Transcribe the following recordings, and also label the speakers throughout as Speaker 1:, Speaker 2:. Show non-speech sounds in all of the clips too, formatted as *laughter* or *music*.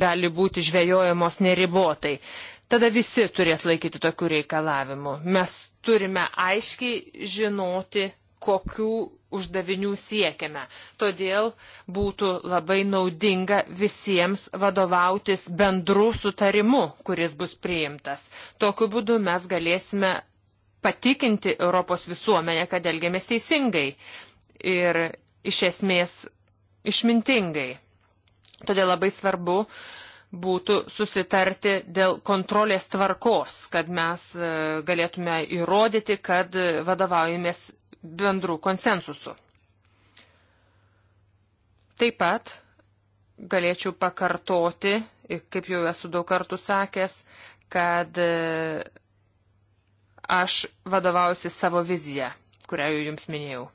Speaker 1: gali būti žvejojamos neribotai. Tada visi turės laikyti tokių reikalavimų. Mes turime aiškiai žinoti, kokių uždavinių siekiame. Todėl būtų labai naudinga visiems vadovautis bendrų sutarimu, kuris bus priimtas. Tokiu būdu mes galėsime patikinti Europos visuomenę, kad elgiamės teisingai ir iš esmės išmintingai. Todėl labai svarbu būtų susitarti dėl kontrolės tvarkos, kad mes e, galėtume įrodyti, kad vadovaujamės bendrų konsensusų. Taip pat galėčiau pakartoti, kaip jau esu daug kartų sakęs, kad e, aš vadovausi savo viziją, kurią jau jums minėjau.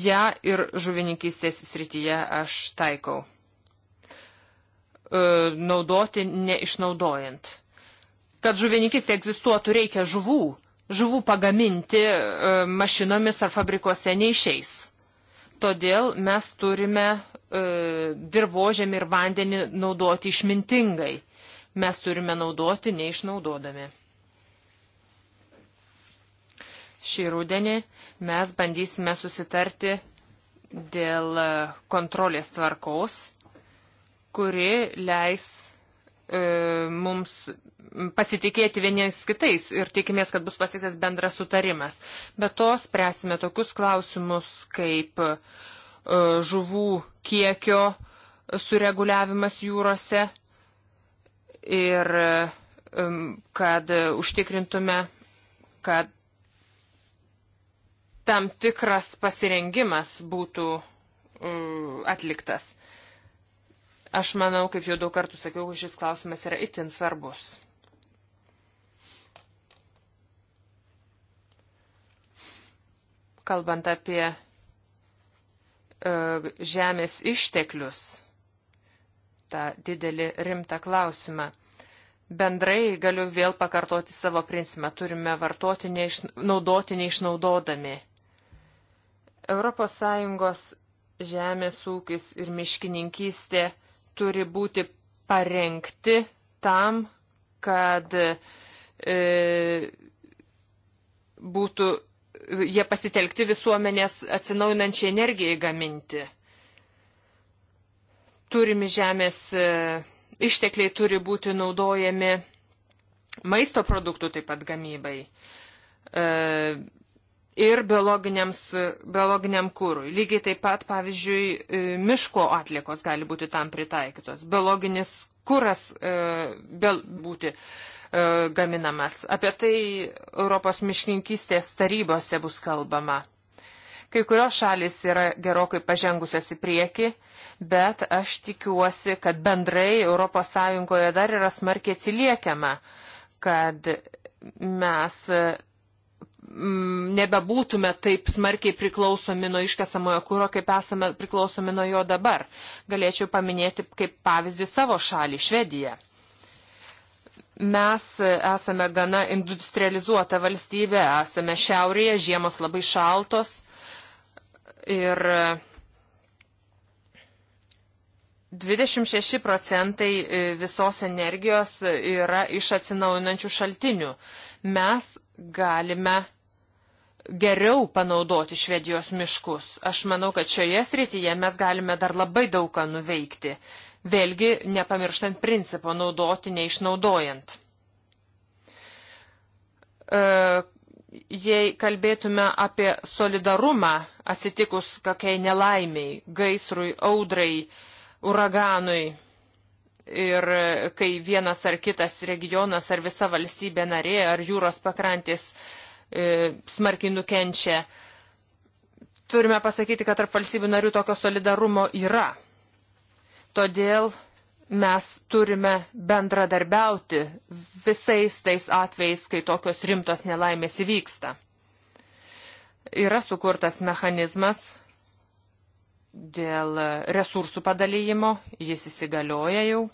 Speaker 1: Ja ir žuvininkystės srityje aš taikau. E, naudoti neišnaudojant. Kad žuvininkis egzistuotų, reikia žuvų. Žuvų pagaminti e, mašinomis ar fabrikuose neišeis. Todėl mes turime e, dirbožėmį ir vandenį naudoti išmintingai. Mes turime naudoti neišnaudodami. Šį rudenį mes bandysime susitarti dėl kontrolės tvarkos kuri leis e, mums pasitikėti vieniems kitais ir tikimės, kad bus pasiektas bendras sutarimas. Be to spręsime tokius klausimus kaip e, žuvų kiekio sureguliavimas jūrose ir e, kad užtikrintume, kad tam tikras pasirengimas būtų e, atliktas. Aš manau, kaip jau daug kartų sakiau, šis klausimas yra itin svarbus. Kalbant apie e, žemės išteklius, tą didelį rimtą klausimą. Bendrai galiu vėl pakartoti savo principą, turime vartoti, neiš, naudoti neišnaudodami. ES žemės ūkis ir miškininkystė turi būti parengti tam, kad e, būtų jie pasitelkti visuomenės atsinaujinančiai energijai gaminti. Turimi žemės e, ištekliai turi būti naudojami maisto produktų taip pat gamybai. E, ir biologiniam kūrui. Lygiai taip pat, pavyzdžiui, e, miško atliekos gali būti tam pritaikytos. Biologinis kuras e, bel, būti e, gaminamas. Apie tai Europos miškinkystės tarybose bus kalbama. Kai kurios šalis yra gerokai pažengusios į priekį, bet aš tikiuosi, kad bendrai ES dar yra smarkiai atsiliekiama, kad mes Mm, nebebūtume taip smarkiai priklausomi nuo iškesamojo kūro, kaip esame priklausomi nuo jo dabar. Galėčiau paminėti kaip pavyzdį savo šalį, Švediją. Mes esame gana industrializuota valstybė, esame šiaurėje, žiemos labai šaltos ir 26 procentai e, visos energijos yra iš atsinaujinančių šaltinių. Mes galime geriau panaudoti Švedijos miškus. Aš manau, kad šioje srityje mes galime dar labai daug ką nuveikti. Vėlgi, nepamirštant principo naudoti neišnaudojant. E, jei kalbėtume apie solidarumą atsitikus kokiai nelaimiai, gaisrui, audrai, uraganui ir kai vienas ar kitas regionas ar visa valstybė narė ar jūros pakrantės uh, E, smarkiai nukenčia. Turime pasakyti, kad tarp valstybių narių tokio solidarumo yra. Todėl mes turime bendradarbiauti visais tais atvejais, kai tokios rimtos nelaimės įvyksta. Yra sukurtas mechanizmas dėl resursų padalyjimo, jis įsigalioja jau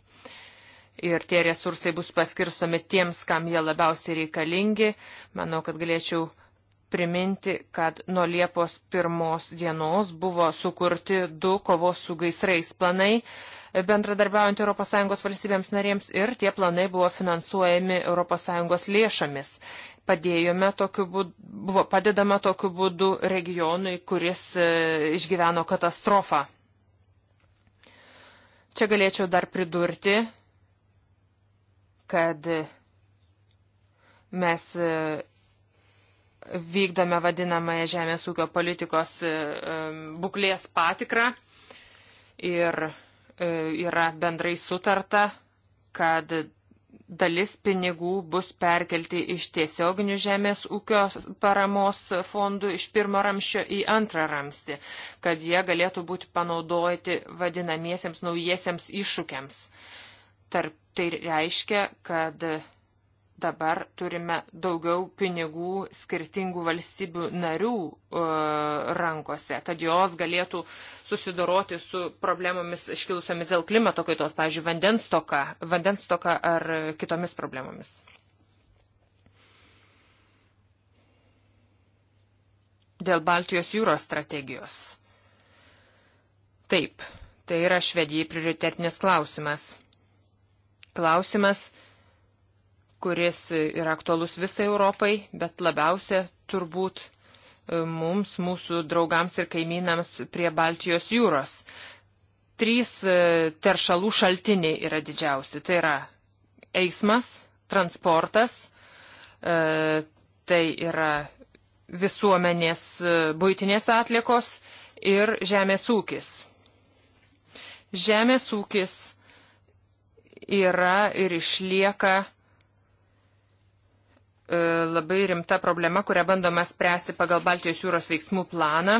Speaker 1: ir tie resursai bus paskirstomi tiems, kam jie labiausiai reikalingi. Manau, kad galėčiau priminti, kad nuo Liepos pirmos dienos buvo sukurti du kovos su gaisrais planai bendradarbiaujant ES valstybėms narėms ir tie planai buvo finansuojami ES lėšomis. Padėjome tokiu būdu, buvo padedama tokiu būdu regionui, kuris e, išgyveno katastrofą. Čia galėčiau dar pridurti, kad mes e, vykdome vadinamąją žemės ūkio politikos e, e, buklės patikrą ir yra bendrai sutarta, kad dalis pinigų bus perkelti iš tiesioginių žemės ūkio paramos fondų iš pirmo ramščio į antrą ramstį, kad jie galėtų būti panaudojti vadinamiesiems naujiesiems iššūkiams. Tarp tai reiškia, kad dabar turime daugiau pinigų skirtingų valstybių narių e, rankose, kad jos galėtų susidoroti su problemomis iškilusiomis dėl klimato kaitos, pavyzdžiui, vandenstoka, vandenstoka ar kitomis problemomis. Dėl Baltijos jūros strategijos. Taip, tai yra Švedijai prioritetinis klausimas klausimas, kuris yra aktualus visai Europai, bet labiausia turbūt e, mums, mūsų draugams ir kaimynams prie Baltijos jūros. Trys e, teršalų šaltiniai yra didžiausi. Tai yra eismas, transportas, e, tai yra visuomenės būtinės atlikos ir žemės ūkis. Žemės ūkis yra ir išlieka e, labai rimta problema, kurią bandoma spręsti pagal Baltijos jūros veiksmų planą.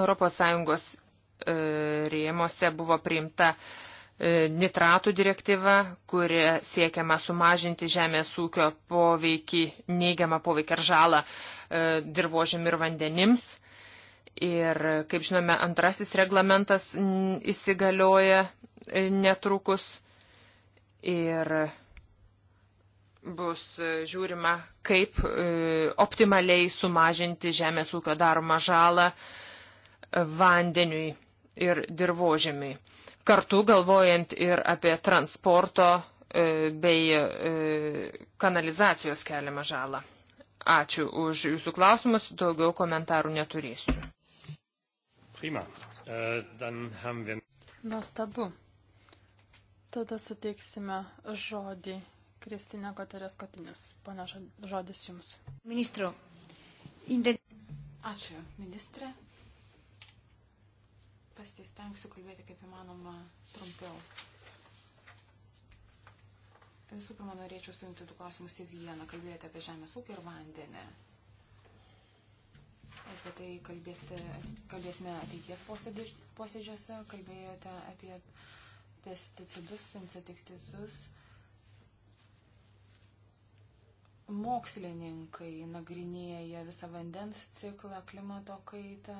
Speaker 1: ES e, rėmose buvo priimta e, nitratų direktyva, kuria siekiama sumažinti žemės ūkio poveikį, neigiamą poveikį ar žalą dirbožėm ir vandenims. Ir, kaip žinome, antrasis reglamentas įsigalioja netrukus ir bus žiūrima, kaip e, optimaliai sumažinti žemės ūkio daromą žalą e, vandeniui ir dirbožėmiui. Kartu galvojant ir apie transporto e, bei kanalizacijos keliamą žalą. Ačiū už jūsų klausimus, daugiau komentarų neturėsiu. Prima. Uh,
Speaker 2: dann haben wir. Nuostabu. Tada suteiksime žodį Kristina Koterės Kotinis. Pane, žodis Jums. Ministro.
Speaker 3: Inde... Ačiū, ministrė. Pasistengsiu kalbėti kaip įmanoma trumpiau. Visų pirma, norėčiau sujungti du klausimus į vieną, kalbėti apie žemės ūkį ir vandenį. Apie tai kalbėsite, kalbėsime ateities posėdžiuose, kalbėjote apie pesticidus, insekticidus mokslininkai nagrinėja visą vandens ciklą, klimato kaitą,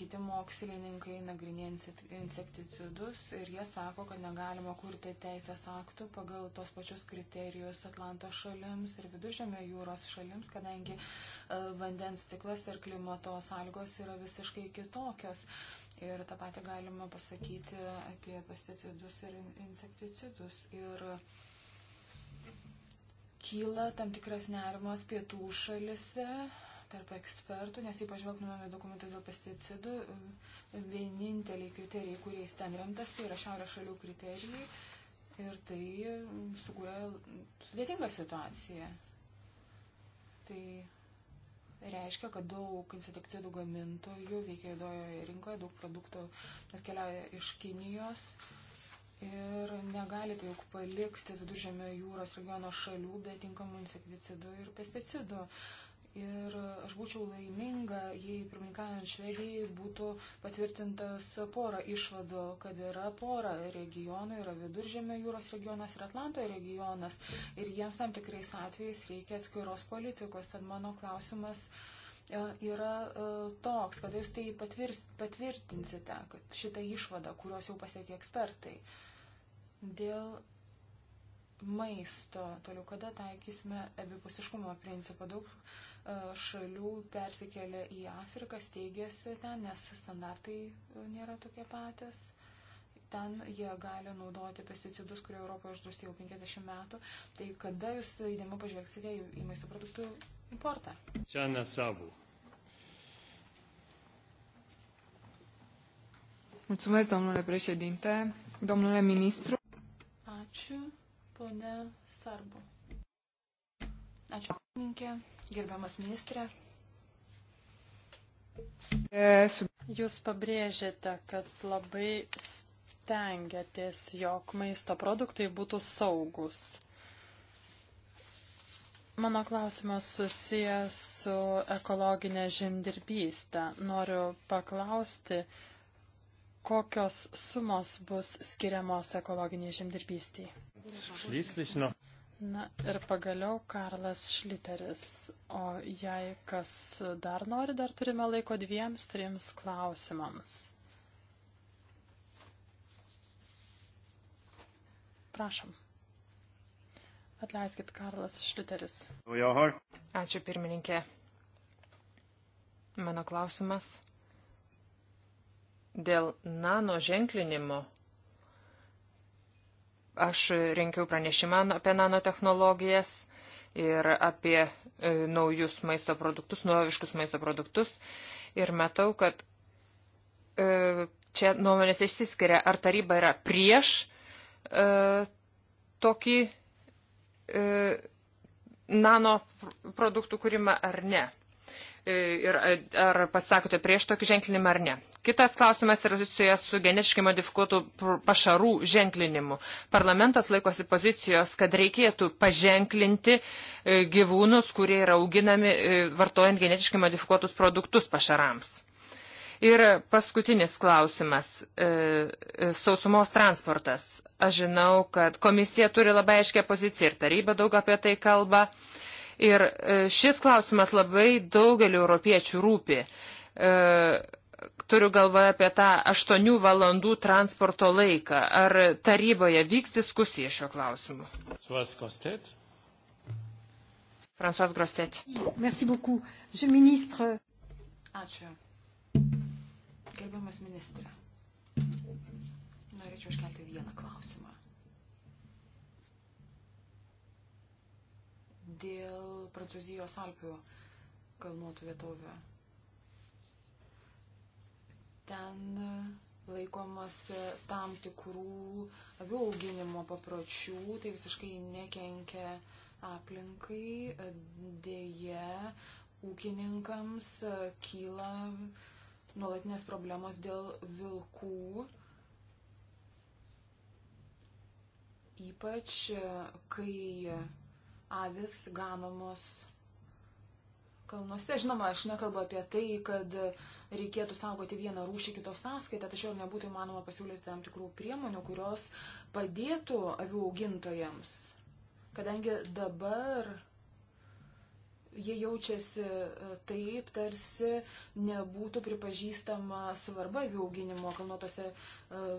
Speaker 3: kiti mokslininkai nagrinėja insekticidus ir jie sako, kad negalima kurti teisės aktų pagal tos pačius kriterijus Atlanto šalims ir viduržėmio jūros šalims, kadangi vandens ciklas ir klimato sąlygos yra visiškai kitokios. Ir tą patį galima pasakyti apie pesticidus ir insekticidus. Ir uh, kyla tam tikras nerimas pietų šalise tarp ekspertų, nes jei pažvelgtumėme dokumentus dėl pesticidų, vieninteliai kriterijai, kuriais ten remtasi, yra šiaurės šalių kriterijai ir tai sukūrė sudėtingą situaciją. Tai reiškia, kad daug insekticidų gamintojų veikia įdojoje rinkoje, daug produktų atkeliauja iš Kinijos. Uh, ir negalite juk palikti viduržėmio jūros regiono šalių be tinkamų insekticidų ir pesticidų. Ir aš būčiau laiminga, jei pirmininkavant Švedijai būtų patvirtintas pora išvadų, kad yra pora regionų, yra viduržėmio jūros regionas ir Atlanto regionas. Ir jiems tam tikrais atvejais reikia atskiros politikos. Tad mano klausimas. Uh, E, yra e, toks, kada jūs tai patvirs, patvirtinsite, kad šitą išvadą, kurios jau pasiekė ekspertai, dėl maisto, toliau kada taikysime abipusiškumo principą. Daug e, šalių persikėlė į Afriką, steigėsi ten, nes standartai nėra tokie patys ten jie gali naudoti pesticidus, kurie Europoje uždrausti jau 50 metų. Tai kada jūs įdėmiau pažvelgsite į, į maisto produktų importą.
Speaker 2: Čia nesavų.
Speaker 3: Mulțumesc, domnule președinte, domnule ministru. Ačiū, ponė Sarbu. Ačiū, pirmininkė, gerbiamas ministrė.
Speaker 2: Jūs pabrėžėte, kad labai stengiatės, jog maisto produktai būtų saugus. Mano klausimas susijęs su ekologinė žemdirbystė. Noriu paklausti, kokios sumos bus skiriamos ekologiniai žemdirbystėj. Na ir pagaliau Karlas Šliteris. O jei kas dar nori, dar turime laiko dviems, trims klausimams. Prašom.
Speaker 1: Atleiskit, Karlas Šliteris. Ačiū pirmininkė. Mano klausimas dėl nano ženklinimo. Aš renkiau pranešimą apie nanotehnologijas ir apie e, naujus maisto produktus, nuoviškus maisto produktus. Ir matau, kad e, čia nuomonės išsiskiria, ar taryba yra prieš e, tokį E, nano produktų kūrimą ar ne. E, ir e, ar pasakote prieš tokį ženklinimą ar ne. Kitas klausimas yra susijęs su genetiškai modifikuotų pašarų ženklinimu. Parlamentas laikosi pozicijos, kad reikėtų paženklinti gyvūnus, kurie yra auginami vartojant genetiškai modifikuotus produktus pašarams. Ir paskutinis klausimas e, - e, sausumos transportas. Aš žinau, kad komisija turi labai aiškę poziciją ir taryba daug apie tai kalba. Ir e, šis klausimas labai daugeliu europiečių rūpi. Turiu galvoje apie tą 8 valandų transporto laiką. Ar taryboje vyks diskusija šio klausimu? François Grostet. Merci beaucoup.
Speaker 3: Monsieur le ministre. Ačiū. Gerbiamas ministrė, norėčiau iškelti vieną klausimą. Dėl Prancūzijos Alpių kalnuotų vietovių. Ten laikomas tam tikrų avių auginimo papročių, tai visiškai nekenkia aplinkai, dėje ūkininkams kyla nuolatinės problemos dėl vilkų, ypač kai avis ganomos kalnuose. Žinoma, aš nekalbu apie tai, kad reikėtų saugoti vieną rūšį kitos sąskaitą, tačiau ar nebūtų įmanoma pasiūlyti tam tikrų priemonių, kurios padėtų avių augintojams. Kadangi dabar jie jaučiasi e, taip, tarsi nebūtų pripažįstama svarba jų auginimo kalnuotose e,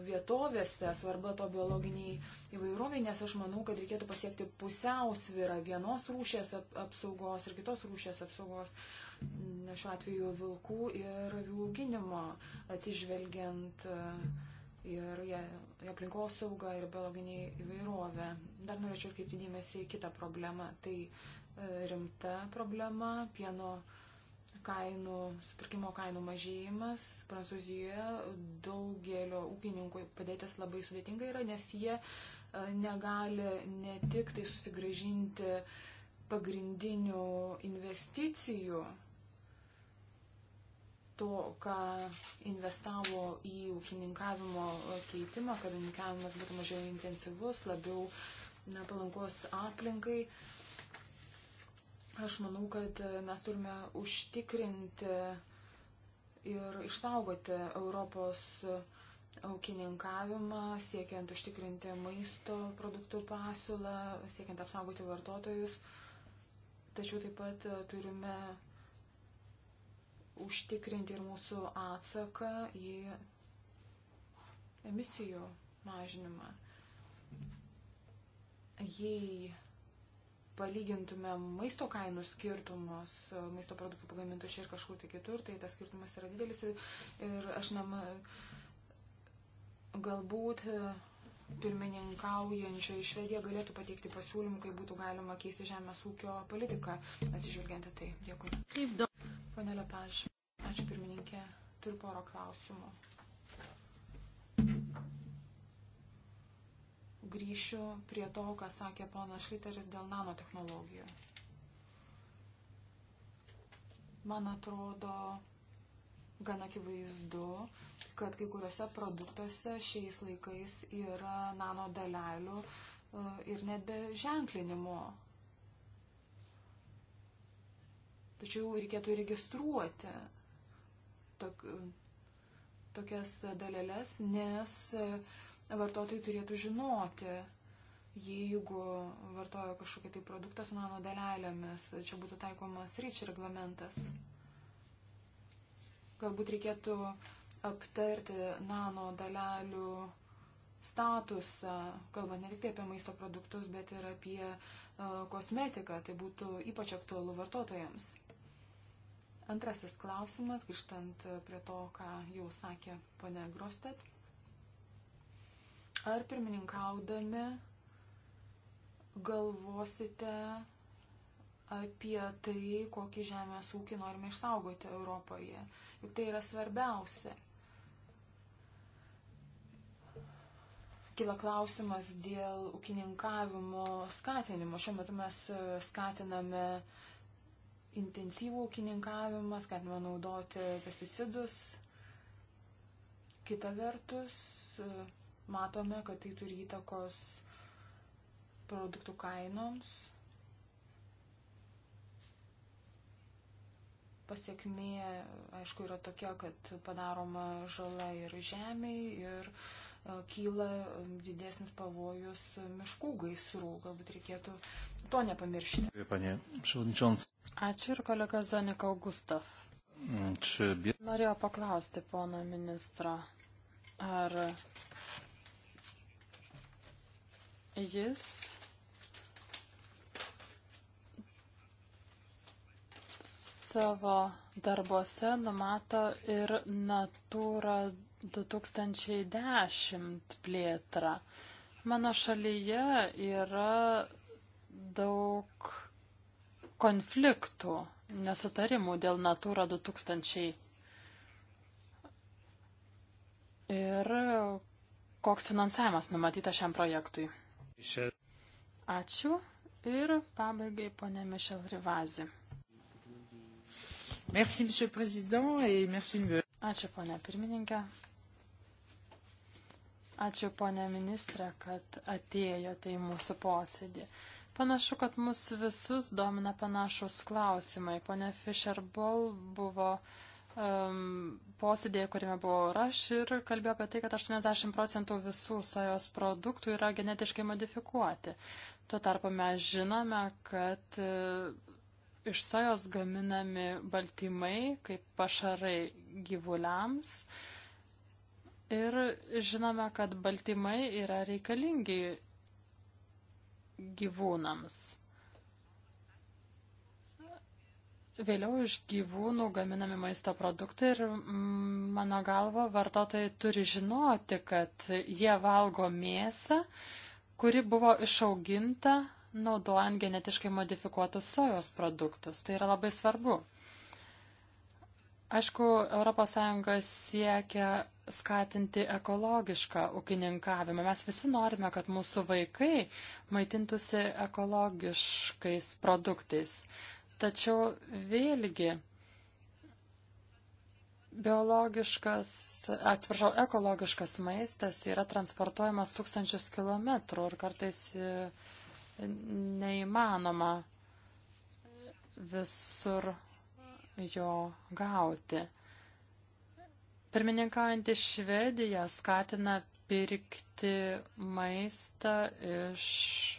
Speaker 3: vietovėse, svarba to biologiniai įvairoviai, nes aš manau, kad reikėtų pasiekti pusiausvyrą vienos rūšės apsaugos ir kitos rūšės apsaugos, mm, šiuo atveju vilkų ir jų auginimo, atsižvelgiant e, ir į aplinkos saugą ir biologinį įvairovę. Dar norėčiau atkreipti dėmesį į kitą problemą. Tai rimta problema - pieno kainų, supirkimo kainų mažėjimas. Prancūzijoje daugelio ūkininkų padėtis labai sudėtinga yra, nes jie e, negali ne tik tai susigražinti pagrindinių investicijų, to, ką investavo į ūkininkavimo keitimą, kad ūkininkavimas būtų mažiau intensyvus, labiau na, palankus aplinkai. Uh, Aš manau, kad e, mes turime užtikrinti ir išsaugoti Europos aukininkavimą, siekiant užtikrinti maisto produktų pasiūlą, siekiant apsaugoti vartotojus. Tačiau taip pat e, turime užtikrinti ir mūsų atsaką į emisijų mažinimą. Jei palygintumėm maisto kainų skirtumus, e, maisto produktų pagamintų čia ir kažkur tai kitur, tai tas skirtumas yra didelis ir aš nema, galbūt e, pirmininkaujančioji Švedija galėtų pateikti pasiūlymų, kaip būtų galima keisti žemės ūkio politiką, atsižvelgiant į tai. Dėkui. Pane Lepaž, ačiū pirmininkė, turiu poro klausimų. grįšiu prie to, ką sakė ponas Šliteris dėl nanotehnologijų. Man atrodo, gan akivaizdu, kad kai kuriuose produktuose šiais laikais yra nanodalelių e, ir net be ženklinimo. Tačiau reikėtų registruoti tok, tokias dalelės, nes uh, vartotojai turėtų žinoti, jeigu vartoja kažkokį tai produktą su nano dalelėmis, čia būtų taikomas ryčių reglamentas. Galbūt reikėtų aptarti nano dalelių statusą, kalbant ne tik tai apie maisto produktus, bet ir apie e, kosmetiką. Tai būtų ypač aktualu vartotojams. Antrasis klausimas, grįžtant prie to, ką jau sakė ponia Grostet. Ar pirmininkaudami galvosite apie tai, kokį žemės ūkį norime išsaugoti Europoje. Juk tai yra svarbiausia. Kila klausimas dėl ūkininkavimo skatinimo. Šiuo metu mes skatiname intensyvų ūkininkavimą, skatiname naudoti pesticidus. Kita vertus, matome, kad tai turi įtakos produktų kainoms. Pasiekmė, aišku, yra tokia, kad padaroma žala ir žemiai ir e, kyla didesnis pavojus miškų gaisrų. Galbūt reikėtų to nepamiršti. Ačiū ir kolega Zanika
Speaker 2: Augustav. Mm, Norėjau paklausti pono ministro, ar Jis savo darbuose numato ir Natūra 2010 plėtrą. Mano šalyje yra daug konfliktų, nesutarimų dėl Natūra 2000. Ir koks finansavimas numatytas šiam projektui? Ačiū. Ir pabaigai ponė Mišel Rivazi. Merci, monsieur président, et merci. Ačiū, ponė pirmininkė. Ačiū, ponė ministrė, kad atėjote į mūsų posėdį. Panašu, kad mus visus domina panašus klausimai. Pone Fischer-Boll buvo uh, um, posėdėje, kuriame buvau ir aš, ir kalbėjau apie tai, kad 80 procentų visų sojos produktų yra genetiškai modifikuoti. Tuo tarpu mes žinome, kad uh, iš sojos gaminami baltymai kaip pašarai gyvuliams. Ir žinome, kad baltymai yra reikalingi gyvūnams. Vėliau iš gyvūnų gaminami maisto produktai ir mm, mano galvo vartotojai turi žinoti, kad jie valgo mėsą, kuri buvo išauginta naudojant genetiškai modifikuotus sojos produktus. Tai yra labai svarbu. Aišku, ES siekia skatinti ekologišką ūkininkavimą. Mes visi norime, kad mūsų vaikai maitintųsi ekologiškais produktais. Tačiau vėlgi biologiškas, atsiprašau, ekologiškas maistas yra transportuojamas tūkstančius kilometrų ir kartais e, neįmanoma visur jo gauti. Pirmininkaujantį Švediją skatina pirkti maistą iš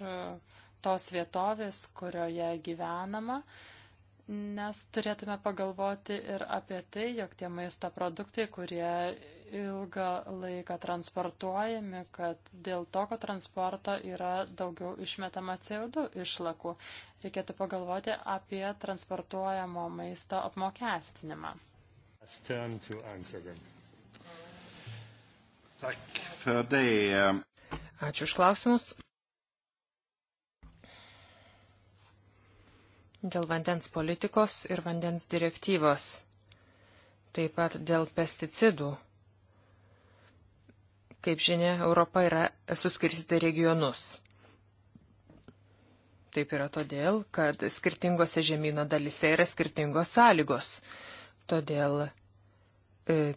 Speaker 2: uh, tos vietovės, kurioje gyvenama, nes turėtume pagalvoti ir apie tai, jog tie maisto produktai, kurie ilgą laiką transportuojami, kad dėl tokio transporto yra daugiau išmetama CO2 išlakų. Reikėtų pagalvoti apie transportuojamo maisto apmokestinimą.
Speaker 1: Um, Ačiū už klausimus. dėl vandens politikos ir vandens direktyvos, taip pat dėl pesticidų. Kaip žinia, Europa yra suskirstyta regionus. Taip yra todėl, kad skirtingose žemynų dalise yra skirtingos sąlygos. Todėl e,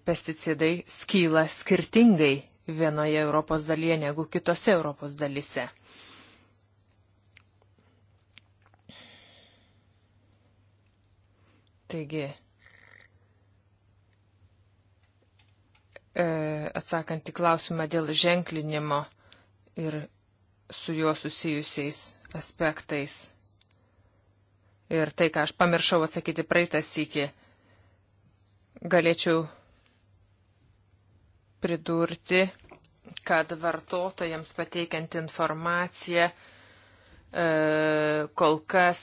Speaker 1: pesticidai skyla skirtingai vienoje Europos dalyje negu kitose Europos dalise. Taigi, e, atsakant į klausimą dėl ženklinimo ir su juo susijusiais aspektais. Ir tai, ką aš pamiršau atsakyti praeitą sykį, galėčiau pridurti, kad vartotojams pateikiant informaciją, E, kol kas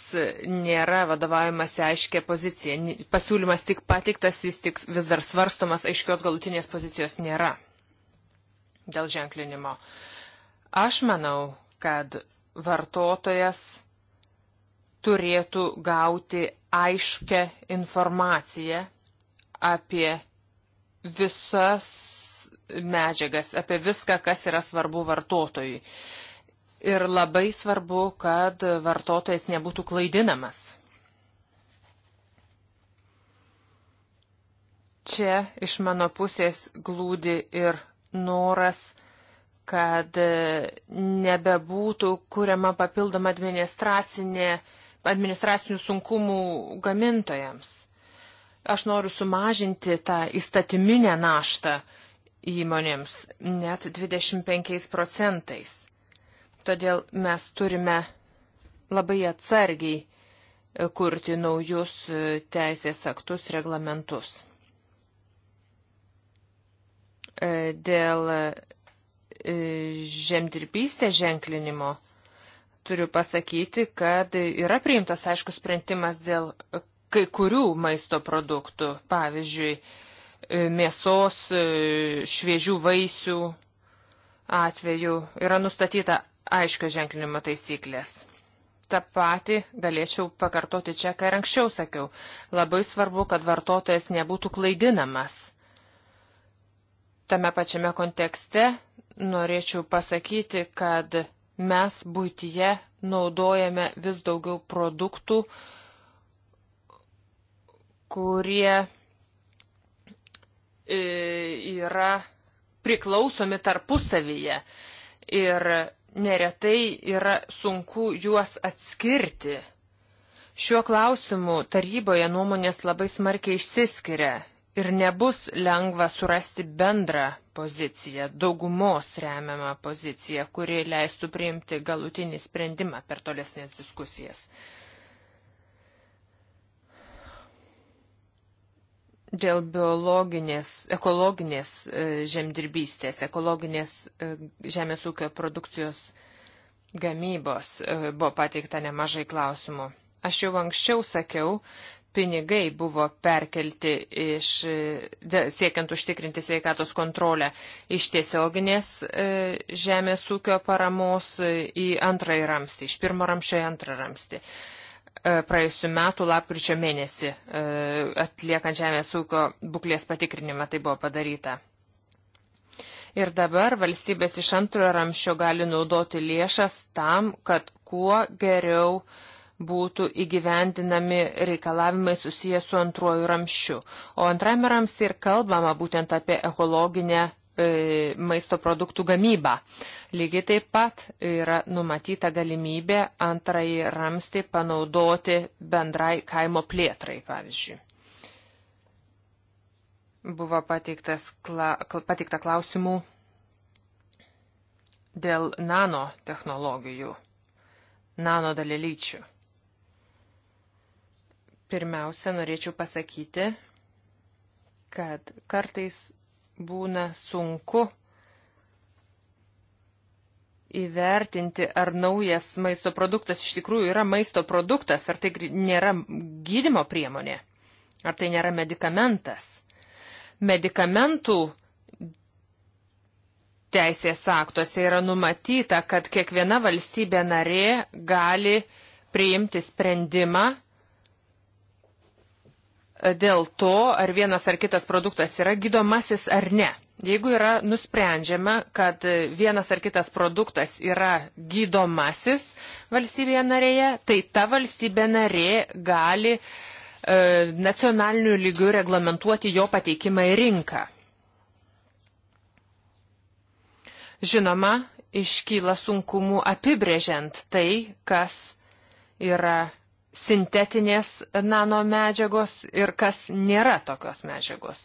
Speaker 1: nėra vadovaujamasi aiškia pozicija. Pasiūlymas tik patiktas, jis tik vis dar svarstomas, aiškios galutinės pozicijos nėra dėl ženklinimo. Aš manau, kad vartotojas turėtų gauti aiškę informaciją apie visas medžiagas, apie viską, kas yra svarbu vartotojui. Uh, Ir labai svarbu, kad vartotojas nebūtų klaidinamas. Čia iš mano pusės glūdi ir noras, kad nebebūtų kuriama papildoma administracinių sunkumų gamintojams. Aš noriu sumažinti tą įstatyminę naštą įmonėms net 25 procentais. Todėl mes turime labai atsargiai kurti naujus e, teisės aktus, reglamentus. E, dėl e, žemdirbystės ženklinimo turiu pasakyti, kad yra priimtas aiškus sprendimas dėl kai kurių maisto produktų, pavyzdžiui, mėsos, šviežių vaisių atveju yra nustatyta aiškios ženklinimo taisyklės. Ta pati galėčiau pakartoti čia, ką ir anksčiau sakiau. Labai svarbu, kad vartotojas nebūtų klaidinamas. Tame pačiame kontekste norėčiau pasakyti, kad mes būtyje naudojame vis daugiau produktų, kurie e, yra priklausomi tarpusavyje. Ir neretai yra sunku juos atskirti. Šiuo klausimu taryboje nuomonės labai smarkiai išsiskiria ir nebus lengva surasti bendrą poziciją, daugumos remiamą poziciją, kuri leistų priimti galutinį sprendimą per tolesnės diskusijas. dėl biologinės, ekologinės e, žemdirbystės, ekologinės e, žemės ūkio produkcijos gamybos e, buvo pateikta nemažai klausimų. Aš jau anksčiau sakiau, pinigai buvo perkelti iš, siekiant užtikrinti sveikatos kontrolę iš tiesioginės žemės ūkio paramos į antrąjį ramstį, iš pirmo ramščio į antrą ramstį. Ramstį. E, praėjusiu metu lapkričio mėnesį e, atliekant žemės ūkio būklės patikrinimą tai buvo padaryta. Ir dabar valstybės iš antrojo ramščio gali naudoti lėšas tam, kad kuo geriau būtų įgyvendinami reikalavimai susijęs su antruoju ramščiu. O antrame ramsi ir kalbama būtent apie ekologinę E, maisto produktų gamybą. Lygiai taip pat yra numatyta galimybė antrąjį ramstį panaudoti bendrai kaimo plėtrai, pavyzdžiui. Buvo kla, pateikta klausimų dėl nanotehnologijų, nanodalelyčių. Pirmiausia, norėčiau pasakyti, kad kartais būna sunku įvertinti, ar naujas maisto produktas iš tikrųjų yra maisto produktas, ar tai nėra gydimo priemonė, ar tai nėra medikamentas. Medikamentų teisės aktuose yra numatyta, kad kiekviena valstybė narė gali priimti sprendimą dėl to, ar vienas ar kitas produktas yra gydomasis ar ne. Jeigu yra nusprendžiama, kad vienas ar kitas produktas yra gydomasis valstybėje narėje, tai ta valstybė narė gali e, nacionaliniu lygiu reglamentuoti jo pateikimą į rinką. Žinoma, iškyla sunkumų apibrėžiant tai, kas yra sintetinės nanomedžiagos ir kas nėra tokios medžiagos.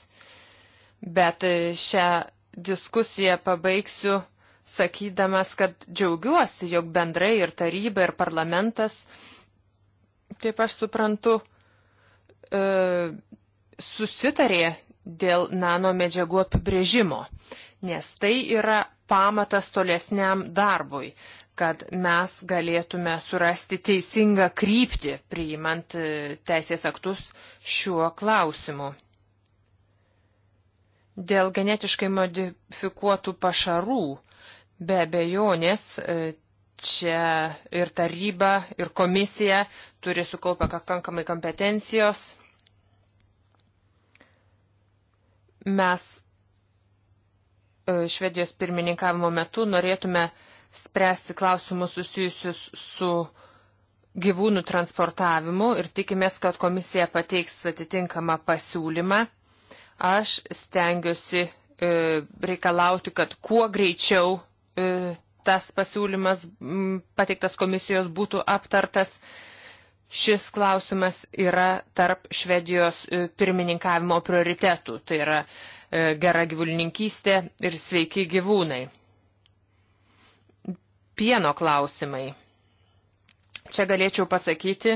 Speaker 1: Bet šią diskusiją pabaigsiu sakydamas, kad džiaugiuosi, jog bendrai ir taryba, ir parlamentas, kaip aš suprantu, e, susitarė dėl nanomedžiagų apibrėžimo, nes tai yra pamatas tolesniam darbui kad mes galėtume surasti teisingą kryptį priimant e, teisės aktus šiuo klausimu. Dėl genetiškai modifikuotų pašarų be abejonės e, čia ir taryba, ir komisija turi sukaupę pakankamai kompetencijos. Mes e, Švedijos pirmininkavimo metu norėtume uh, spręsti klausimus susijusius su gyvūnų transportavimu ir tikimės, kad komisija pateiks atitinkamą pasiūlymą. Aš stengiuosi e, reikalauti, kad kuo greičiau e, tas pasiūlymas m, pateiktas komisijos būtų aptartas. Šis klausimas yra tarp Švedijos e, pirmininkavimo prioritetų. Tai yra e, gera gyvulininkystė ir sveiki gyvūnai pieno klausimai. Čia galėčiau pasakyti,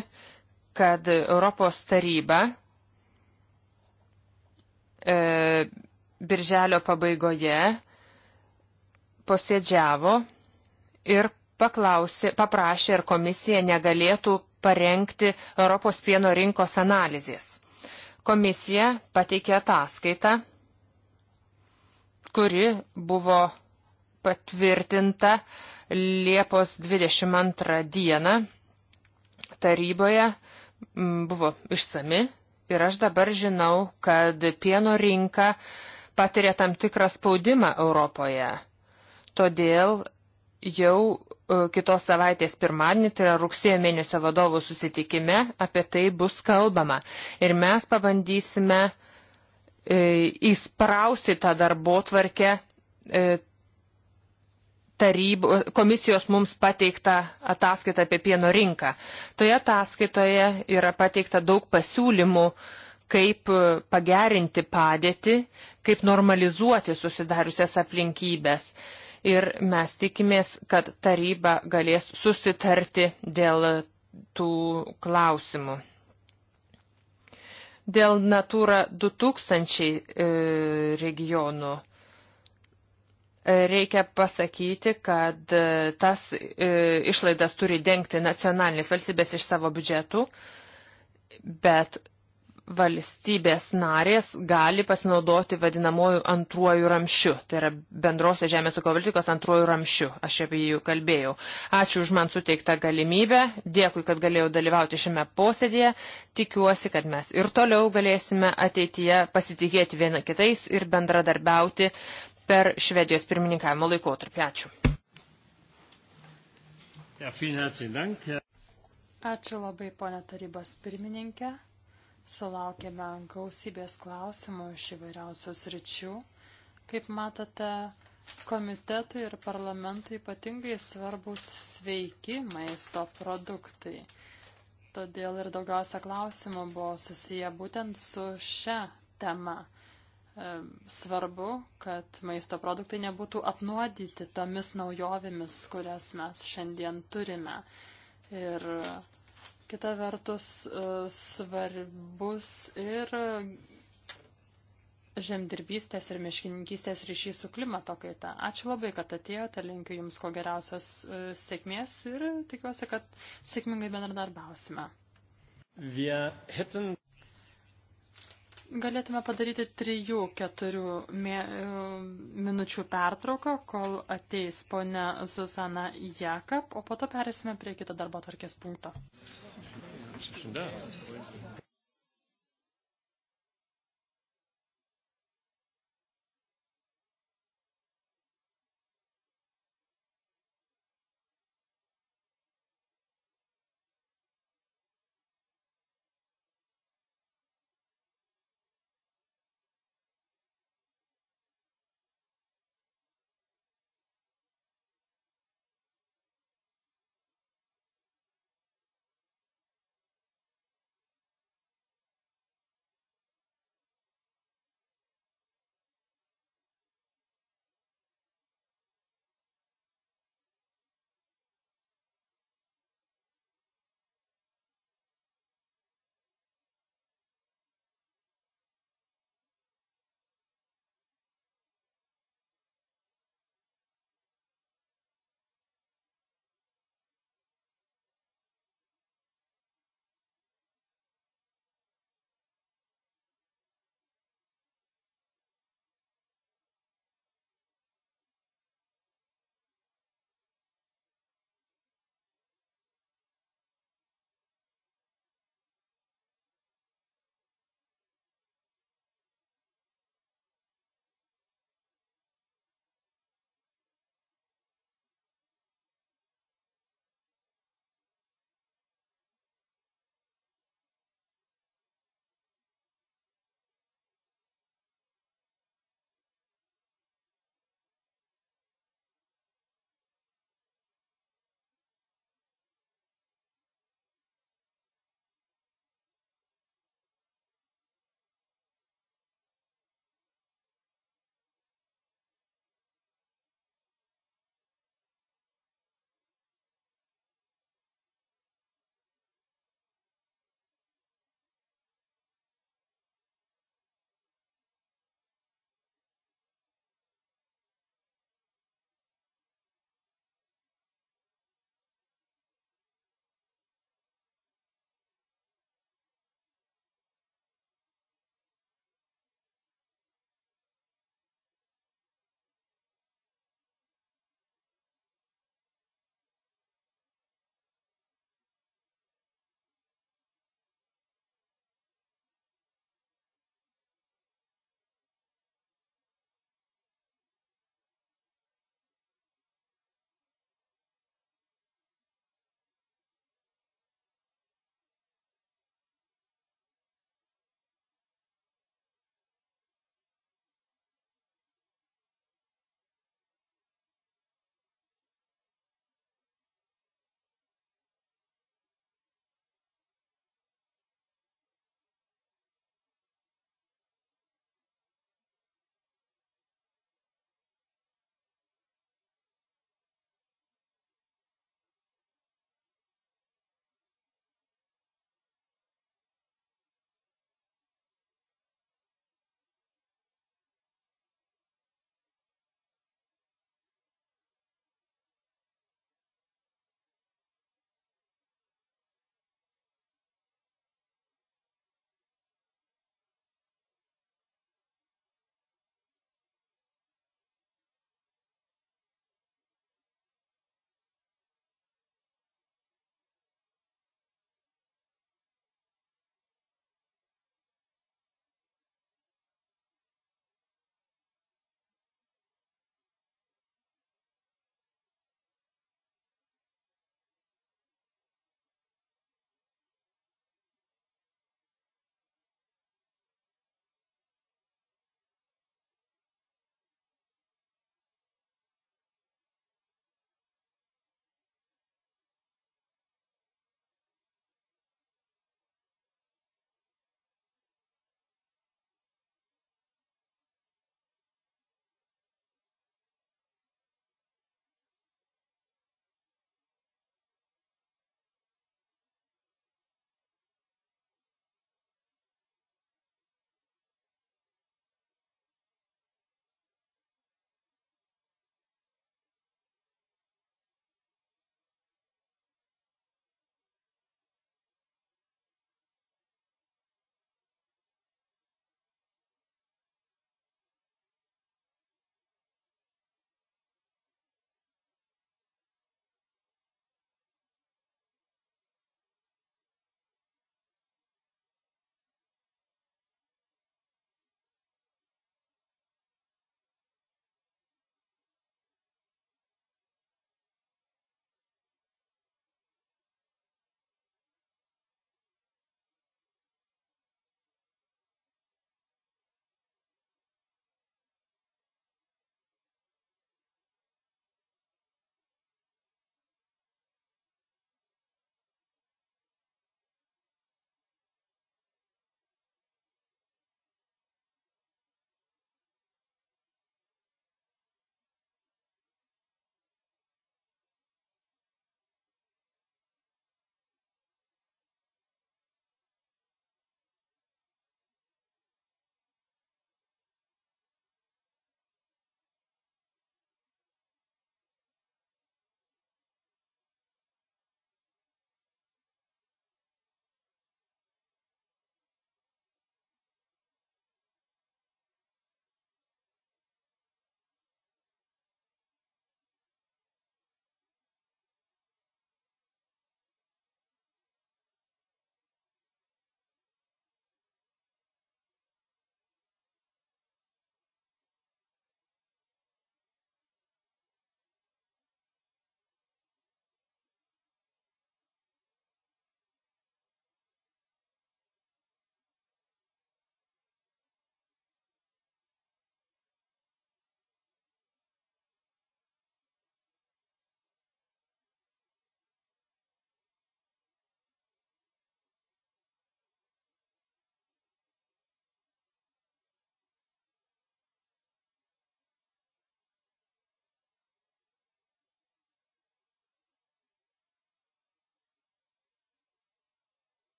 Speaker 1: kad Europos taryba e, birželio pabaigoje posėdžiavo ir paklausė, paprašė, ar komisija negalėtų parengti Europos pieno rinkos analizės. Komisija pateikė ataskaitą, kuri buvo patvirtinta uh, Liepos 22 dieną taryboje buvo išsami ir aš dabar žinau, kad pieno rinka patiria tam tikrą spaudimą Europoje. Todėl jau e, kitos savaitės pirmadienį, tai yra rugsėjo mėnesio vadovų susitikime, apie tai bus kalbama. Ir mes pabandysime e, įsprausti tą darbo tvarkę e, tarybo, komisijos mums pateiktą ataskaitą apie pieno rinką. Toje ataskaitoje yra pateikta daug pasiūlymų, kaip e, pagerinti padėtį, kaip normalizuoti susidariusias aplinkybės. Ir mes tikimės, kad taryba galės susitarti dėl tų klausimų. Dėl Natura 2000 e, regionų reikia pasakyti, kad e, tas e, išlaidas turi dengti nacionalinės valstybės iš savo biudžetų, bet valstybės narės gali pasinaudoti vadinamojų antruoju ramščiu, tai yra bendrosios žemės ūkio politikos antruoju ramščiu, aš apie jį kalbėjau. Ačiū už man suteiktą galimybę, dėkui, kad galėjau dalyvauti šiame posėdėje, tikiuosi, kad mes ir toliau galėsime ateityje pasitikėti viena kitais ir bendradarbiauti per Švedijos pirmininkavimo laikotarpį. Ačiū.
Speaker 2: Ačiū labai, ponė tarybos pirmininkė. Sulaukėme gausybės klausimų iš įvairiausios ryčių. Kaip matote, komitetui ir parlamentui ypatingai svarbus sveiki maisto produktai. Todėl ir daugiausia klausimų buvo susiję būtent su šia tema svarbu, kad maisto produktai nebūtų apnuodyti tomis naujovėmis, kurias mes šiandien turime. Ir kita vertus e, svarbus ir žemdirbystės ir miškininkystės ryšys su klimato kaita. Ačiū labai, kad atėjote, linkiu Jums ko geriausios e, sėkmės ir tikiuosi, kad sėkmingai bendradarbiausime. Wir hätten Galėtume padaryti 3-4 e, minučių pertrauką, kol ateis ponia Susana Jakab, o po to perėsime prie kito darbo tvarkės punkto. Да.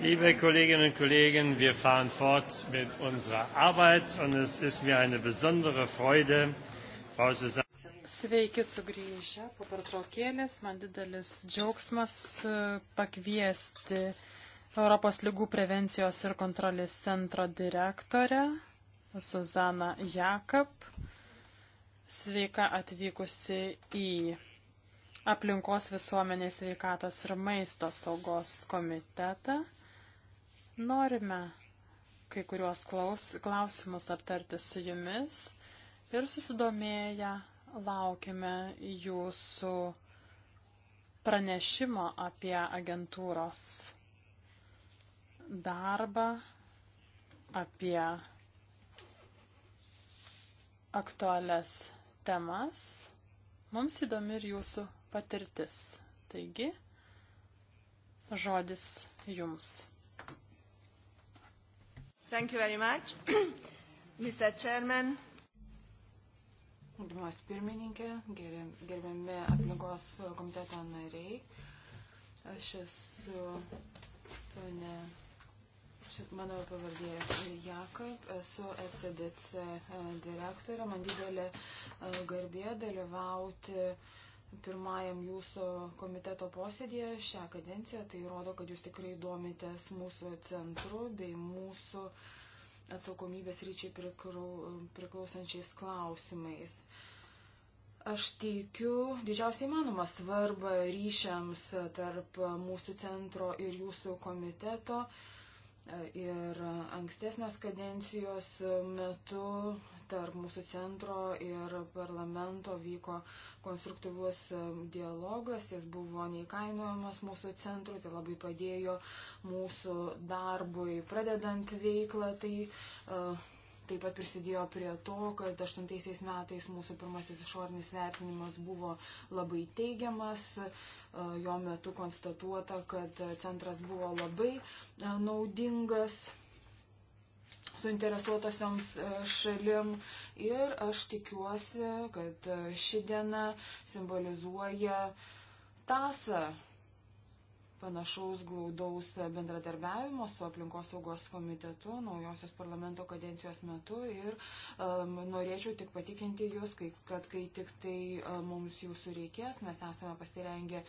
Speaker 2: Liebe Kolleginnen und Kollegen, wir fahren fort mit
Speaker 1: unserer Arbeit und es ist mir eine besondere Freude, Frau Susanne.
Speaker 2: Sveiki sugrįžę po pertraukėlės. Man didelis džiaugsmas e, pakviesti Europos lygų prevencijos ir kontrolės centro direktorę Suzaną Jakab. Sveika atvykusi į aplinkos visuomenės veikatos ir maisto saugos komitetą. Norime kai kuriuos klaus, klausimus aptarti su jumis ir susidomėję laukime jūsų pranešimo apie agentūros darbą, apie aktualias temas. Mums įdomi ir jūsų patirtis. Taigi, žodis jums.
Speaker 1: Thank you very much.
Speaker 3: *clears throat* Mr. Chairman. Gerbiamas pirmininkė, gerbiami aplinkos komiteto nariai. Aš esu ponė mano pavardė Jakob, esu ECDC e, direktorė, man didelė e, garbė dalyvauti uh, pirmajam jūsų komiteto posėdėje šią kadenciją. Tai rodo, kad jūs tikrai domitės mūsų centru bei mūsų atsakomybės ryčiai priklausančiais klausimais. Aš teikiu didžiausiai įmanomą svarbą ryšiams tarp mūsų centro ir jūsų komiteto. Ir ankstesnės kadencijos metu tarp mūsų centro ir parlamento vyko konstruktyvus dialogas, jis buvo neįkainojamas mūsų centrui, tai labai padėjo mūsų darbui pradedant veiklą. Tai, uh, Taip pat prisidėjo prie to, kad 2008 metais mūsų pirmasis išorinis vertinimas buvo labai teigiamas. E, jo metu konstatuota, kad centras buvo labai e, naudingas suinteresuotosioms e, šalim. Ir aš tikiuosi, kad e, ši diena simbolizuoja tasą panašaus glaudaus bendradarbiavimo su aplinkosaugos komitetu naujosios parlamento kadencijos metu ir um, norėčiau tik patikinti Jūs, kai, kad kai tik tai um, mums Jūsų reikės, mes esame pasirengę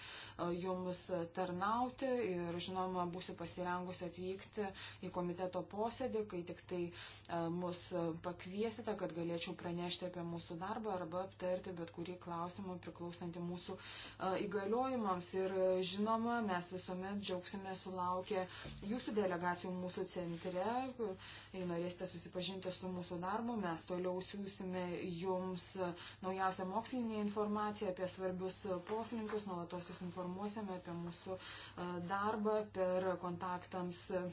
Speaker 3: uh, Jums tarnauti ir žinoma, būsiu pasirengusi atvykti į komiteto posėdį, kai tik tai uh, mus pakviesite, kad galėčiau pranešti apie mūsų darbą arba aptarti bet kurį klausimą priklausantį mūsų uh, įgaliojimams. Ir žinoma, mes vis visuomet džiaugsime sulaukę jūsų delegacijų mūsų centre. Jei norėsite susipažinti su mūsų darbu, mes toliau siūsime jums naujausią mokslinį informaciją apie svarbius poslinkius, nuolatos jūs informuosime apie mūsų e, darbą per kontaktams e,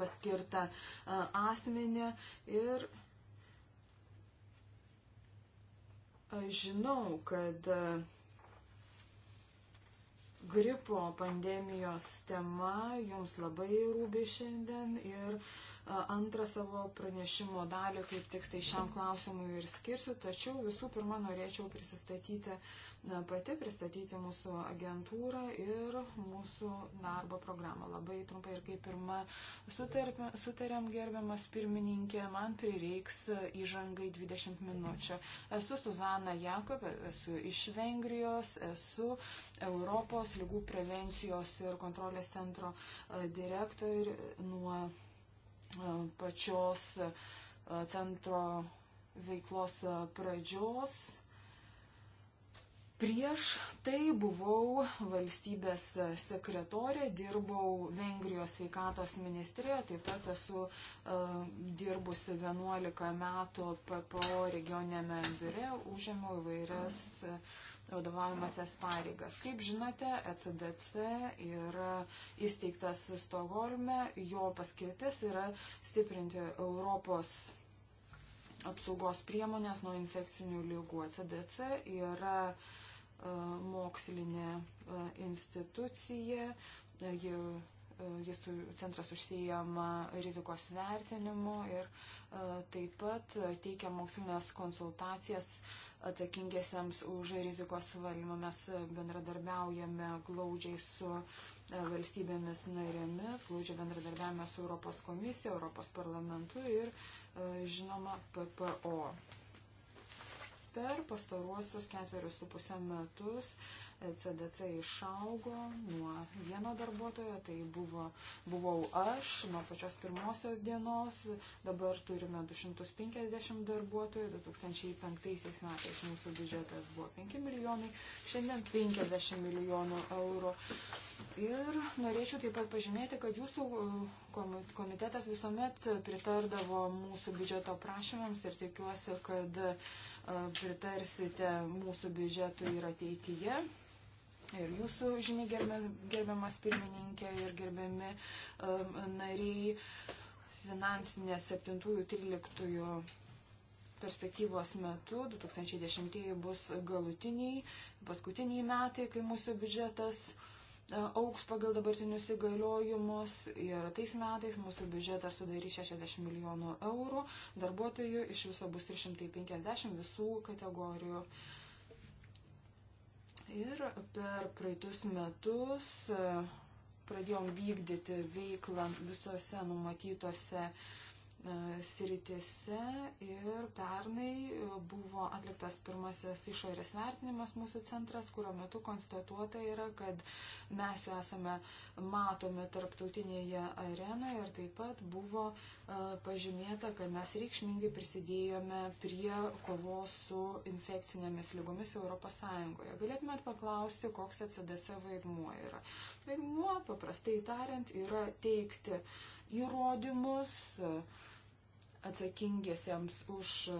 Speaker 3: paskirtą e, asmenį ir žinau, kad gripo pandemijos tema jums labai rūpi šiandien ir antrą savo pranešimo dalį kaip tik tai šiam klausimui ir skirsiu, tačiau visų pirma norėčiau prisistatyti pati, pristatyti mūsų agentūrą ir mūsų darbo programą. Labai trumpai ir kaip pirma sutarėm gerbiamas pirmininkė, man prireiks įžangai 20 minučių. Esu Suzana Jakob, esu iš Vengrijos, esu Europos lygų prevencijos ir kontrolės centro direktorė nuo pačios e, centro veiklos e, pradžios. Prieš tai buvau valstybės e, sekretorė, dirbau Vengrijos sveikatos ministerijoje, taip pat esu uh, dirbusi 11 metų PPO regioninėme biure, užėmiau įvairias uh, vadovaujamasias pareigas. Kaip žinote, ECDC yra įsteigtas Stokholme, jo paskirtis yra stiprinti Europos apsaugos priemonės nuo infekcinių lygų. ECDC yra e, mokslinė e, institucija, e, ji jis centras užsijama rizikos vertinimu ir taip pat teikia mokslinės konsultacijas atsakingiesiams už rizikos valdymą. Mes bendradarbiaujame glaudžiai su e, valstybėmis narėmis, glaudžiai bendradarbiavame su Europos komisija, Europos parlamentu ir, e, žinoma, PPO. Per pastaruosius ketverius su pusę metus CDC e išaugo nuo vieno darbuotojo, tai buvo, buvau aš nuo pačios pirmosios dienos, dabar turime 250 darbuotojų, 2005 metais mūsų biudžetas buvo 5 milijonai, šiandien 50 milijonų eurų. Ir norėčiau taip pat pažymėti, kad jūsų e, komitetas visuomet pritardavo mūsų biudžeto prašymams ir tikiuosi, kad e, pritarsite mūsų biudžetui ir ateityje ir jūsų žiniai gerbiamas pirmininkė ir gerbiami um, nariai finansinė 7-13 perspektyvos metu, 2010 bus galutiniai, paskutiniai metai, kai mūsų biudžetas e, auks pagal dabartinius įgaliojimus ir tais metais mūsų biudžetas sudarys 60 milijonų eurų, darbuotojų iš viso bus 350 visų kategorijų. Uh, Ir per praeitus metus e, pradėjom vykdyti veiklą visose numatytose E, sritise ir pernai e, buvo atliktas pirmasis išorės vertinimas mūsų centras, kurio metu konstatuota yra, kad mes jau esame matomi tarptautinėje arenoje ir taip pat buvo e, pažymėta, kad mes reikšmingai prisidėjome prie kovos su infekcinėmis lygomis ES. Galėtumėt paklausti, koks ECDC vaidmuo yra. Vaidmuo, paprastai tariant, yra teikti įrodymus, uh, atsakingiesiems už e,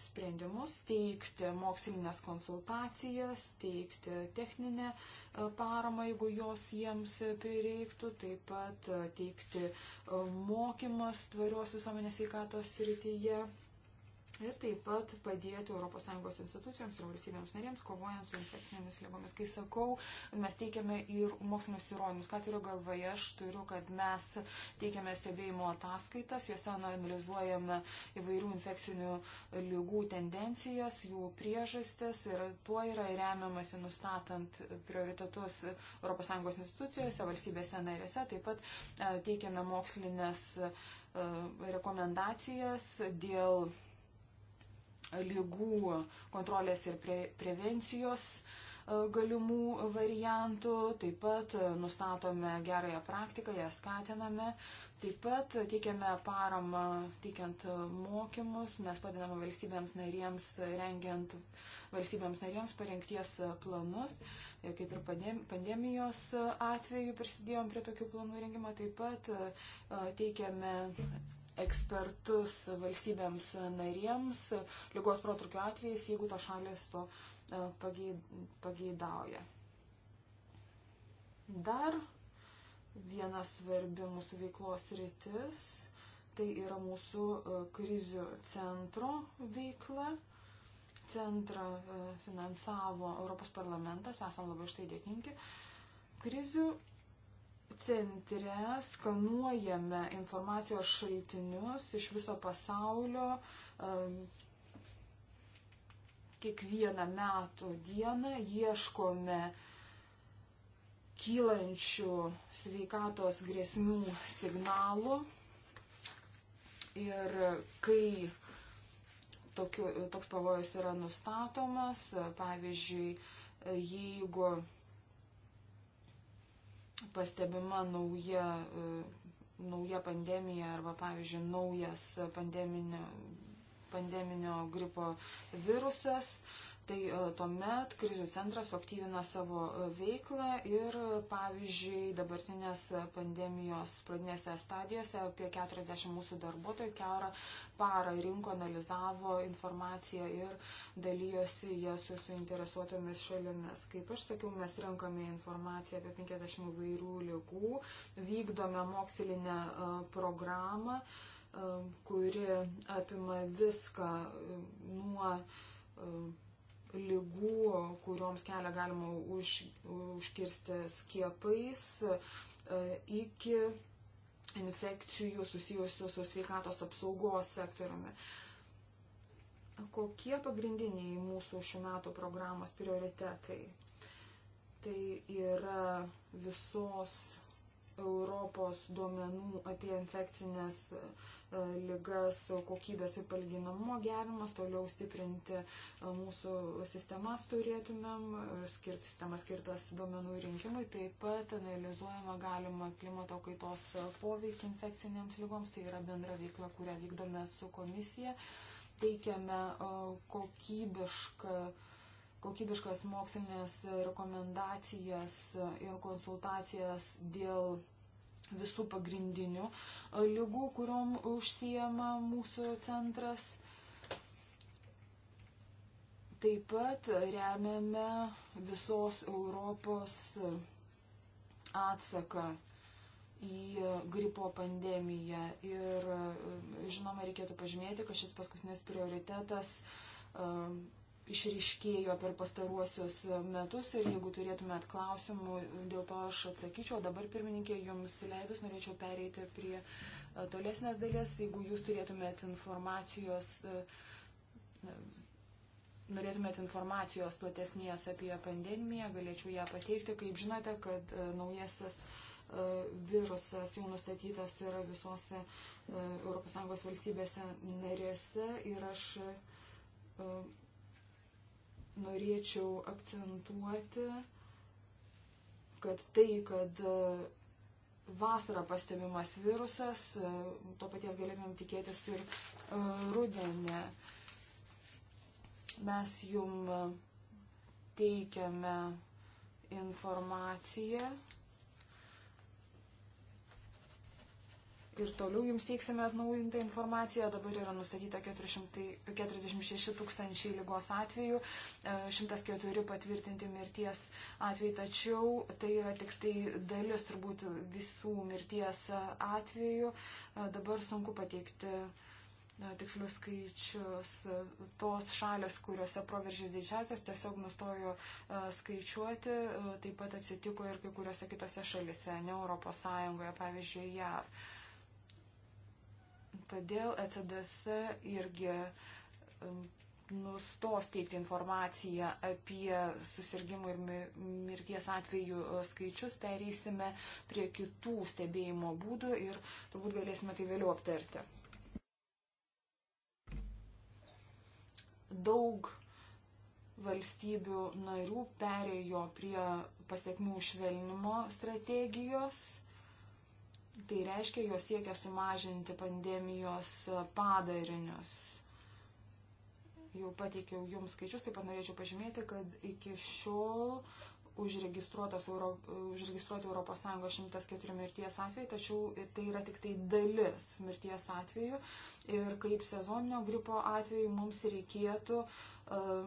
Speaker 3: sprendimus, teikti mokslinės konsultacijas, teikti techninę e, paramą, jeigu jos jiems prireiktų, taip pat e, teikti mokymas tvarios visuomenės veikatos srityje ir taip pat padėti ES institucijoms ir valstybėms narėms kovojant su infekcinėmis lygomis. Kai sakau, mes teikiame ir mokslinius įrodymus, ką turiu galvoje, aš turiu, kad mes teikiame stebėjimo ataskaitas, juose analizuojame įvairių infekcinių lygų tendencijas, jų priežastis ir tuo yra remiamasi nustatant prioritetus ES institucijose, valstybėse narėse, taip pat e, teikiame mokslinės e, rekomendacijas dėl lygų kontrolės ir pre, prevencijos e, galimų variantų, taip pat e, nustatome gerąją praktiką, ją skatiname, taip pat e, teikiame paramą teikiant mokymus, mes padedame valstybėms narėms, rengiant valstybėms narėms parengties planus, kaip ir pandemijos atveju prisidėjom prie tokių planų rengimo, taip pat teikiame ekspertus valstybėms narėms lygos protrukio atvejais, jeigu to šalis e, to pageidauja. Dar viena svarbi mūsų veiklos rytis - tai yra mūsų e, krizių centro veikla. Centrą e, finansavo Europos parlamentas, esam labai štai dėkingi. Krizių centre skanuojame informacijos šaltinius iš viso pasaulio kiekvieną metų dieną, ieškome kylančių sveikatos grėsmių signalų ir kai tokiu, toks pavojus yra nustatomas, pavyzdžiui, jeigu pastebima nauja, e, nauja pandemija arba, pavyzdžiui, naujas pandeminio, pandeminio gripo virusas, tai e, tuomet krizių centras suaktyvina savo e, veiklą ir, e, pavyzdžiui, dabartinės pandemijos pradinėse stadijose apie 40 mūsų darbuotojų keurą parą rinko, analizavo informaciją ir dalyjosi ją su suinteresuotomis šalimis. Kaip aš sakiau, mes renkame informaciją apie 50 vairių lygų, vykdome mokslinę programą, kuri apima viską nuo lygų, kurioms kelią galima už, užkirsti skiepais, e, iki infekcijų susijusių su sveikatos apsaugos sektoriumi. Kokie pagrindiniai mūsų šių metų programos prioritetai? Tai yra visos Europos duomenų apie infekcinės E, lygas, kokybės ir palyginamumo gerimas, toliau stiprinti e, mūsų sistemas turėtumėm, e, skirt, sistemas skirtas duomenų rinkimui, taip pat analizuojama galima klimato kaitos poveikį infekcinėms lygoms, tai yra bendra veikla, kurią vykdome su komisija, teikiame kokybišką kokybiškas mokslinės rekomendacijas ir konsultacijas dėl visų pagrindinių e, lygų, kuriuom užsijama mūsų centras. Taip pat remiame visos Europos atsaką į gripo pandemiją. Ir e, žinoma, reikėtų pažymėti, kad šis paskutinis prioritetas e, išriškėjo per pastaruosius metus ir jeigu turėtumėt klausimų, dėl to aš atsakyčiau. Dabar, pirmininkė, jums leidus norėčiau pereiti prie e, tolesnės dalies. Jeigu jūs turėtumėt informacijos, e, e, norėtumėt informacijos platesnės apie pandemiją, galėčiau ją pateikti. Kaip žinote, kad naujasis virusas jau nustatytas yra visose ES valstybėse narėse ir aš norėčiau akcentuoti, kad tai, kad e, vasarą pastebimas virusas, e, to paties galėtumėm tikėtis ir e, rudenį. Mes jum teikiame informaciją ir toliau jums teiksime atnaujintą informaciją. Dabar yra nustatyta 446 tūkstančiai lygos atvejų, 104 e, patvirtinti mirties atvejai, tačiau tai yra tik tai dalis turbūt visų mirties atvejų. E, dabar sunku pateikti. E, tikslius skaičius tos šalės, kuriuose proveržys didžiasias, tiesiog nustojo skaičiuoti, taip pat atsitiko ir kai kuriuose kitose šalise, ne Europos Sąjungoje, pavyzdžiui, JAV. Todėl ECDS irgi um, nustos teikti informaciją apie susirgymų ir mirties atvejų uh, skaičius, pereisime prie kitų stebėjimo būdų ir turbūt galėsime tai vėliau aptarti. Daug valstybių narių perėjo prie pasiekmių švelnimo strategijos Tai reiškia, jos siekia sumažinti pandemijos padarinius. Jau pateikiau jums skaičius, taip pat norėčiau pažymėti, kad iki šiol užregistruotos Euro, užregistruoti Europos Sąjungos 104 mirties atvejai, tačiau tai yra tik tai dalis mirties atvejų. Ir kaip sezoninio gripo atveju mums reikėtų uh,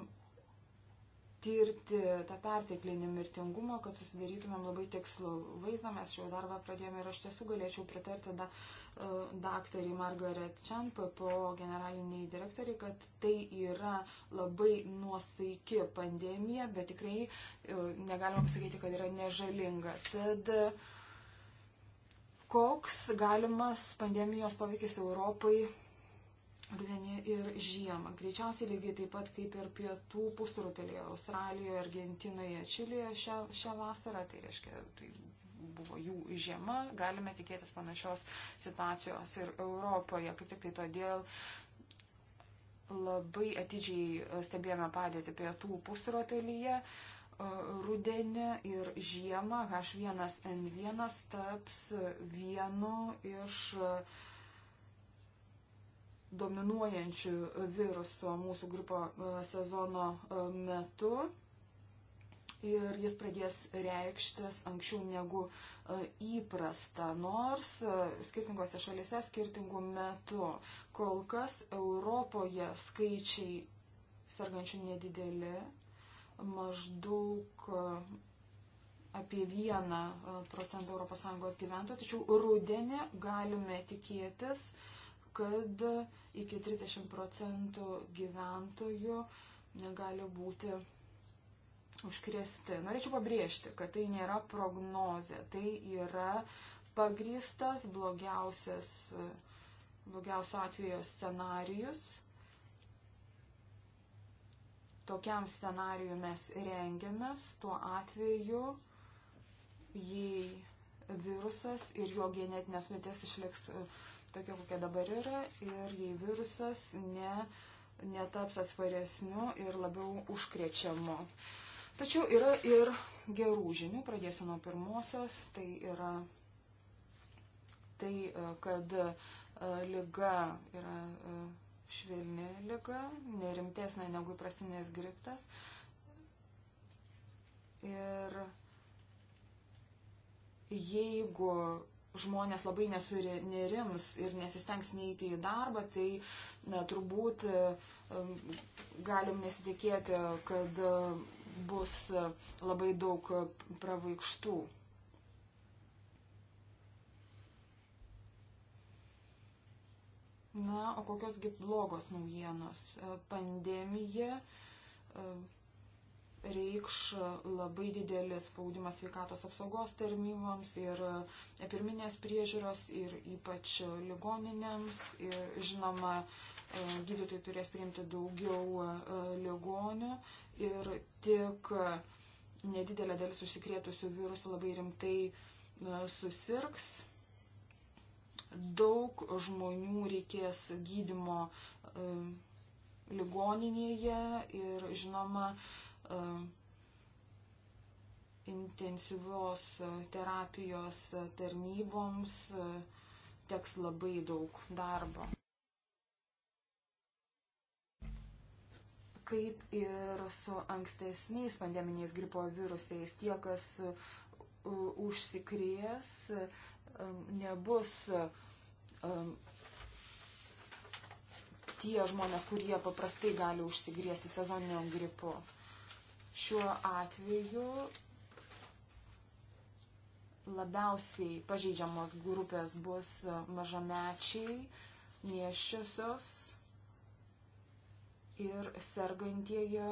Speaker 3: tirti tą perteklinį mirtingumą, kad susidarytumėm labai tikslų vaizdą. Mes šio darbą pradėjome ir aš tiesų galėčiau pritarti da, uh, e, daktarį Margaret Chan, PPO generaliniai direktoriai, kad tai yra labai nuosaiki pandemija, bet tikrai uh, negalima pasakyti, kad yra nežalinga. Tad e, koks galimas pandemijos poveikis Europai rudenį ir žiemą. Greičiausiai lygiai taip pat kaip ir pietų pusrutelyje, Australijoje, Argentinoje, Čilėje šią, šią vasarą, tai reiškia, tai buvo jų žiema, galime tikėtis panašios situacijos ir Europoje, kaip tik tai todėl labai atidžiai stebėjome padėti pietų pusrutelyje. E, rudenį ir žiemą H1N1 taps vienu iš uh, dominuojančių virusų mūsų gripo e, sezono e, metu. Ir jis pradės reikštis anksčiau negu e, įprasta, nors skirtingose šalise skirtingų metų. Kol kas Europoje skaičiai sergančių nedideli, maždaug apie 1 procentą ES gyventojų, tačiau rudenį galime tikėtis uh, kad iki 30 procentų gyventojų gali būti užkrėsti. Norėčiau pabrėžti, kad tai nėra prognozė, tai yra pagrystas blogiausias, blogiausio atvejo scenarius. Tokiam scenariui mes rengiamės tuo atveju, jei virusas ir jo genetinės sudėties išliks uh, tokia, kokia dabar yra, ir jei virusas ne, netaps atsparesniu ir labiau užkrečiamu. Tačiau yra ir gerų žinių, pradėsiu nuo pirmosios, tai yra tai, e, kad e, lyga yra e, švelni lyga, nerimtesnė negu įprastinės griptas. Ir jeigu žmonės labai nesurinerims ir nesistengs neįti į darbą, tai na, turbūt galim nesitikėti, kad bus labai daug pravaikštų. Na, o kokiosgi blogos naujienos? Pandemija reikš labai didelis spaudimas sveikatos apsaugos tarnyboms ir e, pirminės priežiūros ir ypač ligoninėms. Ir žinoma, e, gydytojai turės priimti daugiau e, ligonių ir tik nedidelė dalis užsikrėtusių virusų labai rimtai susirgs. Daug žmonių reikės gydimo ligoninėje ir žinoma, intensyvios terapijos tarnyboms teks labai daug darbo. Kaip ir su ankstesniais pandeminiais gripo virusais, tie, kas užsikrės, nebus tie žmonės, kurie paprastai gali užsigrėsti sezoniniam gripu. Šiuo atveju labiausiai pažeidžiamos grupės bus mažamečiai, nieščiosios ir sergantieji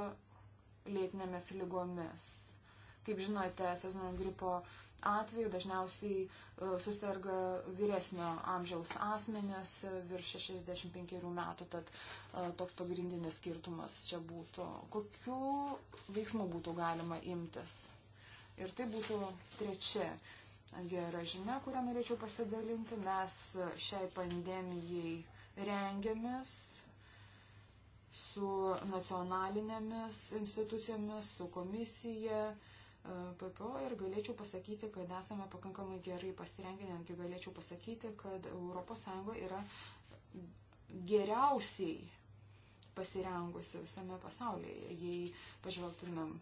Speaker 3: lėtinėmis lygomis. Kaip žinote, sezono gripo atveju dažniausiai e, susirga vyresnio amžiaus asmenės e, virš 65 metų, tad e, toks pagrindinis skirtumas čia būtų. Kokių veiksmų būtų galima imtis? Ir tai būtų trečia gera žinia, kurią norėčiau pasidalinti. Mes šiai pandemijai rengiamės su nacionalinėmis institucijomis, su komisija, uh, PPO ir galėčiau pasakyti, kad esame pakankamai gerai pasirengę, netgi galėčiau pasakyti, kad ES yra geriausiai pasirengusi visame pasaulyje, jei pažvelgtumėm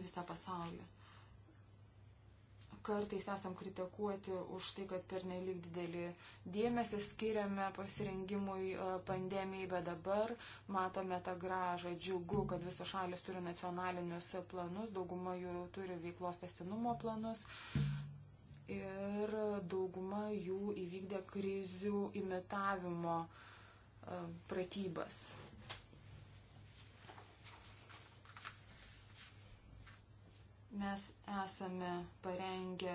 Speaker 3: į visą pasaulį kartais esam kritikuoti už tai, kad per nelik didelį dėmesį skiriame pasirengimui e, pandemijai, bet dabar matome tą gražą. Džiugu, kad visos šalis turi nacionalinius planus, dauguma jų turi veiklos testinumo planus. Ir dauguma jų įvykdė krizių imitavimo e, pratybas. Mes esame parengę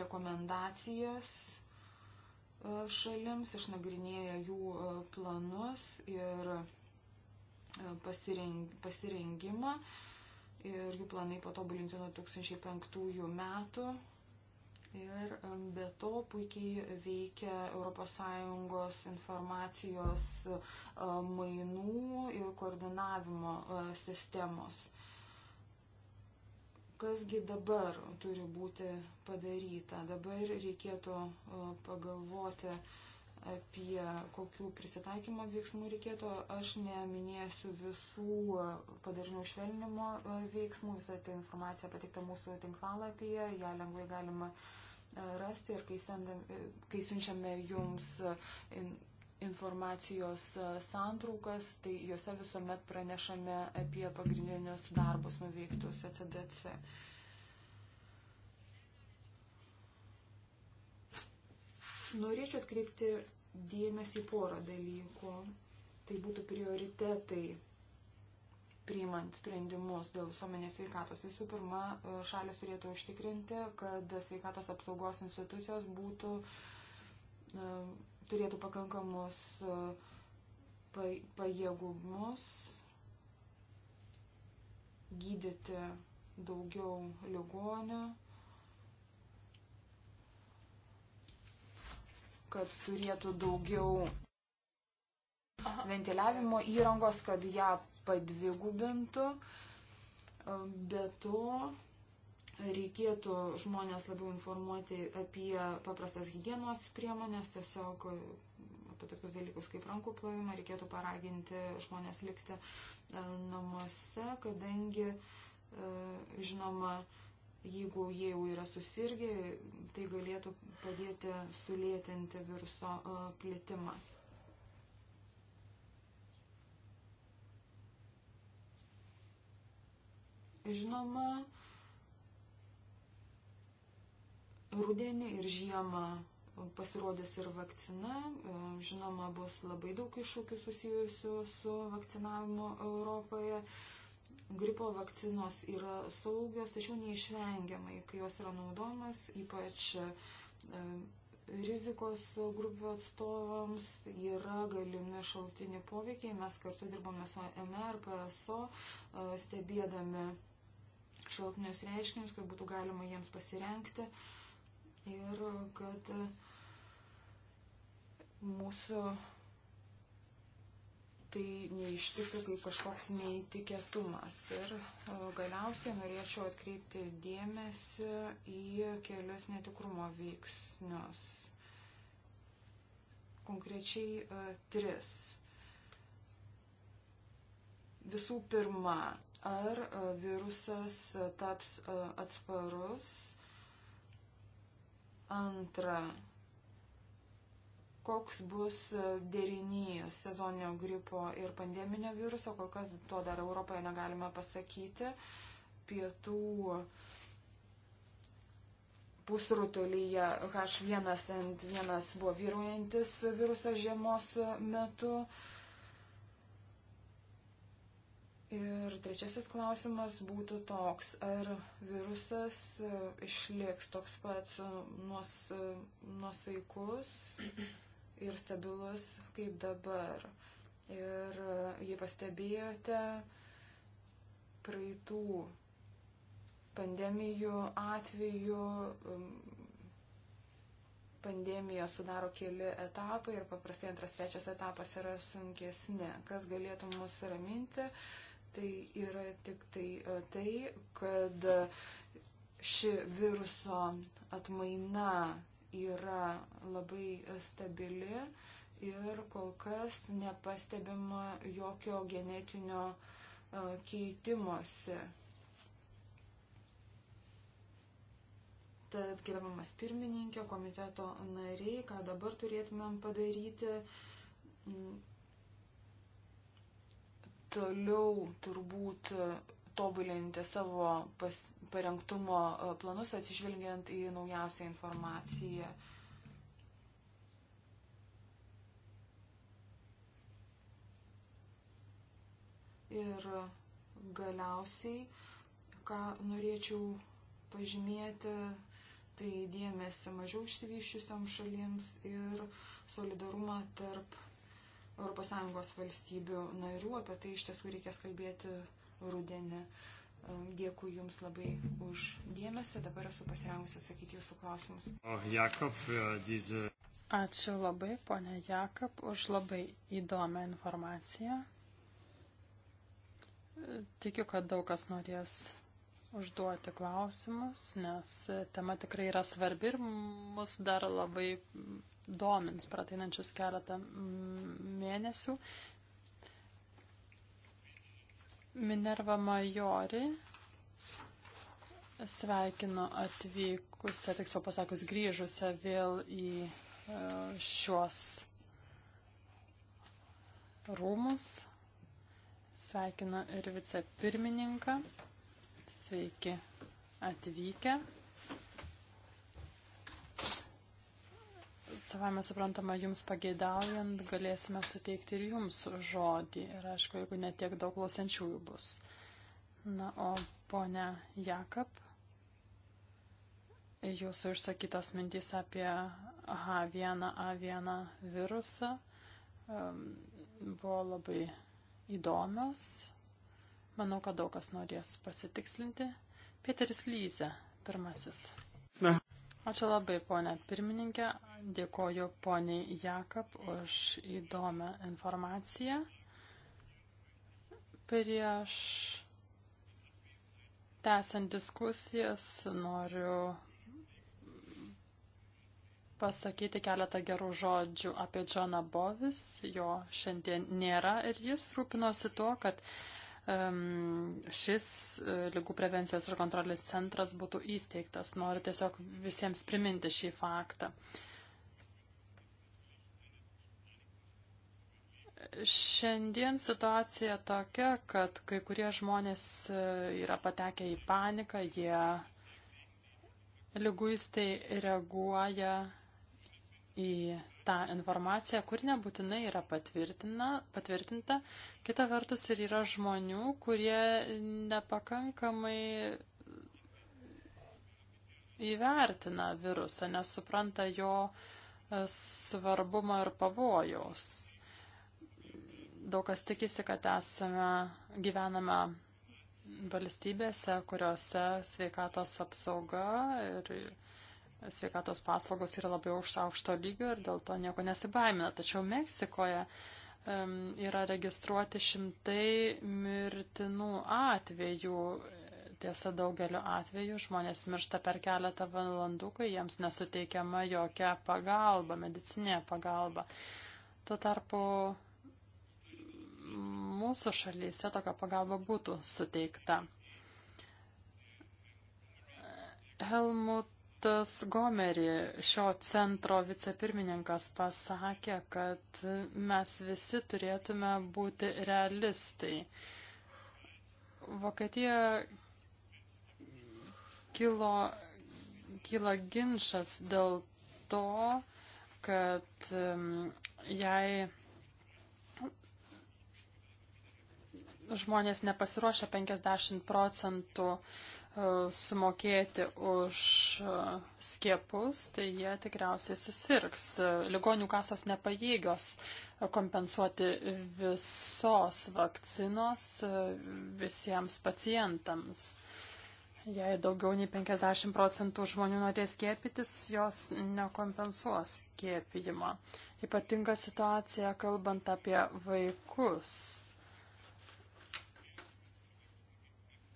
Speaker 3: rekomendacijas e, šalims, išnagrinėję jų e, planus ir e, pasirengimą ir jų planai patobulinti nuo 2005 metų. Ir be to puikiai veikia ES informacijos mainų ir koordinavimo sistemos kasgi dabar turi būti padaryta. Dabar reikėtų e, pagalvoti apie kokių prisitaikymo veiksmų reikėtų. Aš neminėsiu visų e, padarinių švelnimo e, veiksmų, visą tą informaciją patikta mūsų tinklalapyje, ją lengvai galima rasti ir kai, sendam, kai siunčiame jums informacijos e, santraukas, tai juose visuomet pranešame apie pagrindinius darbus nuveiktus ECDC. Norėčiau atkreipti dėmesį į porą dalykų. Tai būtų prioritetai priimant sprendimus dėl visuomenės sveikatos. Visų pirma, e, šalis turėtų užtikrinti, kad sveikatos apsaugos institucijos būtų e, turėtų pakankamus e, pajėgumus gydyti daugiau ligonių, kad turėtų daugiau ventiliavimo įrangos, kad ją padvigubintų. E, be to, reikėtų žmonės labiau informuoti apie paprastas hygienos priemonės, tiesiog apie tokius dalykus kaip rankų plovimą, reikėtų paraginti žmonės likti e, namuose, kadangi, e, žinoma, jeigu jie jau yra susirgę, tai galėtų padėti sulėtinti viruso e, plitimą. Žinoma, rudenį ir žiemą pasirodys ir vakcina. E, žinoma, bus labai daug iššūkių susijusių su vakcinavimu Europoje. Gripo vakcinos yra saugios, tačiau neišvengiamai, kai jos yra naudojamas, ypač e, rizikos grupių atstovams yra galimi šaltiniai poveikiai. Mes kartu dirbame su MR, e PSO, stebėdami šaltinius reiškinius, kad būtų galima jiems pasirenkti. Uh, ir kad mūsų tai neištiktų kaip kažkoks neįtikėtumas. Ir e, galiausiai norėčiau atkreipti dėmesį į kelias netikrumo veiksnius. Konkrečiai e, tris. Visų pirma, ar e, virusas taps atsparus Antra, koks bus derinys sezoninio gripo ir pandeminio viruso, kol kas to dar Europoje negalime pasakyti. Pietų pusrutulyje H1N1 buvo vyruojantis virusas žiemos metu. Uh, Ir trečiasis klausimas būtų toks, ar virusas e, išliks toks pats nuos, e, nuosaikus ir stabilus kaip dabar. Ir e, jei pastebėjote, praeitų pandemijų atveju pandemija sudaro keli etapai ir paprastai antras, trečias etapas yra sunkesni. Kas galėtų mus raminti? Uh, tai yra tik tai e, tai, kad ši viruso atmaina yra labai stabili ir kol kas nepastebima jokio genetinio e, keitimosi. Tad, gerbiamas pirmininkė, komiteto nariai, ką dabar turėtumėm padaryti, mm, toliau turbūt tobulinti savo pas, parengtumo e, planus atsižvelgiant į naujausią informaciją. Ir galiausiai, ką norėčiau pažymėti, tai dėmesį mažiau išsivyščiusiam šalims ir solidarumą tarp ES valstybių narių, apie tai iš tiesų reikės kalbėti rudenį. Dėkui Jums labai už dėmesį, dabar esu pasirengusi atsakyti Jūsų klausimus.
Speaker 1: O
Speaker 2: Jakob, e, diese... Ačiū labai, ponia
Speaker 3: Jakob, už labai įdomią
Speaker 2: informaciją. Tikiu, kad daug kas norės užduoti klausimus, nes tema tikrai yra svarbi ir mus dar labai domins per ateinančius keletą mėnesių. Minerva Majori sveikinu atvykusią, tiksliau pasakus, grįžusią vėl į e, šiuos rūmus. Sveikinu ir vicepirmininką. pirmininką. Sveiki atvykę. Savame suprantama, jums pageidaujant galėsime suteikti ir jums žodį. Ir aišku, jeigu netiek daug klausančiųjų bus. Na, o ponia Jakab, jūsų išsakytos mintys apie H1A1 virusą ehm, buvo labai įdomios. Manau, kad daug kas norės pasitikslinti. Pieteris Lyze, pirmasis. Na. Ačiū labai, ponė pirmininkė. Dėkoju poniai Jakab už įdomią informaciją. Prieš tęsiant diskusijas noriu pasakyti keletą gerų žodžių apie Džoną Bovis. Jo šiandien nėra ir jis rūpinosi tuo, kad šis e, lygų prevencijos ir kontrolės centras būtų įsteigtas. Noriu tiesiog visiems priminti šį faktą. Šiandien situacija tokia, kad kai kurie žmonės e, yra patekę į paniką, jie lyguistai reaguoja į tą informaciją, kur nebūtinai yra patvirtinta. Kita vertus ir yra žmonių, kurie nepakankamai įvertina virusą, nesupranta jo e, svarbumo ir pavojaus. Daug kas tikisi, kad esame, gyvename valstybėse, kuriuose sveikatos apsauga ir sveikatos paslaugos yra labai aukšto, aukšto lygio ir dėl to nieko nesibaimina. Tačiau Meksikoje um, yra registruoti šimtai mirtinų atvejų. Tiesa, daugeliu atveju žmonės miršta per keletą valandų, kai jiems nesuteikiama jokia pagalba, medicinė pagalba. Tuo tarpu mūsų šalyse tokia pagalba būtų suteikta. Helmut Robertas Gomeri, šio centro vicepirmininkas, pasakė, kad mes visi turėtume būti realistai. Vokietija kilo, kilo ginčas dėl to, kad um, jei žmonės nepasiruošia 50 procentų E, sumokėti už e, skiepus, tai jie tikriausiai susirgs. E, ligonių kasos nepajėgios kompensuoti visos vakcinos visiems pacientams. Jei daugiau nei 50 procentų žmonių norės skiepytis, jos nekompensuos skiepijimą. Ypatinga situacija kalbant apie vaikus.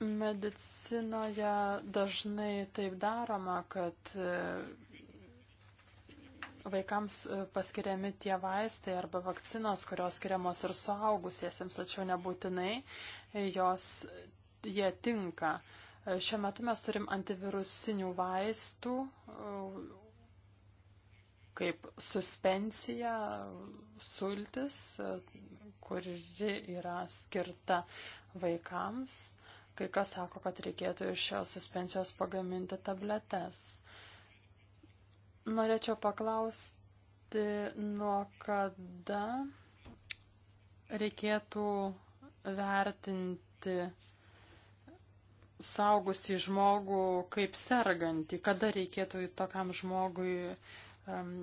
Speaker 2: Medicinoje dažnai taip daroma, kad e, vaikams e, paskiriami tie vaistai arba vakcinos, kurios skiriamos ir suaugusiesiems, tačiau nebūtinai jos jie tinka. E, šiuo metu mes turim antivirusinių vaistų kaip suspensija, sultis, kuri yra skirta vaikams. Kai kas sako, kad reikėtų iš šios suspensijos pagaminti tabletes. Norėčiau paklausti, nuo kada reikėtų vertinti saugusį žmogų kaip sergantį, kada reikėtų tokiam žmogui um,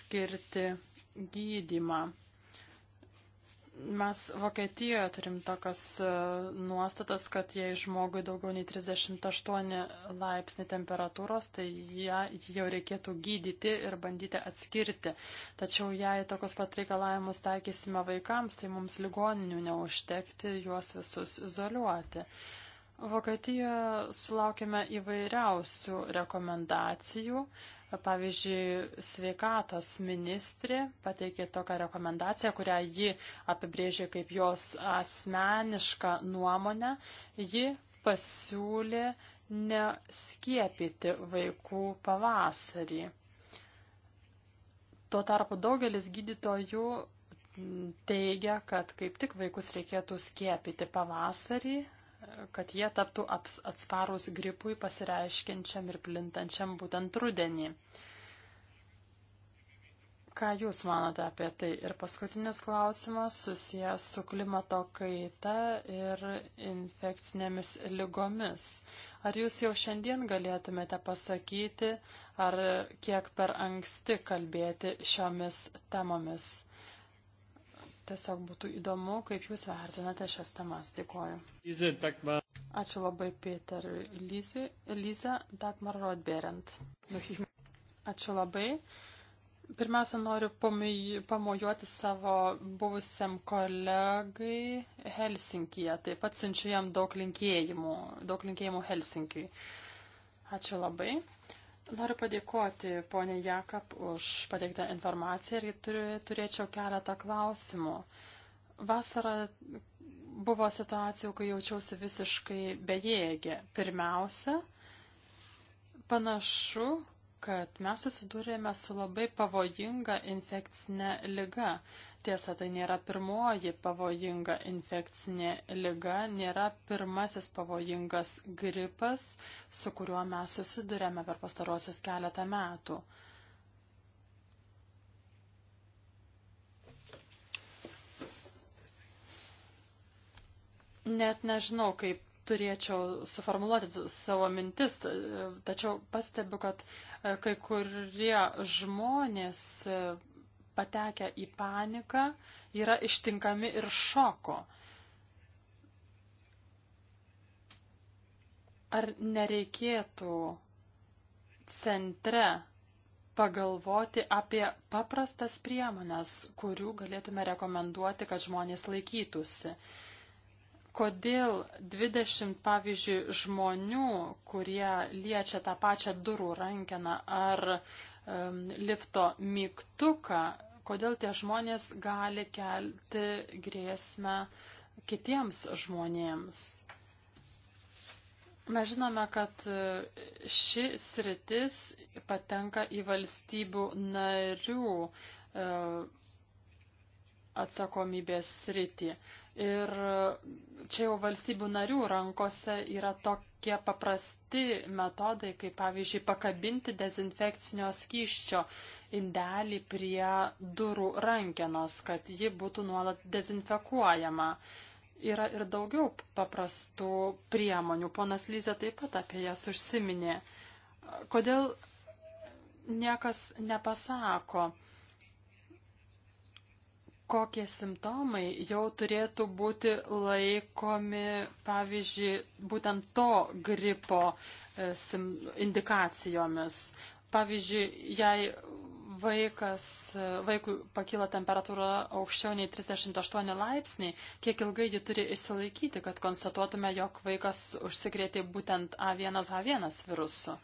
Speaker 2: skirti gydymą. Mes Vokietijoje turim tokias e, nuostatas, kad jei žmogui daugiau nei 38 laipsnį temperatūros, tai ją jau reikėtų gydyti ir bandyti atskirti. Tačiau jei tokius pat reikalavimus taikysime vaikams, tai mums ligoninių neužtekti juos visus izoliuoti. Vokietijoje sulaukime įvairiausių rekomendacijų. Pavyzdžiui, sveikatos ministrė pateikė tokią rekomendaciją, kurią ji apibrėžė kaip jos asmenišką nuomonę. Ji pasiūlė neskiepyti vaikų pavasarį. Tuo tarpu daugelis gydytojų teigia, kad kaip tik vaikus reikėtų skiepyti pavasarį, kad jie taptų atsparus gripui pasireiškiančiam ir plintančiam būtent rudenį. Ką Jūs manote apie tai? Ir paskutinis klausimas susijęs su klimato kaita ir infekcinėmis lygomis. Ar Jūs jau šiandien galėtumėte pasakyti, ar kiek per anksti kalbėti šiomis temomis? Tiesiog būtų įdomu, kaip Jūs vertinate šias temas. Dėkoju. Ačiū labai Pieterui Lyze Dagmar Rodberent. Ačiū labai. Pirmiausia, noriu pamojuoti savo buvusiam kolegai Helsinkije. Taip pat siunčiu jam daug linkėjimų, daug linkėjimų Helsinkiui. Ačiū labai. Noriu padėkoti ponė Jakab už pateiktą informaciją ir turiu, turėčiau keletą klausimų. Vasara buvo situacijų, kai jaučiausi visiškai bejėgė. Pirmiausia, panašu, kad mes susidūrėme su labai pavojinga infekcinė lyga. Tiesa, tai nėra pirmoji pavojinga infekcinė lyga, nėra pirmasis pavojingas gripas, su kuriuo mes susidurėme per pastarosius keletą metų. Net nežinau, kaip turėčiau suformuoluoti savo mintis, tačiau pastebiu, kad e, kai kurie žmonės e, patekę į paniką yra ištinkami ir šoko. Ar nereikėtų centre pagalvoti apie paprastas priemonės, kurių galėtume rekomenduoti, kad žmonės laikytųsi. Kodėl 20, pavyzdžiui, žmonių, kurie liečia tą pačią durų rankeną ar um, lifto mygtuką, kodėl tie žmonės gali kelti grėsmę kitiems žmonėms. Mes žinome, kad ši sritis patenka į valstybių narių e, atsakomybės sritį. Ir čia jau valstybių narių rankose yra to, tokie paprasti metodai, kaip pavyzdžiui pakabinti dezinfekcinio skyščio indelį prie durų rankenos, kad ji būtų nuolat dezinfekuojama. Yra ir daugiau paprastų priemonių. Ponas Lyzė taip pat apie jas užsiminė. Kodėl niekas nepasako? kokie simptomai jau turėtų būti laikomi, pavyzdžiui, būtent to gripo e, indikacijomis. Pavyzdžiui, jei vaikas, e, vaikui pakyla temperatūra aukščiau nei 38 laipsniai, kiek ilgai ji turi išsilaikyti, kad konstatuotume, jog vaikas užsikrėtė būtent A1H1 virusu.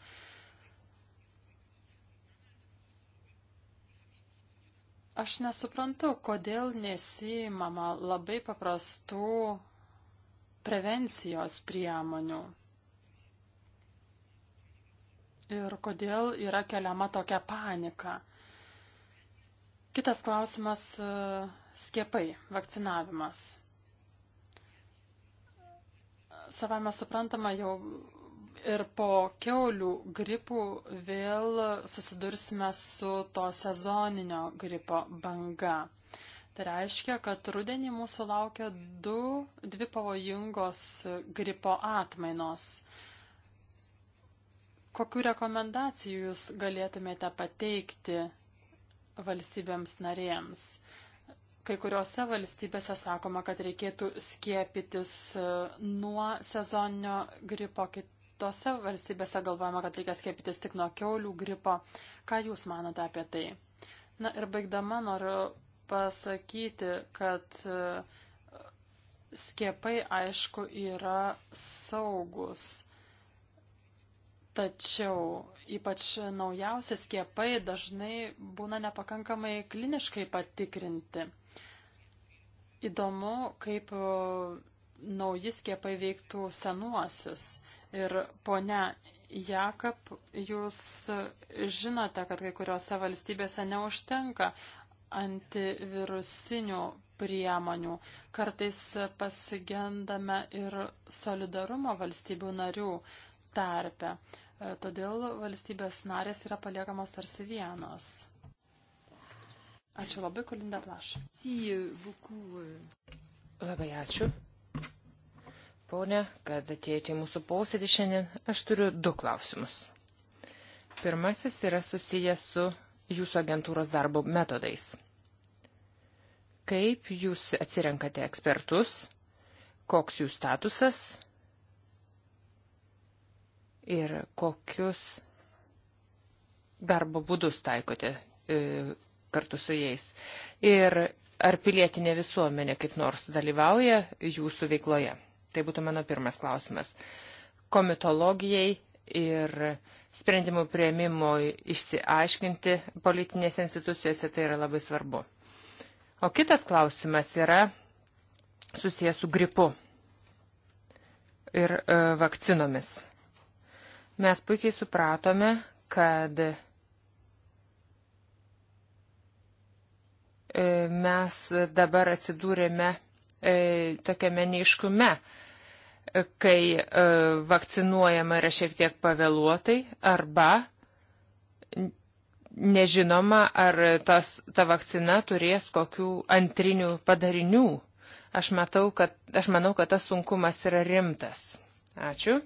Speaker 2: Aš nesuprantu, kodėl nesijimama labai paprastų prevencijos priemonių. Ir kodėl yra keliama tokia panika. Kitas klausimas e, - skiepai, vakcinavimas. Savame suprantama, jau ir po keulių gripų vėl susidursime su to sezoninio gripo banga. Tai reiškia, kad rudenį mūsų laukia du, dvi pavojingos gripo atmainos. Kokių rekomendacijų jūs galėtumėte pateikti valstybėms narėms? Kai kuriuose valstybėse sakoma, kad reikėtų skiepytis e, nuo sezoninio gripo, kit, kitose valstybėse galvojama, kad reikia skiepytis tik nuo keulių gripo. Ką Jūs manote apie tai? Na ir baigdama noriu pasakyti, kad e, skiepai aišku yra saugus. Tačiau ypač naujausi skiepai dažnai būna nepakankamai kliniškai patikrinti. Įdomu, kaip e, nauji skiepai veiktų senuosius. Ir ponia Jakab, jūs žinote, kad kai kuriuose valstybėse neužtenka antivirusinių priemonių. Kartais pasigendame ir solidarumo valstybių narių tarpe. Todėl valstybės narės yra paliekamos tarsi vienos.
Speaker 1: Ačiū labai, Kolinda Plaš. Euh. Labai ačiū ponė, kad atėjote į mūsų posėdį šiandien. Aš turiu du klausimus. Pirmasis yra susijęs su jūsų agentūros darbo metodais. Kaip jūs atsirenkate ekspertus, koks jų statusas ir kokius darbo būdus taikote e, kartu su jais. Ir ar pilietinė visuomenė kaip nors dalyvauja jūsų veikloje? Tai būtų mano pirmas klausimas. Komitologijai ir sprendimų prieimimo išsiaiškinti politinėse institucijose tai yra labai svarbu. O kitas klausimas yra susijęs su gripu ir e, vakcinomis. Mes puikiai supratome, kad e, mes dabar atsidūrėme e, tokiame neiškume, e, kai e, vakcinuojama yra šiek tiek pavėluotai arba nežinoma, ar tas, ta vakcina turės kokių antrinių padarinių. Aš, matau, kad, aš manau, kad tas sunkumas yra rimtas. Ačiū.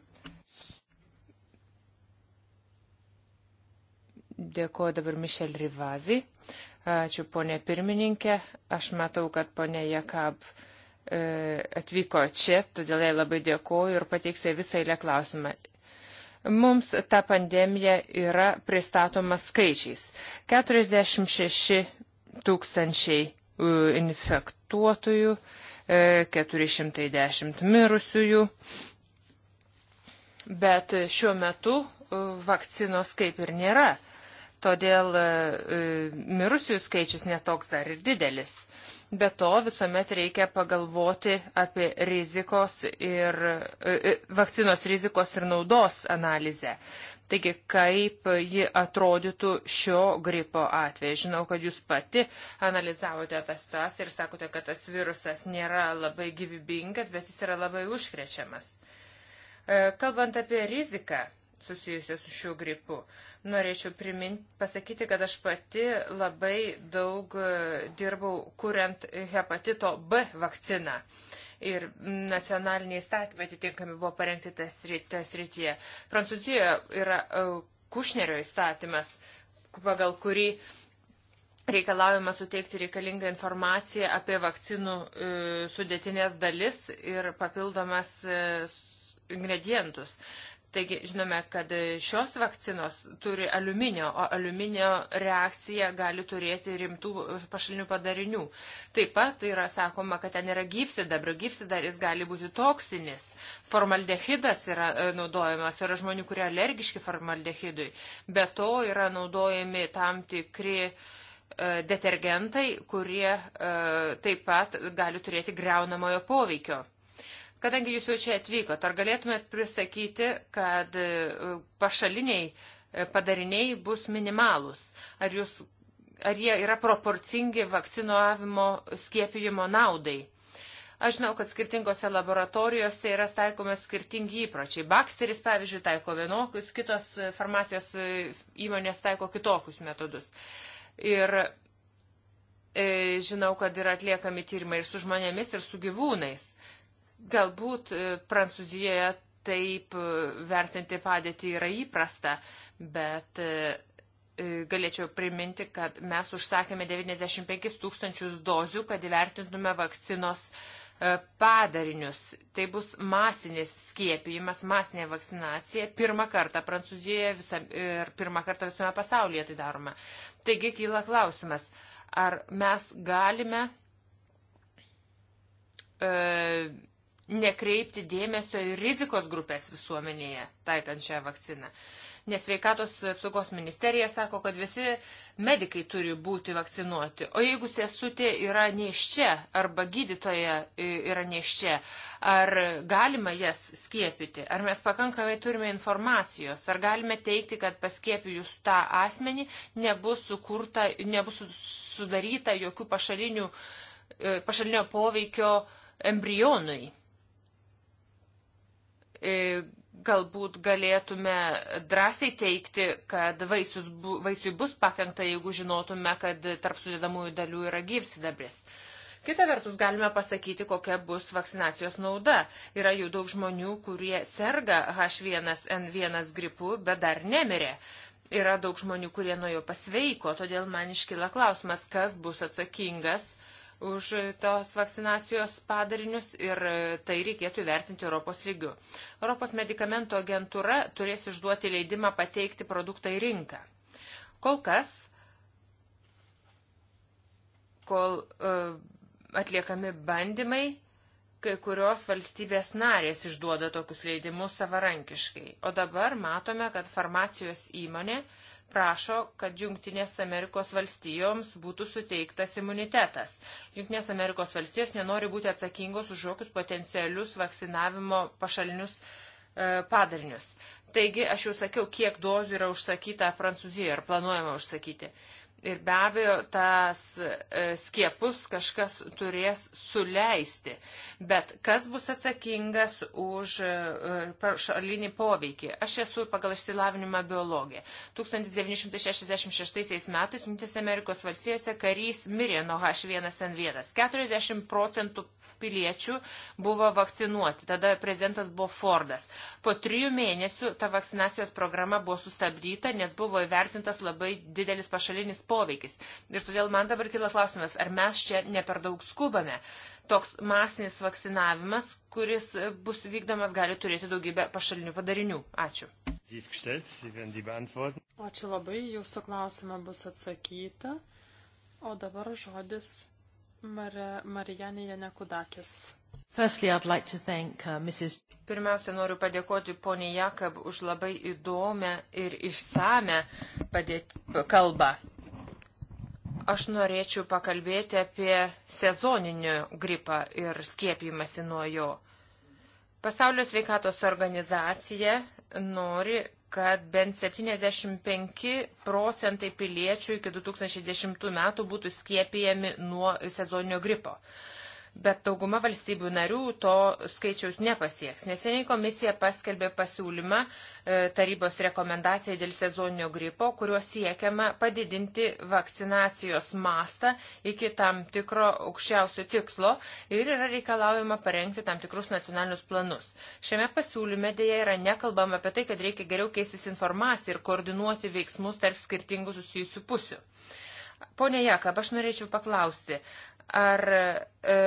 Speaker 1: Dėkuoju dabar Mišel Rivazi. Ačiū, ponė pirmininkė. Aš matau, kad ponė Jakab uh, E, atvyko čia, todėl jai labai dėkoju ir pateiksiu visą eilę klausimą. Mums ta pandemija yra pristatoma skaičiais. 46 tūkstančiai infektuotojų, 410 e, mirusiųjų, bet šiuo metu vakcinos kaip ir nėra, todėl e, mirusiųjų skaičius netoks dar ir didelis Be to visuomet reikia pagalvoti apie rizikos ir e, e, vakcinos rizikos ir naudos analizę. Taigi, kaip ji atrodytų šio gripo atveju? Žinau, kad jūs pati analizavote tą situaciją ir sakote, kad tas virusas nėra labai gyvybingas, bet jis yra labai užkrečiamas. E, kalbant apie riziką, susijusią su šiuo gripu. Norėčiau priminti, pasakyti, kad aš pati labai daug e, dirbau kuriant hepatito B vakciną. Ir nacionaliniai statymai atitinkami buvo parengti tas rytyje. Prancūzijoje yra e, Kušnerio įstatymas, pagal kurį reikalaujama suteikti reikalingą informaciją apie vakcinų e, sudėtinės dalis ir papildomas e, ingredientus. Taigi žinome, kad šios vakcinos turi aliuminio, o aliuminio reakcija gali turėti rimtų pašalinių padarinių. Taip pat tai yra sakoma, kad ten yra gyvsidabrio, gyvsidaris gali būti toksinis. Formaldehidas yra e, naudojamas, yra žmonių, kurie alergiški formaldehidui. Be to yra naudojami tam tikri e, detergentai, kurie e, taip pat gali turėti greunamojo poveikio. Kadangi jūs jau čia atvykote, ar galėtumėt prisakyti, kad e, pašaliniai e, padariniai bus minimalūs? Ar, jūs, ar jie yra proporcingi vakcinuavimo skiepijimo naudai? Aš žinau, kad skirtingose laboratorijose yra taikomas skirtingi įpročiai. Baksteris, pavyzdžiui, taiko vienokius, kitos farmacijos e, įmonės taiko kitokius metodus. Ir e, žinau, kad yra atliekami tyrimai ir su žmonėmis, ir su gyvūnais. Galbūt e, Prancūzijoje taip e, vertinti padėtį yra įprasta, bet e, galėčiau priminti, kad mes užsakėme 95 tūkstančius dozių, kad įvertintume vakcinos padarinius. Tai bus masinis skiepijimas, masinė vakcinacija. Pirmą kartą Prancūzijoje visam, ir pirmą kartą visame pasaulyje tai daroma. Taigi kyla klausimas, ar mes galime e, nekreipti dėmesio į rizikos grupės visuomenėje taikant šią vakciną. Nes veikatos apsaugos ministerija sako, kad visi medikai turi būti vakcinuoti. O jeigu sesutė yra neiščia arba gydytoja e, yra neiščia, ar galima jas skiepyti? Ar mes pakankamai turime informacijos? Ar galime teikti, kad paskiepijus tą asmenį nebus, sukurta, nebus sudaryta jokių pašalinių, e, pašalinio poveikio embrionui? E, galbūt galėtume drąsiai teikti, kad vaisius, bu, vaisiui bus pakengta, jeigu žinotume, kad tarp sudėdamųjų dalių yra gyvsidabris. Kita vertus, galime pasakyti, kokia bus vakcinacijos nauda. Yra jau daug žmonių, kurie serga H1N1 gripu, bet dar nemirė. Yra daug žmonių, kurie nuo jo pasveiko, todėl man iškyla klausimas, kas bus atsakingas už tos vakcinacijos padarinius ir tai reikėtų vertinti Europos lygiu. Europos medikamentų agentūra turės išduoti leidimą pateikti produktą į rinką. Kol kas, kol uh, atliekami bandymai, kai kurios valstybės narės išduoda tokius leidimus savarankiškai. O dabar matome, kad farmacijos įmonė uh, prašo, kad Junktinės Amerikos valstijoms būtų suteiktas imunitetas. Junktinės Amerikos valstijos nenori būti atsakingos už jokius potencialius vakcinavimo pašalinius e, padarinius. Taigi, aš jau sakiau, kiek dozių yra užsakyta Prancūzijoje ir planuojama užsakyti. E, Ir be abejo, tas e, skiepus kažkas turės suleisti. Bet kas bus atsakingas už e, šalinį poveikį? Aš esu pagal išsilavinimą biologė. 1966 metais Junktinėse Amerikos valstijose karys mirė nuo H1N1. 40 procentų piliečių buvo vakcinuoti. Tada prezidentas buvo Fordas. Po trijų mėnesių ta vakcinacijos programa buvo sustabdyta, nes buvo įvertintas labai didelis pašalinis poveikis. Ir todėl man dabar kila klausimas, ar mes čia ne per daug skubame. Toks masinis vakcinavimas, kuris bus vykdomas, gali turėti daugybę pašalinių padarinių. Ačiū.
Speaker 2: Ačiū labai, jūsų klausimą bus atsakyta. O dabar žodis Mar Marijanė Janekudakis.
Speaker 1: Firstly, I'd like to thank uh, Mrs. Pirmiausia, noriu padėkoti poniai Jakab už labai įdomią ir išsame padėti, kalbą. Aš norėčiau pakalbėti apie sezoninį gripą ir skiepimąsi nuo jo. Pasaulio sveikatos organizacija nori, kad bent 75 procentai piliečių iki 2010 metų būtų skiepijami nuo sezoninio gripo bet dauguma valstybių narių to skaičiaus nepasieks. Neseniai komisija paskelbė pasiūlymą e, tarybos rekomendacijai dėl sezoninio gripo, kuriuo siekiama padidinti vakcinacijos mastą iki tam tikro aukščiausio tikslo ir yra reikalaujama parengti tam tikrus nacionalinius planus. Šiame pasiūlyme dėja yra nekalbama apie tai, kad reikia geriau keistis informaciją ir koordinuoti veiksmus tarp skirtingų susijusių pusių. Pone Jakab, aš norėčiau paklausti, Ar e,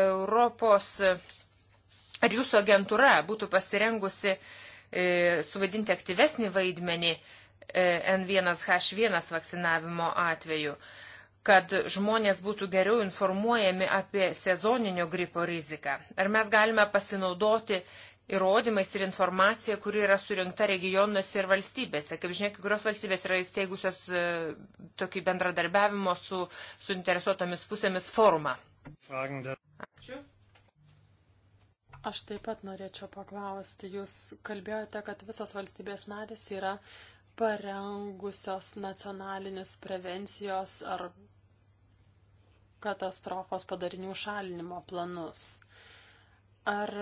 Speaker 1: Europos, ar jūsų agentūra būtų pasirengusi e, suvaidinti aktyvesnį vaidmenį e, N1H1 vakcinavimo atveju, kad žmonės būtų geriau informuojami apie sezoninio gripo riziką. Ar mes galime pasinaudoti įrodymais ir informacija, kuri yra surinkta regionuose ir valstybėse. Kaip žinia, kai kurios valstybės yra įsteigusios e, tokį bendradarbiavimo su suinteresuotomis pusėmis formą. Ačiū.
Speaker 2: Aš taip pat norėčiau paklausti, jūs kalbėjote, kad visos valstybės narės yra parengusios nacionalinius prevencijos ar katastrofos padarinių šalinimo planus. Ar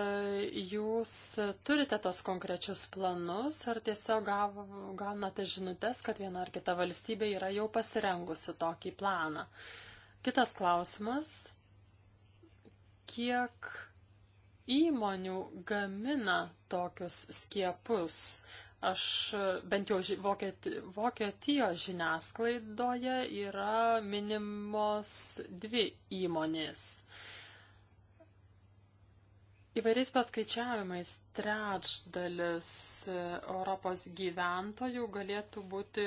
Speaker 2: jūs turite tos konkrečius planus, ar tiesiog gav, gaunate žinutės, kad viena ar kita valstybė yra jau pasirengusi tokį planą? Kitas klausimas kiek įmonių gamina tokius skiepus. Aš bent jau Vokietijos žiniasklaidoje yra minimos dvi įmonės. Įvairiais paskaičiavimais trečdalis e, Europos gyventojų galėtų, būti,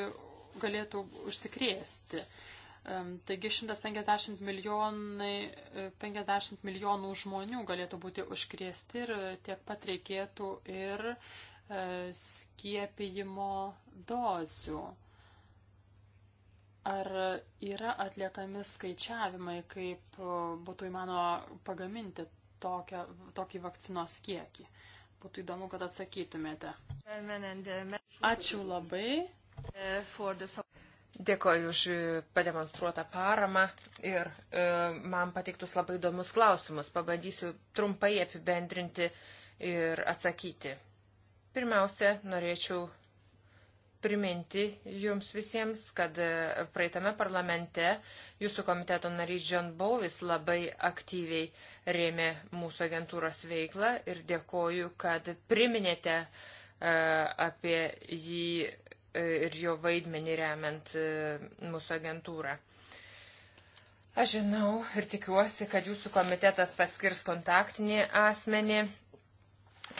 Speaker 2: galėtų užsikrėsti. Taigi 150 milijonai, 50 e, milijonų žmonių galėtų būti užkrėsti ir e, tiek pat reikėtų ir e, skiepijimo dozių. Ar yra atliekami skaičiavimai, kaip būtų įmanoma pagaminti tokią, tokį vakcinos kiekį? Būtų įdomu, kad atsakytumėte.
Speaker 1: Uh, Ačiū labai. Uh, Dėkoju už pademonstruotą paramą ir e, man pateiktus labai įdomus klausimus. Pabandysiu trumpai apibendrinti ir atsakyti. Pirmiausia, norėčiau priminti jums visiems, kad e, praeitame parlamente jūsų komiteto narys John Bovis labai aktyviai rėmė mūsų agentūros veiklą ir dėkoju, kad priminėte e, apie jį ir jo vaidmenį remiant e, mūsų agentūrą. Aš žinau ir tikiuosi, kad jūsų komitetas paskirs kontaktinį asmenį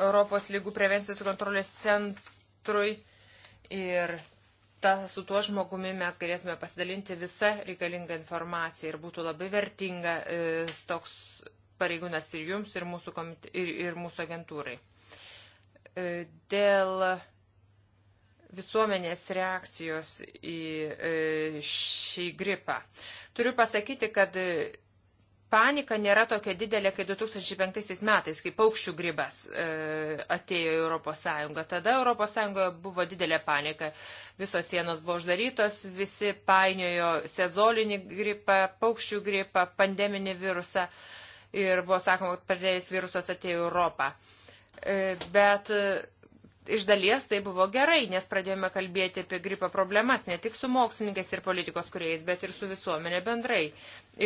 Speaker 1: Europos lygų prevencijos ir kontrolės centrui ir ta, su tuo žmogumi mes galėtume pasidalinti visą reikalingą informaciją ir būtų labai vertinga e, toks pareigūnas ir jums, ir mūsų, komite, ir, ir mūsų agentūrai. E, dėl visuomenės reakcijos į e, šį gripą. Turiu pasakyti, kad e, panika nėra tokia didelė, kai 2005 metais, kai paukščių gribas e, atėjo į Europos Sąjungą. Tada Europos Sąjungoje buvo didelė panika. Visos sienos buvo uždarytos, visi painiojo sezoninį gripą, paukščių gripą, pandeminį virusą ir buvo sakoma, kad pradėjęs virusas atėjo į Europą. E, bet iš dalies tai buvo gerai, nes pradėjome kalbėti apie gripo problemas ne tik su mokslininkais ir politikos kuriejais, bet ir su visuomenė bendrai.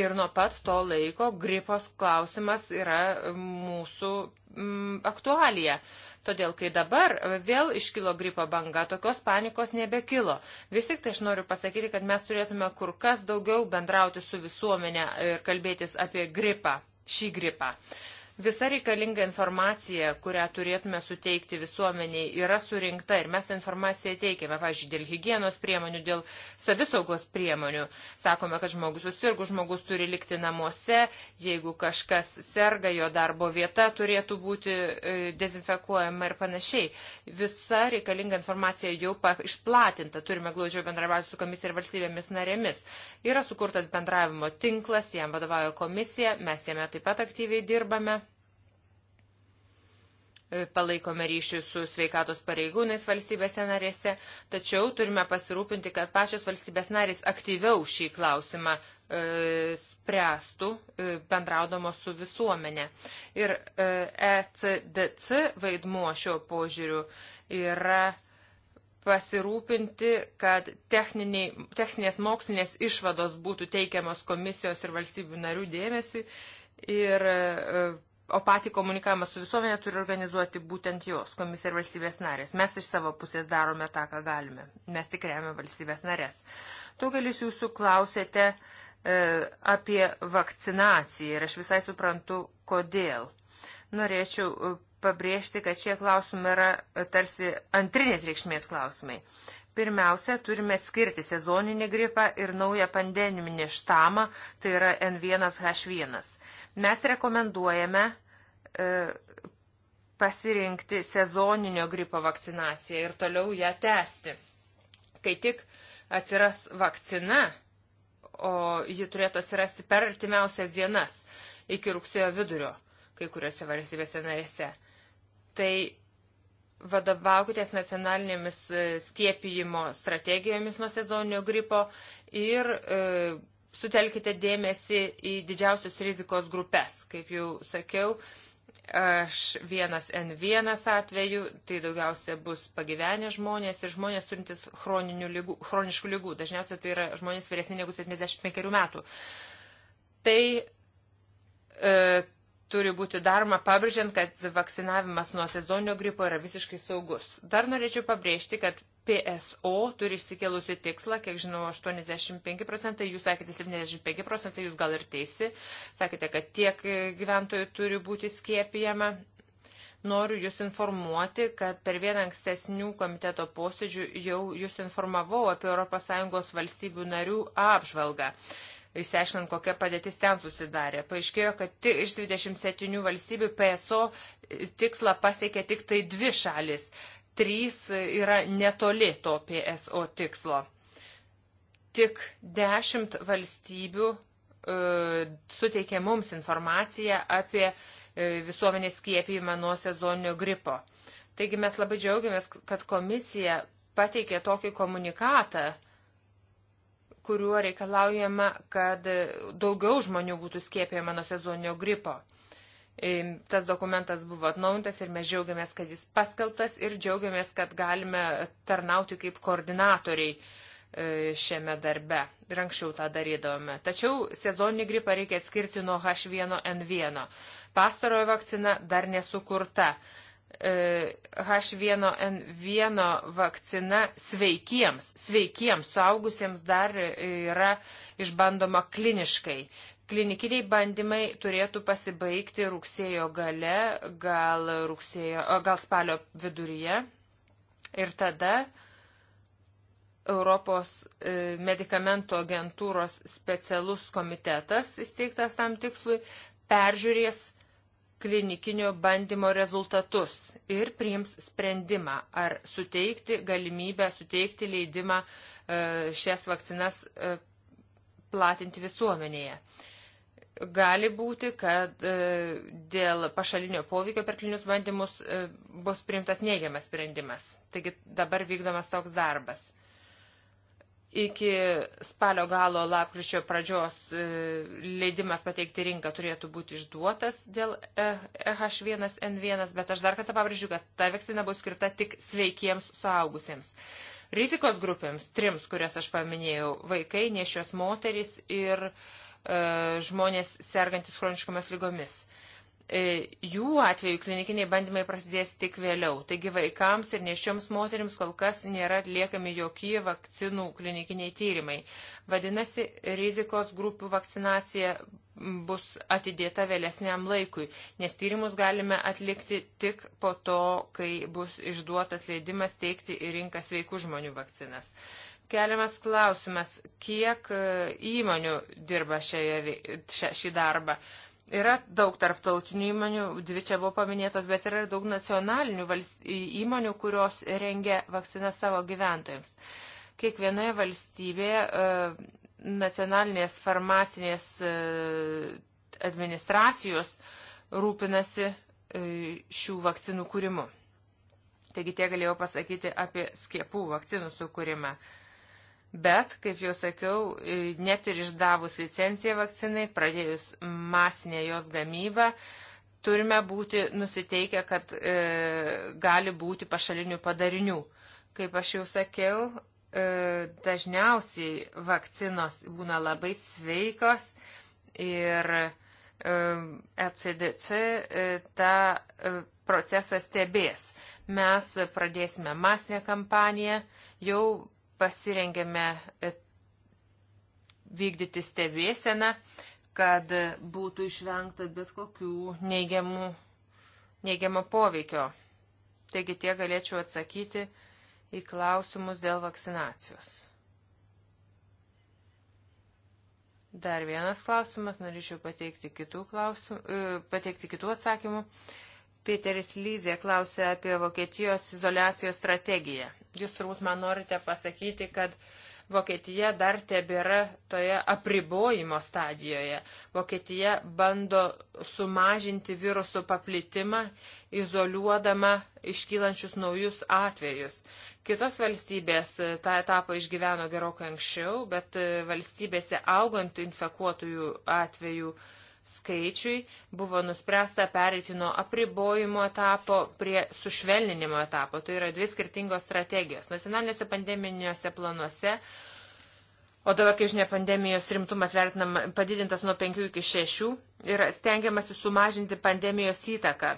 Speaker 1: Ir nuo pat to laiko gripos klausimas yra mūsų mm, aktualija. Todėl, kai dabar vėl iškilo gripo banga, tokios panikos nebekilo. Vis tik tai aš noriu pasakyti, kad mes turėtume kur kas daugiau bendrauti su visuomenė ir kalbėtis apie gripą, šį gripą. Uh, Visa reikalinga informacija, kurią turėtume suteikti visuomeniai, yra surinkta ir mes informaciją teikiame, pavyzdžiui, dėl hygienos priemonių, dėl savisaugos priemonių. Sakome, kad žmogus susirgus, žmogus turi likti namuose, jeigu kažkas serga, jo darbo vieta turėtų būti e, dezinfekuojama ir panašiai. Visa reikalinga informacija jau išplatinta, turime glaudžiau bendrabiauti su komisija ir valstybėmis narėmis. Yra sukurtas bendravimo tinklas, jam vadovauja komisija, mes jame taip pat aktyviai dirbame E, palaikome ryšį su sveikatos pareigūnais valstybėse narėse, tačiau turime pasirūpinti, kad pačios valstybės narės aktyviau šį klausimą e, spręstų e, bendraudamos su visuomenė. Ir e, ECDC vaidmuo šiuo požiūriu yra pasirūpinti, kad techninės mokslinės išvados būtų teikiamos komisijos ir valstybių narių dėmesį ir e, o patį komunikavimą su visuomenė turi organizuoti būtent jos, komisija ir valstybės narės. Mes iš savo pusės darome tą, ką galime. Mes tik remiame valstybės narės. Daugelis jūsų klausėte e, apie vakcinaciją ir aš visai suprantu, kodėl. Norėčiau e, pabrėžti, kad šie klausimai yra e, tarsi antrinės reikšmės klausimai. Pirmiausia, turime skirti sezoninį gripą ir naują pandeminį štamą, tai yra N1H1. Mes rekomenduojame e, pasirinkti sezoninio gripo vakcinaciją ir toliau ją tęsti. Kai tik atsiras vakcina, o ji turėtų atsirasti per artimiausias dienas iki rugsėjo vidurio kai kuriuose valstybėse narėse, tai vadovaukitės nacionalinėmis e, skiepijimo strategijomis nuo sezoninio gripo ir e, sutelkite dėmesį į didžiausios rizikos grupės. Kaip jau sakiau, aš vienas N1 atveju, tai daugiausia bus pagyvenę žmonės ir žmonės turintis lygų, chroniškų lygų. Dažniausiai tai yra žmonės vyresni negu 75 metų. Tai e, turi būti daroma pabrėžiant, kad vakcinavimas nuo sezoninio gripo yra visiškai saugus. Dar norėčiau pabrėžti, kad PSO turi išsikėlusi tikslą, kiek žinau, 85 procentai, jūs sakėte 75 procentai, jūs gal ir teisi, sakėte, kad tiek gyventojų turi būti skiepijama. Noriu jūs informuoti, kad per vieną ankstesnių komiteto posėdžių jau jūs informavau apie ES valstybių narių apžvalgą. Išsiaiškinant, kokia padėtis ten susidarė. Paaiškėjo, kad iš 27 valstybių PSO tikslą pasiekė tik tai dvi šalis trys yra netoli to PSO tikslo. Tik dešimt valstybių e, suteikė mums informaciją apie e, visuomenės skiepijimą nuo sezoninio gripo. Taigi mes labai džiaugiamės, kad komisija pateikė tokį komunikatą, kuriuo reikalaujama, kad daugiau žmonių būtų skiepijama nuo sezoninio gripo. Tas dokumentas buvo atnaujintas ir mes džiaugiamės, kad jis paskelbtas ir džiaugiamės, kad galime tarnauti kaip koordinatoriai e, šiame darbe. Ir anksčiau tą darydavome. Tačiau sezoninį gripą reikia atskirti nuo H1N1. Pastarojo vakcina dar nesukurta. E, H1N1 vakcina sveikiems, sveikiems suaugusiems dar yra išbandoma kliniškai. Klinikiniai bandymai turėtų pasibaigti rugsėjo gale, gal, rugsėjo, gal spalio viduryje. Ir tada Europos e, medikamentų agentūros specialus komitetas įsteigtas tam tikslui peržiūrės klinikinio bandymo rezultatus ir priims sprendimą, ar suteikti galimybę, suteikti leidimą e, šias vakcinas e, platinti visuomenėje gali būti, kad e, dėl pašalinio poveikio per klinius bandymus e, bus priimtas neigiamas sprendimas. Taigi dabar vykdomas toks darbas. Iki spalio galo lapkričio pradžios e, leidimas pateikti rinką turėtų būti išduotas dėl EH1N1, bet aš dar kartą pabrėžiu, kad ta vakcina bus skirta tik sveikiems suaugusiems. Rizikos grupėms, trims, kurias aš paminėjau, vaikai, nešios moteris ir uh, E, žmonės sergantis chroniškomis lygomis. E, jų atveju klinikiniai bandymai prasidės tik vėliau, taigi vaikams ir nešioms moteriams kol kas nėra atliekami jokie vakcinų klinikiniai tyrimai. Vadinasi, rizikos grupių vakcinacija bus atidėta vėlesniam laikui, nes tyrimus galime atlikti tik po to, kai bus išduotas leidimas teikti į rinką sveikų žmonių vakcinas. Keliamas klausimas, kiek e, įmonių dirba šioje, šia, šį darbą. Yra daug tarptautinių įmonių, dvi čia buvo paminėtos, bet yra ir daug nacionalinių įmonių, kurios rengia vakciną savo gyventojams. Kiekvienoje valstybėje e, nacionalinės farmacinės e, administracijos rūpinasi šių vakcinų kūrimu. Taigi tie galėjau pasakyti apie skiepų vakcinų sukūrimą. Uh, Bet, kaip jau sakiau, net ir išdavus licenciją vakcinai, pradėjus masinę jos gamybą, turime būti nusiteikę, kad e, gali būti pašalinių padarinių. Kaip aš jau sakiau, e, dažniausiai vakcinos būna labai sveikos ir e, ECDC e, tą e, procesą stebės. Mes pradėsime masinę kampaniją, jau pasirengėme e, vykdyti stebėseną, kad būtų išvengta bet kokių neigiamų, neigiamo poveikio. Taigi tie galėčiau atsakyti į klausimus dėl vakcinacijos. Dar vienas klausimas, norėčiau pateikti kitų, klausimų, e, pateikti kitų atsakymų. Peteris Lyzė klausė apie Vokietijos izolacijos strategiją. Jūs turbūt man norite pasakyti, kad Vokietija dar tebėra toje apribojimo stadijoje. Vokietija bando sumažinti virusų paplitimą, izoliuodama iškylančius naujus atvejus. Kitos valstybės e, tą etapą išgyveno gerokai anksčiau, bet e, valstybėse augant infekuotųjų atvejų uh, skaičiui buvo nuspręsta pereiti nuo apribojimo etapo prie sušvelninimo etapo. Tai yra dvi skirtingos strategijos. Nacionaliniuose pandeminiuose planuose, o dabar, kaip žinia, pandemijos rimtumas vertinam padidintas nuo 5 iki 6, yra stengiamasi sumažinti pandemijos įtaką.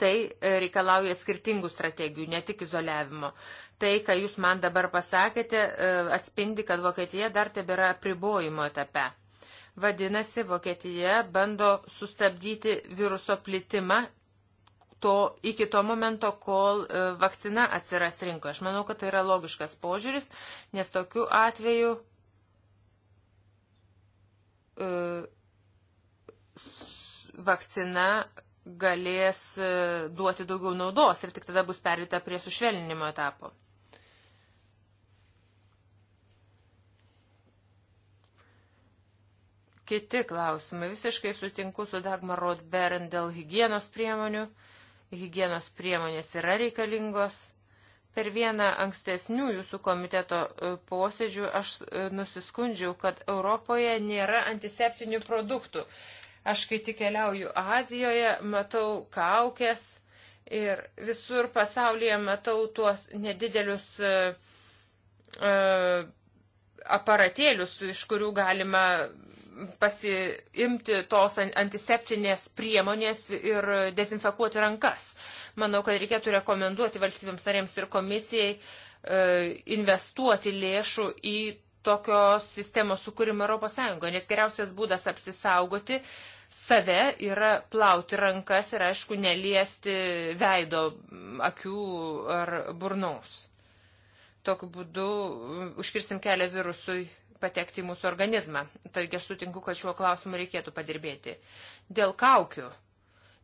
Speaker 1: Tai e, reikalauja skirtingų strategijų, ne tik izoliavimo. Tai, ką jūs man dabar pasakėte, e, atspindi, kad Vokietija dar tebėra pribojimo etape. Vadinasi, Vokietija bando sustabdyti viruso plitimą to, iki to momento, kol e, vakcina atsiras rinkoje. Aš manau, kad tai yra logiškas požiūris, nes tokiu atveju e, vakcina galės e, duoti daugiau naudos ir tik tada bus perėta prie sušvelninimo etapo. Kiti klausimai. Visiškai sutinku su Dagmar Rodberen dėl hygienos priemonių. Hygienos priemonės yra reikalingos. Per vieną ankstesnių jūsų komiteto e, posėdžių aš e, nusiskundžiau, kad Europoje nėra antiseptinių produktų. Aš kai tik keliauju Azijoje, matau kaukės ir visur pasaulyje matau tuos nedidelius uh, aparatėlius, iš kurių galima pasiimti tos antiseptinės priemonės ir dezinfekuoti rankas. Manau, kad reikėtų rekomenduoti valstybėms narėms ir komisijai e, investuoti lėšų į tokios sistemos sukūrimą ES, nes geriausias būdas apsisaugoti save yra plauti rankas ir, aišku, neliesti veido, akių ar burnaus. Tokiu būdu užkirsim kelią virusui patekti į mūsų organizmą. Taigi aš sutinku, kad šiuo klausimu reikėtų padirbėti. Dėl kaukių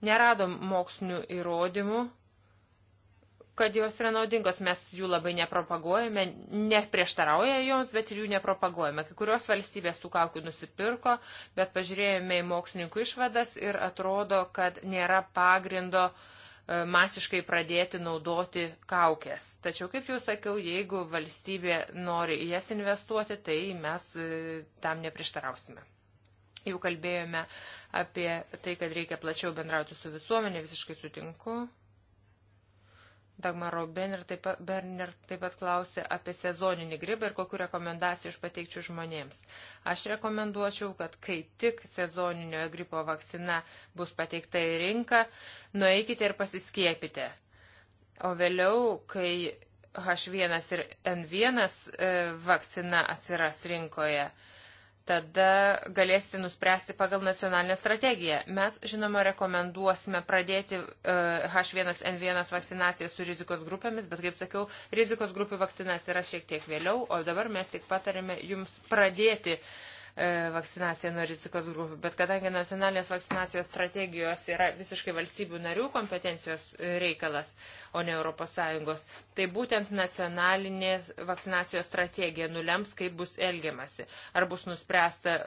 Speaker 1: neradom mokslinių įrodymų, kad jos yra naudingos, mes jų labai nepropaguojame, neprieštarauja joms, bet ir jų nepropaguojame. Kai kurios valstybės tų kaukių nusipirko, bet pažiūrėjome į mokslininkų išvadas ir atrodo, kad nėra pagrindo uh, E, masiškai pradėti naudoti kaukės. Tačiau, kaip jau sakiau, jeigu valstybė nori į jas investuoti, tai mes e, tam neprieštarausime. Jau kalbėjome apie tai, kad reikia plačiau bendrauti su visuomenė, visiškai sutinku Dagmaro Benner taip, pat, Berner taip pat klausė apie sezoninį gribą ir kokiu rekomendacijų aš pateikčiau žmonėms. Aš rekomenduočiau, kad kai tik sezoninio gripo vakcina bus pateikta į rinką, nueikite ir pasiskiepite. O vėliau, kai H1 ir N1 vakcina atsiras rinkoje, tada galėsi nuspręsti pagal nacionalinę strategiją. Mes, žinoma, rekomenduosime pradėti e, H1N1 vakcinaciją su rizikos grupėmis, bet, kaip sakiau, rizikos grupių vakcinacija yra šiek tiek vėliau, o dabar mes tik patarėme jums pradėti uh, E, vakcinaciją nuo rizikos grupių, bet kadangi nacionalinės vakcinacijos strategijos yra visiškai valstybių narių kompetencijos reikalas, o ne ES, tai būtent nacionalinė vakcinacijos strategija nulems, kaip bus elgiamasi. Ar bus nuspręsta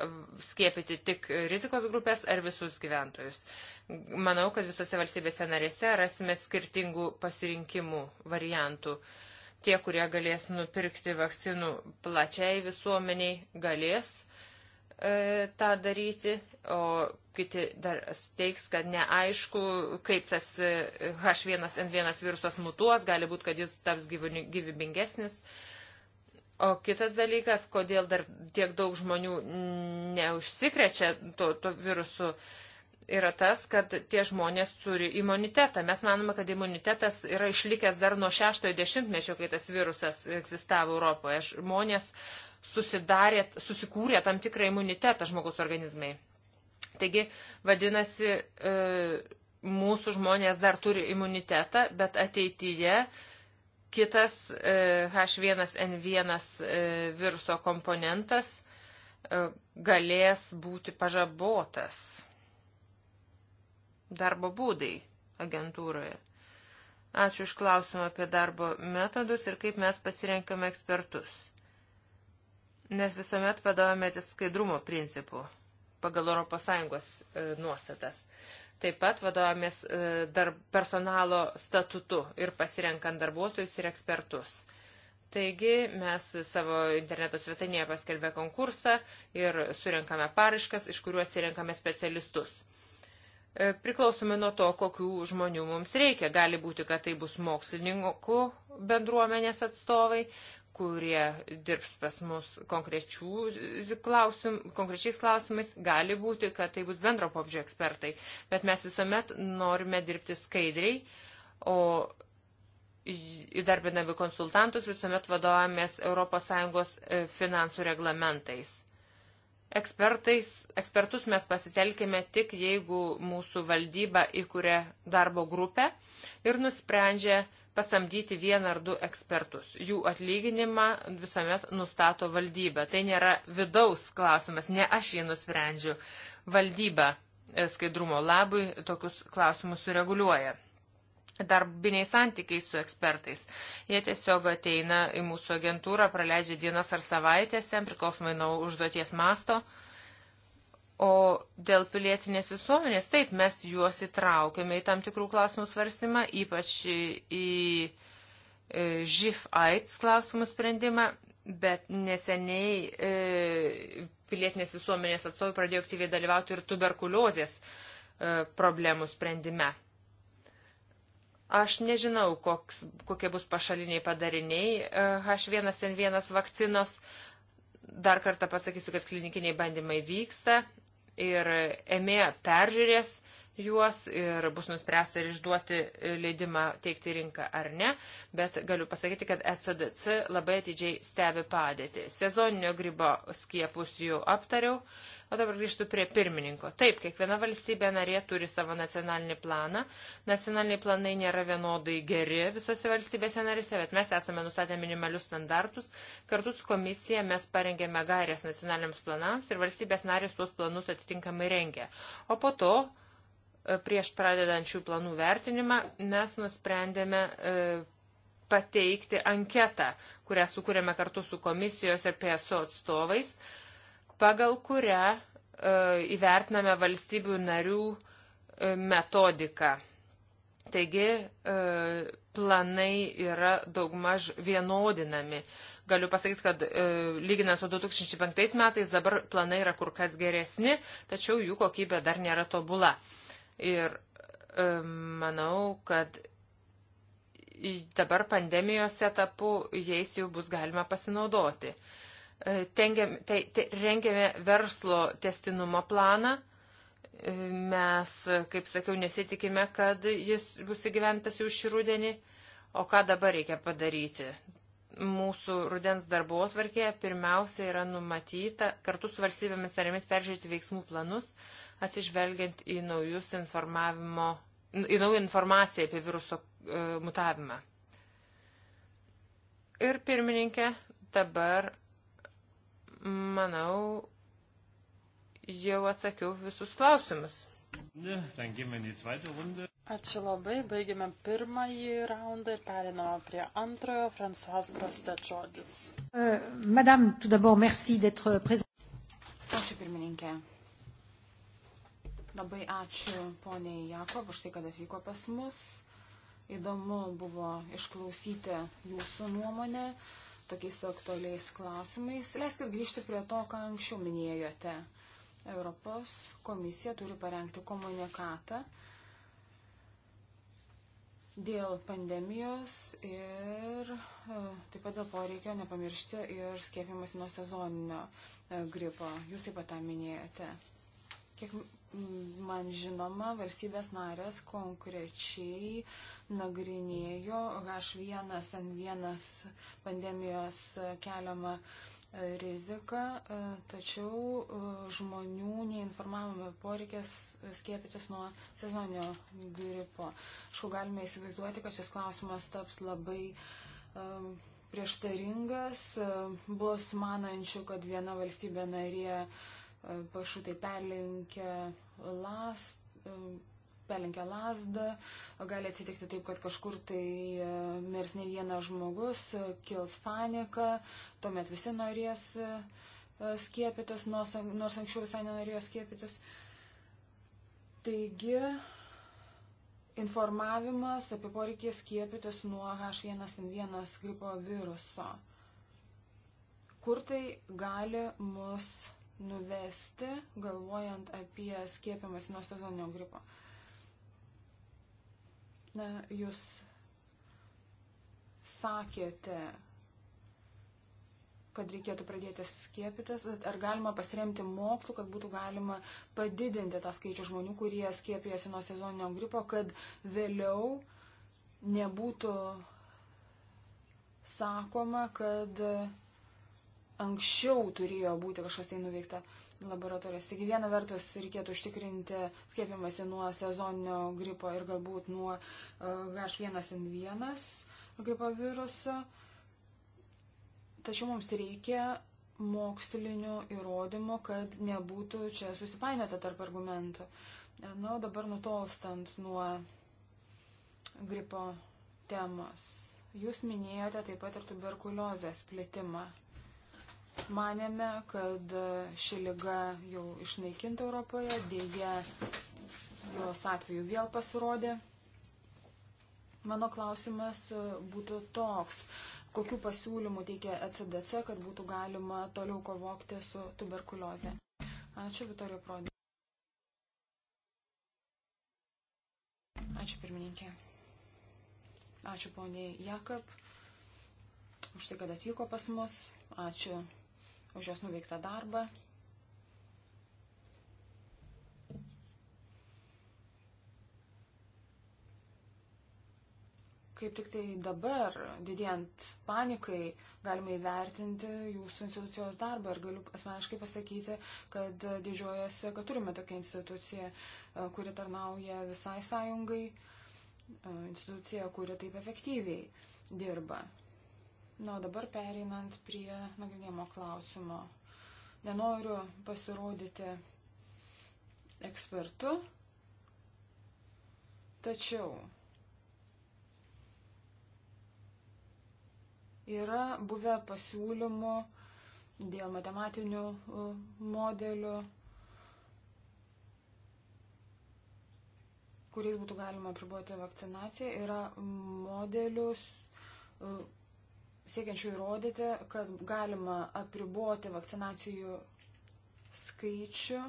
Speaker 1: skiepyti tik rizikos grupės ar visus gyventojus. Manau, kad visose valstybėse narėse rasime skirtingų pasirinkimų variantų tie, kurie galės nupirkti vakcinų plačiai visuomeniai, galės e, tą daryti, o kiti dar steiks, kad neaišku, kaip tas e, H1N1 virusas mutuos, gali būti, kad jis taps gyvybingesnis. O kitas dalykas, kodėl dar tiek daug žmonių neužsikrečia to, to virusu, yra tas, kad tie žmonės turi imunitetą. Mes manome, kad imunitetas yra išlikęs dar nuo 60-mečio, kai tas virusas egzistavo Europoje. Žmonės susidarė, susikūrė tam tikrą imunitetą žmogaus organizmai. Taigi, vadinasi, e, mūsų žmonės dar turi imunitetą, bet ateityje kitas e, H1N1 e, viruso komponentas galės būti pažabotas. Darbo būdai agentūroje. Ačiū iš klausimą apie darbo metodus ir kaip mes pasirenkame ekspertus nes visuomet vadovėmėtis skaidrumo principų pagal ES e, nuostatas. Taip pat vadovėmės e, personalo statutu ir pasirenkant darbuotojus ir ekspertus. Taigi mes savo interneto svetainėje paskelbė konkursą ir surinkame paraiškas, iš kurių atsirenkame specialistus e, priklausome nuo to, kokių žmonių mums reikia. Gali būti, kad tai bus mokslininkų bendruomenės atstovai, kurie dirbs pas mus klausim, konkrečiais klausimais, gali būti, kad tai bus bendro pobūdžio ekspertai, bet mes visuomet norime dirbti skaidriai, o įdarbinami konsultantus visuomet vadovavomės ES e, finansų reglamentais. Ekspertais, ekspertus mes pasitelkime tik, jeigu mūsų valdyba įkuria darbo grupę ir nusprendžia, pasamdyti vieną ar du ekspertus. Jų atlyginimą visuomet nustato valdyba. Tai nėra vidaus klausimas, ne aš jį nusprendžiu. Valdyba e, skaidrumo labui tokius klausimus sureguliuoja. Darbiniai santykiai su ekspertais. Jie tiesiog ateina į mūsų agentūrą, praleidžia dienas ar savaitės, priklausomai nuo užduoties masto. Uh, O dėl pilietinės visuomenės, taip, mes juos įtraukėme į tam tikrų klausimų svarstymą, ypač į e, živ AIDS klausimų sprendimą, bet neseniai e, pilietinės visuomenės atstovai pradėjo aktyviai dalyvauti ir tuberkuliozės e, problemų sprendime. Aš nežinau, koks, kokie bus pašaliniai padariniai e, H1N1 vakcinos. Dar kartą pasakysiu, kad klinikiniai bandymai vyksta ir EMEA peržiūrės juos ir bus nuspręsta ir išduoti leidimą teikti rinką ar ne, bet galiu pasakyti, kad ECDC labai atidžiai stebi padėtį. Sezoninio grybo skiepus jau aptariau, o dabar grįžtu prie pirmininko. Taip, kiekviena valstybė narė turi savo nacionalinį planą. Nacionaliniai planai nėra vienodai geri visose valstybėse narėse, bet mes esame nustatę minimalius standartus. Kartu su komisija mes parengėme gairias nacionaliniams planams ir valstybės narės tuos planus atitinkamai rengia. O po to prieš pradedančių planų vertinimą mes nusprendėme e, pateikti anketą, kurią sukūrėme kartu su komisijos ir PSO atstovais, pagal kurią e, įvertiname valstybių narių e, metodiką. Taigi planai yra daugmaž vienodinami. Galiu pasakyti, kad e, lyginant su 2005 metais dabar planai yra kur kas geresni, tačiau jų kokybė dar nėra tobula. E, Ir e, manau, kad dabar pandemijos etapu jais jau bus galima pasinaudoti. E, tengiam, te, te, rengėme verslo testinumo planą. E, mes, kaip sakiau, nesitikime, kad jis bus įgyventas jau šį rudenį. O ką dabar reikia padaryti? Mūsų rudens darbo atvarkėje pirmiausia yra numatyta kartu su valstybėmis narėmis peržiūrėti veiksmų planus, uh, atsižvelgiant į naujus informavimo, į naują informaciją apie viruso e, mutavimą. Ir pirmininkė, dabar, manau, jau atsakiau visus klausimus.
Speaker 2: Ačiū labai, baigėme pirmąjį raundą ir periname prie antrojo. François
Speaker 3: Grostet žodis.
Speaker 2: Uh, Madame, tout d'abord, merci d'être présente.
Speaker 3: Ačiū pirmininkė. Labai ačiū poniai Jakob už tai, kad atvyko pas mus. Įdomu buvo išklausyti jūsų nuomonę tokiais aktualiais klausimais. Leiskit grįžti prie to, ką anksčiau minėjote. Europos komisija turi parengti komunikatą dėl pandemijos ir e, taip pat dėl poreikio nepamiršti ir skiepimas nuo sezoninio e, gripo. Jūs taip pat tą minėjote. Kiek man žinoma, valstybės narės konkrečiai nagrinėjo H1N1 pandemijos keliamą riziką, tačiau e, žmonių neinformavome poreikės skiepytis nuo sezoninio gripo. Aišku, galime įsivaizduoti, kad šis klausimas taps labai um, prieštaringas. E, bus manančių, kad viena valstybė narė uh, pašutai perlinkia last pelenkia lasdą, gali atsitikti taip, kad kažkur tai e, mirs ne vienas žmogus, e, kils panika, tuomet visi norės e, skiepytis, nors anksčiau visai nenorėjo skiepytis. Taigi, informavimas apie poreikį skiepytis nuo H1N1 gripo viruso. Kur tai gali mus nuvesti, galvojant apie skiepimąsi nuo sezoninio gripo. Na, jūs sakėte, kad reikėtų pradėti skiepytis, ar galima pasiremti mokslu, kad būtų galima padidinti tą skaičių žmonių, kurie skiepijasi nuo sezoninio gripo, kad vėliau nebūtų sakoma, kad anksčiau turėjo būti kažkas tai nuveikta laboratorijos. Taigi viena vertus reikėtų užtikrinti skiepimąsi nuo sezoninio gripo ir galbūt nuo e, H1N1 gripo viruso. Tačiau mums reikia mokslinių įrodymų, kad nebūtų čia susipainiota tarp argumentų. E, na, dabar nutolstant nuo gripo temos. Jūs minėjote taip pat ir tuberkuliozės plėtimą. Manėme, kad ši lyga jau išnaikinta Europoje, dėja jos atveju vėl pasirodė. Mano klausimas būtų toks, kokiu pasiūlymu teikia ECDC, kad būtų galima toliau kovokti su tuberkulioze. Ačiū, Vitorijo Prodė. Ačiū, pirmininkė. Ačiū, poniai Jakab, už tai, kad atvyko pas mus. Ačiū už jos nuveiktą darbą. Kaip tik tai dabar, didėjant panikai, galima įvertinti jūsų institucijos darbą ir galiu asmeniškai pasakyti, kad didžiuojasi, kad turime tokią instituciją, e, kuri tarnauja visai sąjungai, e, institucija, kuri taip efektyviai dirba. Na, o dabar pereinant prie nagrinėjimo klausimo. Nenoriu pasirodyti ekspertu, tačiau yra buvę pasiūlymų dėl matematinių modelių, kuriais būtų galima apriboti vakcinaciją. Yra modelius, siekiančių įrodyti, kad galima apriboti vakcinacijų skaičių,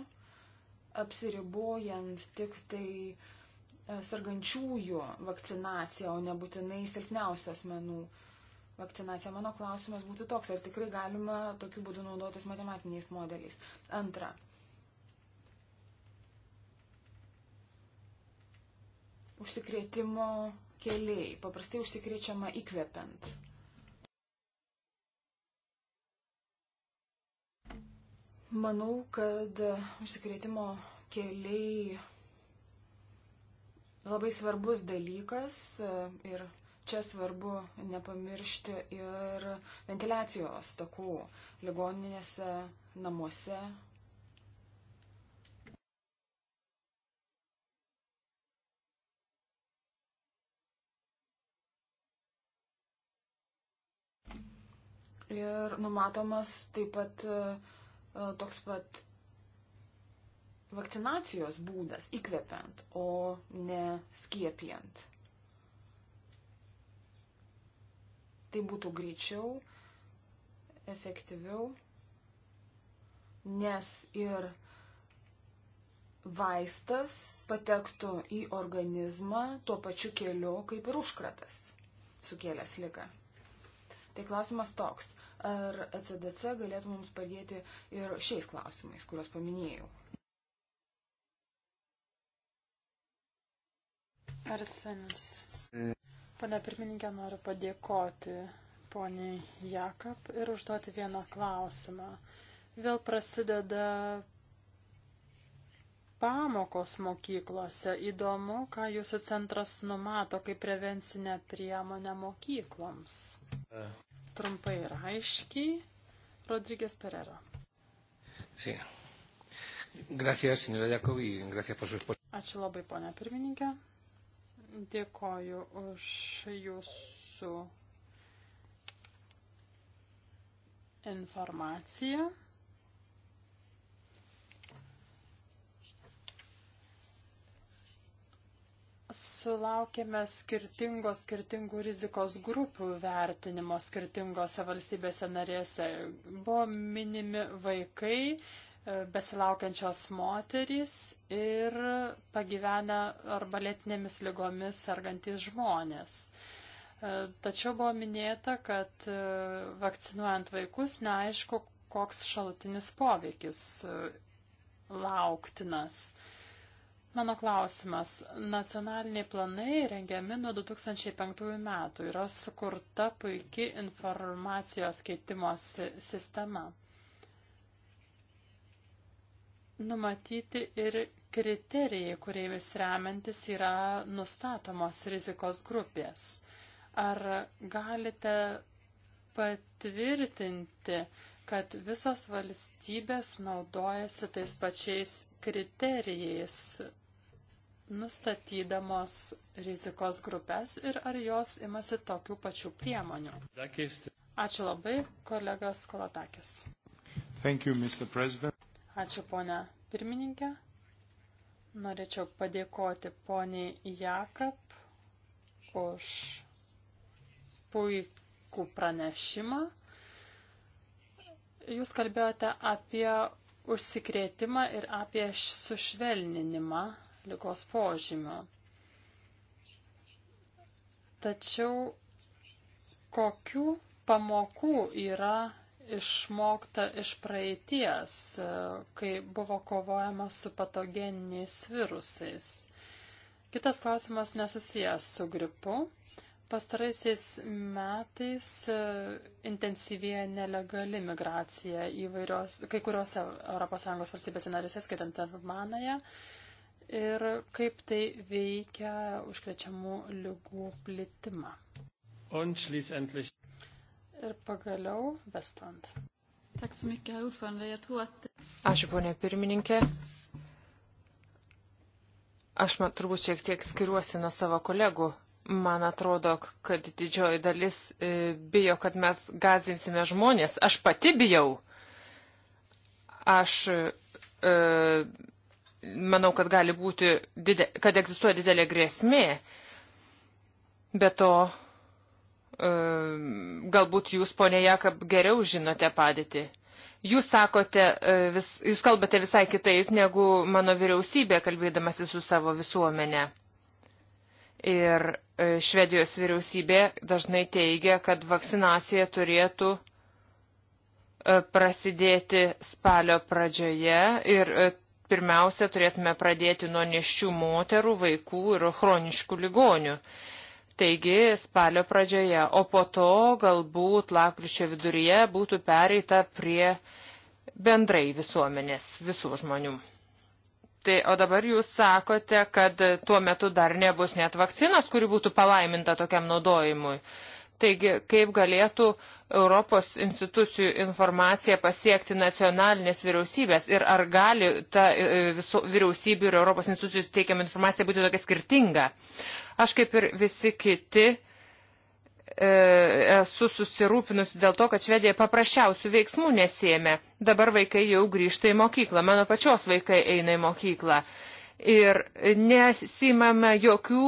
Speaker 3: apsiribojant tik tai e, sargančiųjų vakcinaciją, o nebūtinai silpniausių asmenų vakcinaciją. Mano klausimas būtų toks, ar tikrai galima tokiu būdu naudotis matematiniais modeliais. Antra. Užsikrėtimo keliai. Paprastai užsikrėčiama įkvepiant. Manau, kad užsikrėtimo keliai labai svarbus dalykas e, ir čia svarbu nepamiršti ir ventiliacijos takų ligoninėse, namuose. Ir numatomas taip pat uh, E, toks pat vakcinacijos būdas įkvepiant, o ne skiepijant. Tai būtų greičiau, efektyviau, nes ir vaistas patektų į organizmą tuo pačiu keliu kaip ir užkratas sukėlęs lygą. Tai klausimas toks, ar ECDC galėtų mums padėti ir šiais klausimais, kuriuos paminėjau.
Speaker 2: Arsenis. Pane pirmininkė, noriu padėkoti poniai Jakab ir užduoti vieną klausimą. Vėl prasideda pamokos mokyklose. Įdomu, ką jūsų centras numato kaip prevencinę priemonę mokykloms. E trumpai ir aiškiai. Rodríguez Perero. Sí. Gracias, señora Jacobi, gracias por su esposo. Ačiū labai, ponia pirmininkė. Dėkoju už jūsų informaciją. sulaukėme skirtingos, skirtingų rizikos grupių vertinimo skirtingose valstybėse narėse. Buvo minimi vaikai, e, besilaukiančios moterys ir pagyvenę arba lėtinėmis lygomis sergantys žmonės. E, tačiau buvo minėta, kad e, vakcinuojant vaikus neaišku, koks šalutinis poveikis lauktinas. Mano klausimas. Nacionaliniai planai rengiami nuo 2005 metų. Yra sukurta puikia informacijos keitimo sistema. Numatyti ir kriterijai, kuriais remiantis yra nustatomos rizikos grupės. Ar galite patvirtinti, kad visos valstybės naudojasi tais pačiais kriterijais nustatydamos rizikos grupės ir ar jos imasi tokių pačių priemonių. Ačiū labai, kolegas Kolotakis.
Speaker 3: Thank you, Mr. President.
Speaker 2: Ačiū, ponia pirmininkė. Norėčiau padėkoti poniai Jakab už puikų pranešimą. Jūs kalbėjote apie užsikrėtimą ir apie sušvelninimą lygos požymių. Tačiau kokių pamokų yra išmokta iš praeities, kai buvo kovojama su patogeniniais virusais. Kitas klausimas nesusijęs su gripu. Pastaraisiais metais e, intensyvėja nelegali migracija įvairios, kai kuriuose ES valstybėse narėse, skaitant ir manąją. Ja ir kaip tai veikia užkrečiamų lygų plitimą. Ir pagaliau Vestant. Ačiū,
Speaker 1: ponė pirmininkė. Aš man turbūt šiek tiek skiriuosi nuo savo kolegų. Man atrodo, kad didžioji dalis e, bijo, kad mes gazinsime žmonės. Aš pati bijau. Aš e, manau, kad gali būti, didė, kad egzistuoja didelė grėsmė, bet to e, galbūt jūs, ponė Jakab, geriau žinote padėtį. Jūs sakote, e, vis, jūs kalbate visai kitaip negu mano vyriausybė, kalbėdamasi su savo visuomenė. Ir e, Švedijos vyriausybė dažnai teigia, kad vakcinacija turėtų prasidėti spalio pradžioje ir pirmiausia turėtume pradėti nuo neščių moterų, vaikų ir chroniškų ligonių. Taigi spalio pradžioje, o po to galbūt lakryčio viduryje būtų pereita prie bendrai visuomenės, visų žmonių. Tai, o dabar jūs sakote, kad tuo metu dar nebus net vakcinos, kuri būtų palaiminta tokiam naudojimui. Uh, Taigi, kaip galėtų Europos institucijų informacija pasiekti nacionalinės vyriausybės ir ar gali ta e, visų vyriausybių ir Europos institucijų teikiama informacija būti tokia skirtinga. Aš kaip ir visi kiti e, esu susirūpinusi dėl to, kad Švedija paprasčiausių veiksmų nesėmė. Dabar vaikai jau grįžta į mokyklą. Mano pačios vaikai eina į mokyklą ir nesimame jokių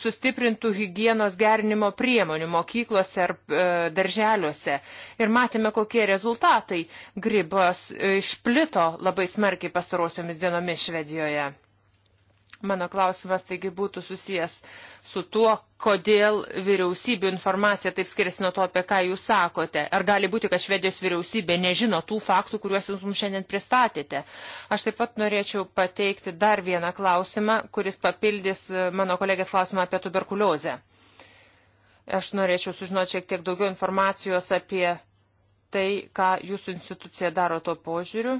Speaker 1: sustiprintų hygienos gerinimo priemonių mokyklose ar e, darželiuose. Ir matėme, kokie rezultatai grybos e, išplito labai smarkiai pastarosiomis dienomis Švedijoje. Mano klausimas taigi būtų susijęs su tuo, kodėl vyriausybių informacija taip skiriasi nuo to, apie ką jūs sakote. Ar gali būti, kad Švedijos vyriausybė nežino tų faktų, kuriuos jūs mums šiandien pristatėte? Aš taip pat norėčiau pateikti dar vieną klausimą, kuris papildys e, mano kolegės klausimą apie tuberkuliozę. Aš norėčiau sužinoti šiek tiek daugiau informacijos apie tai, ką jūsų institucija daro tuo požiūriu,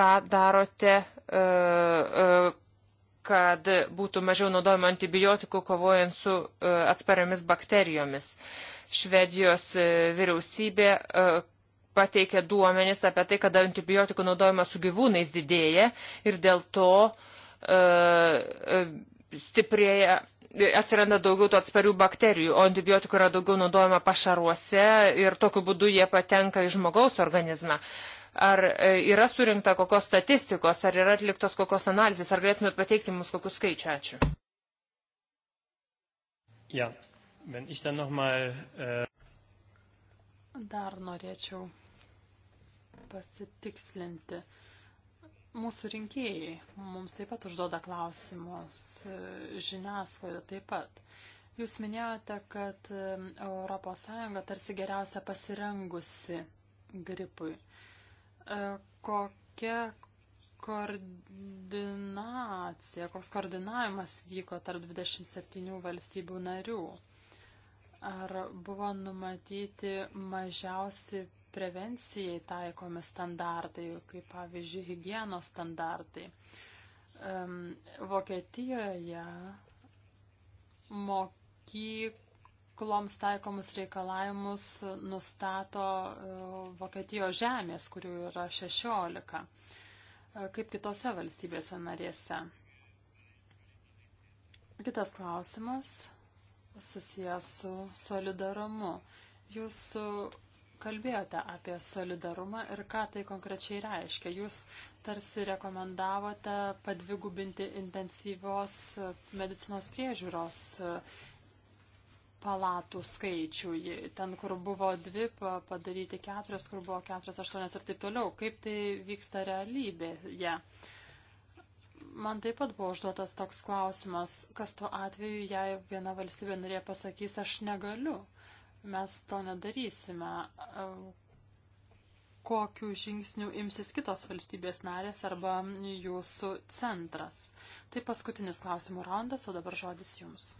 Speaker 1: ką darote. Uh, uh, kad būtų mažiau naudojama antibiotikų kovojant su e, atspariomis bakterijomis. Švedijos e, vyriausybė e, pateikė duomenis apie tai, kad antibiotikų naudojimas su gyvūnais didėja ir dėl to stiprėja atsiranda daugiau tų atsparių bakterijų, o antibiotikų yra daugiau naudojama pašaruose ir tokiu būdu jie patenka į žmogaus organizmą. Ar e, yra surinkta kokios statistikos, ar yra atliktos kokios analizės, ar galėtumėt pateikti mums kokius skaičių? Ačiū.
Speaker 2: Ja, wenn ich dann noch mal, äh... Dar norėčiau pasitikslinti. Mūsų rinkėjai mums taip pat užduoda klausimus, e, žiniasklaida taip pat. Jūs minėjote, kad ES tarsi geriausia pasirengusi gripui. E, kokia koordinacija, koks koordinavimas vyko tarp 27 valstybių narių? Ar buvo numatyti mažiausi prevencijai taikomi standartai, kaip pavyzdžiui, hygienos standartai? Vokietijoje mokyklų veikloms taikomus reikalavimus nustato e, Vokietijos žemės, kurių yra 16, e, kaip kitose valstybėse narėse. Kitas klausimas susijęs su solidarumu. Jūs kalbėjote apie solidarumą ir ką tai konkrečiai reiškia. Jūs tarsi rekomendavote padvigubinti intensyvios e, medicinos priežiūros palatų skaičiui. Ten, kur buvo dvi, padaryti keturios, kur buvo keturios, aštuonios ir taip toliau. Kaip tai vyksta realybėje? Man taip pat buvo užduotas toks klausimas, kas tuo atveju, jei viena valstybė norėjo pasakys, aš negaliu. Mes to nedarysime. E, Kokių žingsnių imsis kitos valstybės narės arba jūsų centras? Tai paskutinis klausimų raundas, o dabar žodis jums.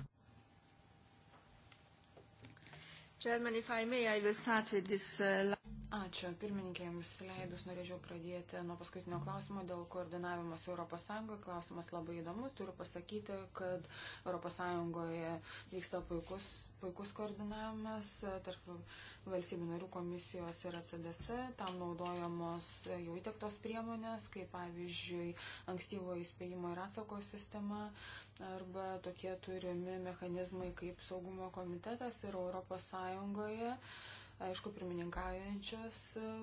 Speaker 3: Chairman, if I may, I will start with this. Uh... Ačiū. Pirmininkė, jums leidus norėčiau pradėti nuo paskutinio klausimo dėl koordinavimo su ES. Klausimas labai įdomus. Turiu pasakyti, kad ES vyksta puikus, puikus koordinavimas tarp valstybių narių komisijos ir ACDC. Tam naudojamos jau įtektos priemonės, kaip pavyzdžiui ankstyvo įspėjimo ir atsako sistema arba tokie turimi mechanizmai kaip saugumo komitetas ir ES Aišku, pirmininkaujančios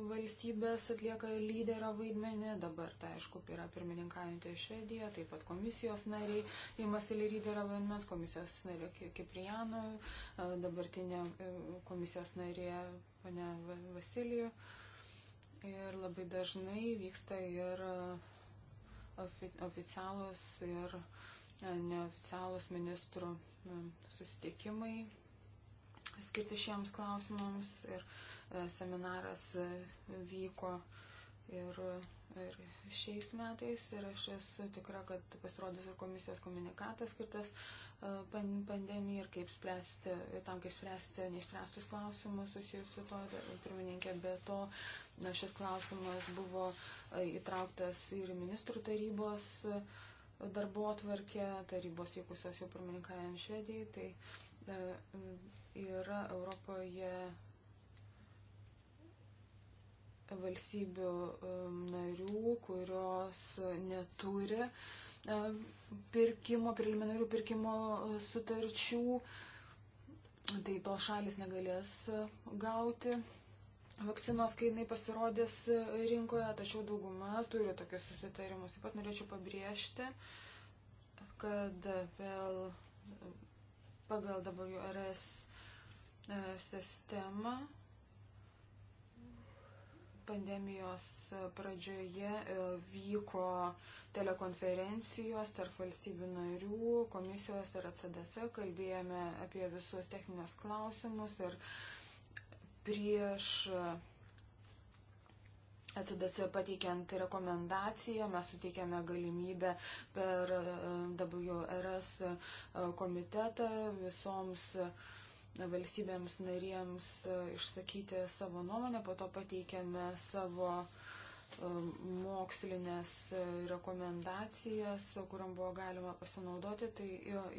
Speaker 3: valstybės atlieka lyderio vaidmenį, dabar tai aišku yra pirmininkaujantė Švedija, taip pat komisijos nariai įmasi lyderio vaidmens, komisijos narė Kiprijanų, e, dabartinė e, komisijos narė pane Vasilijų. Ir labai dažnai vyksta ir e, ofi oficialus ir neoficialus ministrų susitikimai skirti šiems klausimams ir e, seminaras e, vyko ir, ir šiais metais ir aš esu tikra, kad pasirodys ir komisijos komunikatas skirtas e, pandemijai ir kaip spręsti, tam kaip spręsti neišspręstus klausimus susijus su to, pirmininkė, be to šis klausimas buvo įtrauktas ir ministrų tarybos darbo atvarkė, tarybos vykusios jau pirmininkavę Švedijai, tai yra Europoje valstybių um, narių, kurios neturi um, pirkimo, preliminarių pirkimo sutarčių, tai to šalis negalės uh, gauti vakcinos, kai jinai pasirodys uh, rinkoje, tačiau dauguma turi tokius susitarimus. Taip pat norėčiau pabrėžti, kad uh, vėl pagal WRS E, sistemą pandemijos pradžioje e, vyko telekonferencijos tarp valstybių narių, komisijos ir ACDC, kalbėjome apie visus techninius klausimus ir prieš ACDC pateikiant rekomendaciją, mes suteikėme galimybę per e, WRS komitetą visoms uh, valstybėms narėms e, išsakyti savo nuomonę, po to pateikėme savo e, mokslinės e, rekomendacijas, kuriam buvo galima pasinaudoti. Tai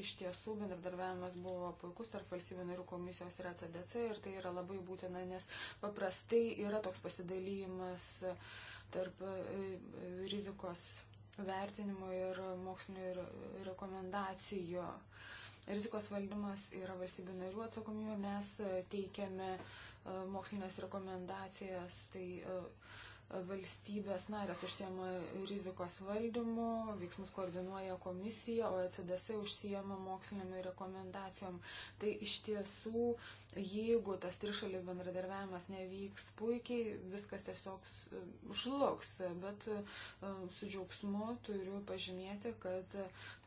Speaker 3: iš tiesų bendradarbiavimas buvo puikus tarp valstybių narių komisijos ir ACDC ir tai yra labai būtina, nes paprastai yra toks pasidalymas tarp rizikos vertinimo ir mokslinio rekomendacijų. Uh, Rizikos valdymas yra valstybių narių atsakomybė, mes teikiame e, mokslinės rekomendacijas, tai e, valstybės narės užsiema rizikos valdymu, veiksmus koordinuoja komisija, o ECDC užsiema moksliniam rekomendacijom. Tai iš tiesų, jeigu tas trišalis bendradarbiavimas nevyks puikiai, viskas tiesiog žlugs. Bet e, su džiaugsmu turiu pažymėti, kad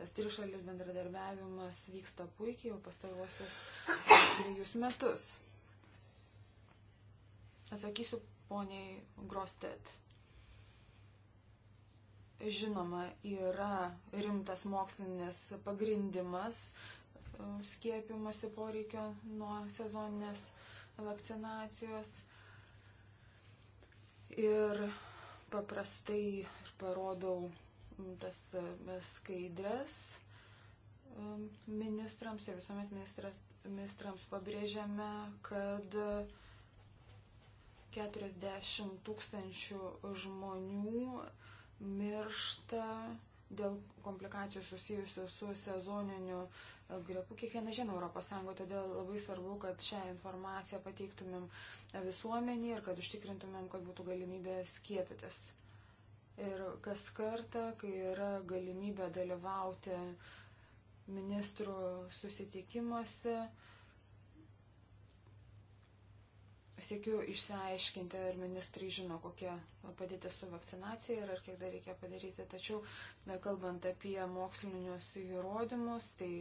Speaker 3: tas trišalis bendradarbiavimas vyksta puikiai jau pastaruosius e, trejus metus. Atsakysiu poniai Grostet. Žinoma, yra rimtas mokslinis pagrindimas e, skiepimasi poreikio nuo sezoninės vakcinacijos. Ir paprastai ir parodau tas e, skaidrės e, ministrams ir visuomet ministras, ministrams pabrėžiame, kad uh, 40 tūkstančių žmonių miršta dėl komplikacijų susijusių su sezoniniu e, gripu kiekvieną žiemą ES. Todėl labai svarbu, kad šią informaciją pateiktumėm visuomenį ir kad užtikrintumėm, kad būtų galimybė skiepytis. Ir kas kartą, kai yra galimybė dalyvauti ministrų susitikimuose, siekiu išsiaiškinti, ar ministrai žino, kokia padėtis su vakcinacija ir ar kiek dar reikia padaryti. Tačiau, na, kalbant apie mokslinius įrodymus, tai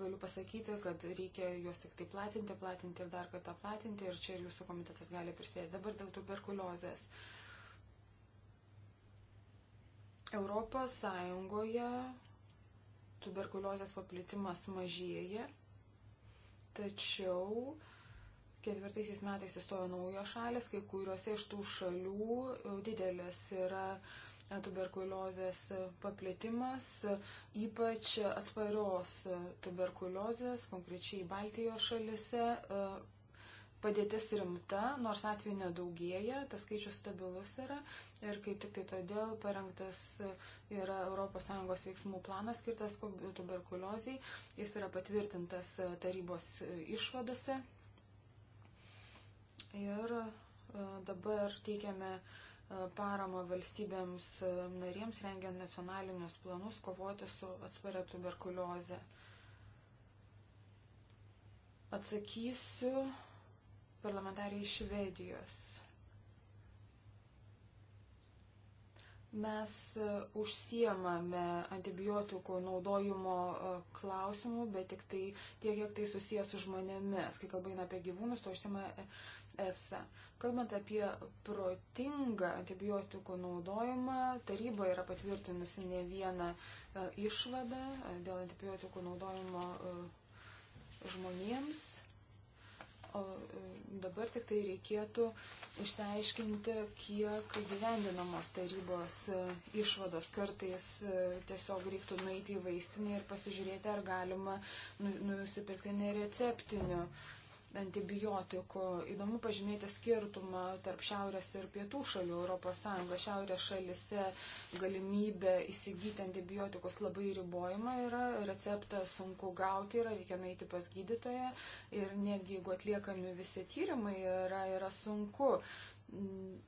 Speaker 3: galiu pasakyti, kad reikia juos tik tai platinti, platinti ir dar kartą platinti ir čia ir jūsų komitetas gali prisidėti. Dabar dėl tuberkuliozės. Europos Sąjungoje tuberkuliozės paplitimas mažėja, tačiau uh, Ketvirtaisiais metais įstojo naujos šalis, kai kuriuose iš tų šalių e, didelis yra e, tuberkuliozės e, paplėtimas, ypač atsparios tuberkuliozės, konkrečiai Baltijos šalise. Padėtis rimta, nors atveju nedaugėja, tas skaičius stabilus yra ir kaip tik tai todėl parengtas yra ES veiksmų planas skirtas tuberkuliozijai, jis yra patvirtintas tarybos išvadose Ir e, dabar teikiame e, paramą valstybėms e, narėms, rengiant nacionalinius planus kovoti su atsparia tuberkulioze. Atsakysiu parlamentariai iš Švedijos. Mes e, užsiemame antibiotikų naudojimo e, klausimų, bet tik tai tiek, kiek tai susijęs su žmonėmis. Kai kalba eina apie gyvūnus, to užsiema e, EFSA. Kalbant apie protingą antibiotikų naudojimą, taryba yra patvirtinusi ne vieną išvadą dėl antibiotikų naudojimo žmonėms o e, dabar tik tai reikėtų išsiaiškinti, kiek gyvendinamos tarybos e, išvados. Kartais e, tiesiog reiktų nueiti į vaistinę ir pasižiūrėti, ar galima nu, nusipirkti nereceptinių antibiotikų. Įdomu pažymėti skirtumą tarp šiaurės ir pietų šalių ES. Šiaurės šalise galimybė įsigyti antibiotikus labai ribojama yra, receptą sunku gauti yra, reikia nueiti pas gydytoją ir netgi jeigu atliekami visi tyrimai yra, yra sunku mm,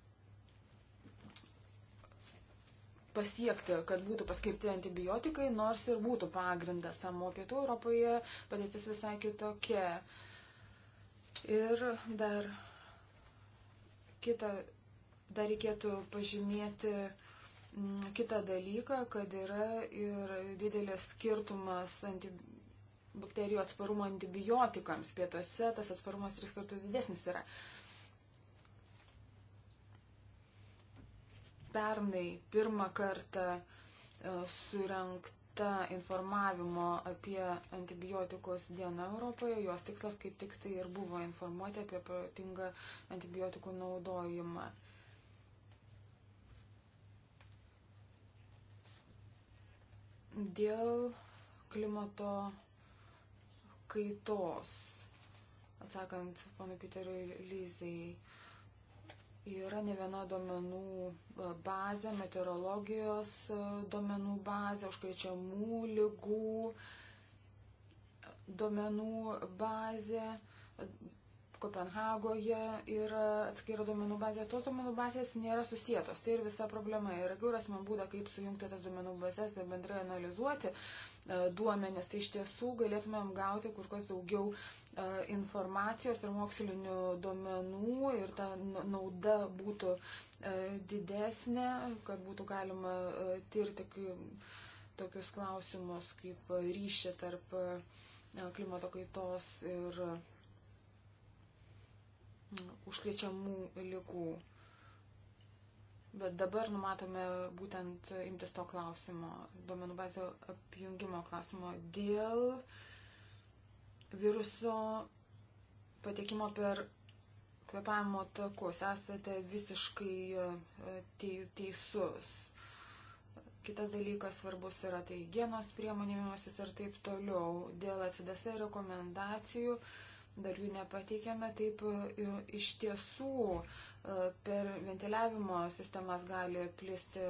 Speaker 3: pasiekti, kad būtų paskirti antibiotikai, nors ir būtų pagrindas, o pietų Europoje padėtis visai kitokia. Uh, Ir dar kitą, dar reikėtų pažymėti mm, kitą dalyką, kad yra ir didelis skirtumas bakterijų atsparumo antibiotikams. Pietuose tas atsparumas tris kartus didesnis yra. Pernai pirmą kartą e, surenkt skirta informavimo apie antibiotikus diena Europoje. Jos tikslas kaip tik tai ir buvo informuoti apie protingą antibiotikų naudojimą. Dėl klimato kaitos, atsakant panu Piteriui Lyzai, Yra ne viena duomenų e, bazė, meteorologijos e, duomenų bazė, užkrečiamų lygų duomenų bazė. Kopenhagoje yra atskira duomenų bazė. Tos duomenų bazės nėra susijėtos. Tai ir visa problema. Ir jeigu rasime būdą, kaip sujungti tas duomenų bazės ir bendrai analizuoti e, duomenis, tai iš tiesų galėtumėm gauti kur kas daugiau E, informacijos ir mokslinių duomenų ir ta nauda būtų e, didesnė, kad būtų galima e, tirti tokius klausimus kaip ryšį tarp klimato kaitos ir užkrečiamų lygų. Bet dabar numatome būtent imtis to klausimo, duomenų bazio apjungimo klausimo dėl uh, viruso patekimo per kvepavimo takus. Esate visiškai e, teisus. Kitas dalykas svarbus yra tai hygienos priemonėmimasis ir taip toliau. Dėl atsidasa rekomendacijų dar jų nepateikėme, taip e, iš tiesų e, per ventiliavimo sistemas gali plisti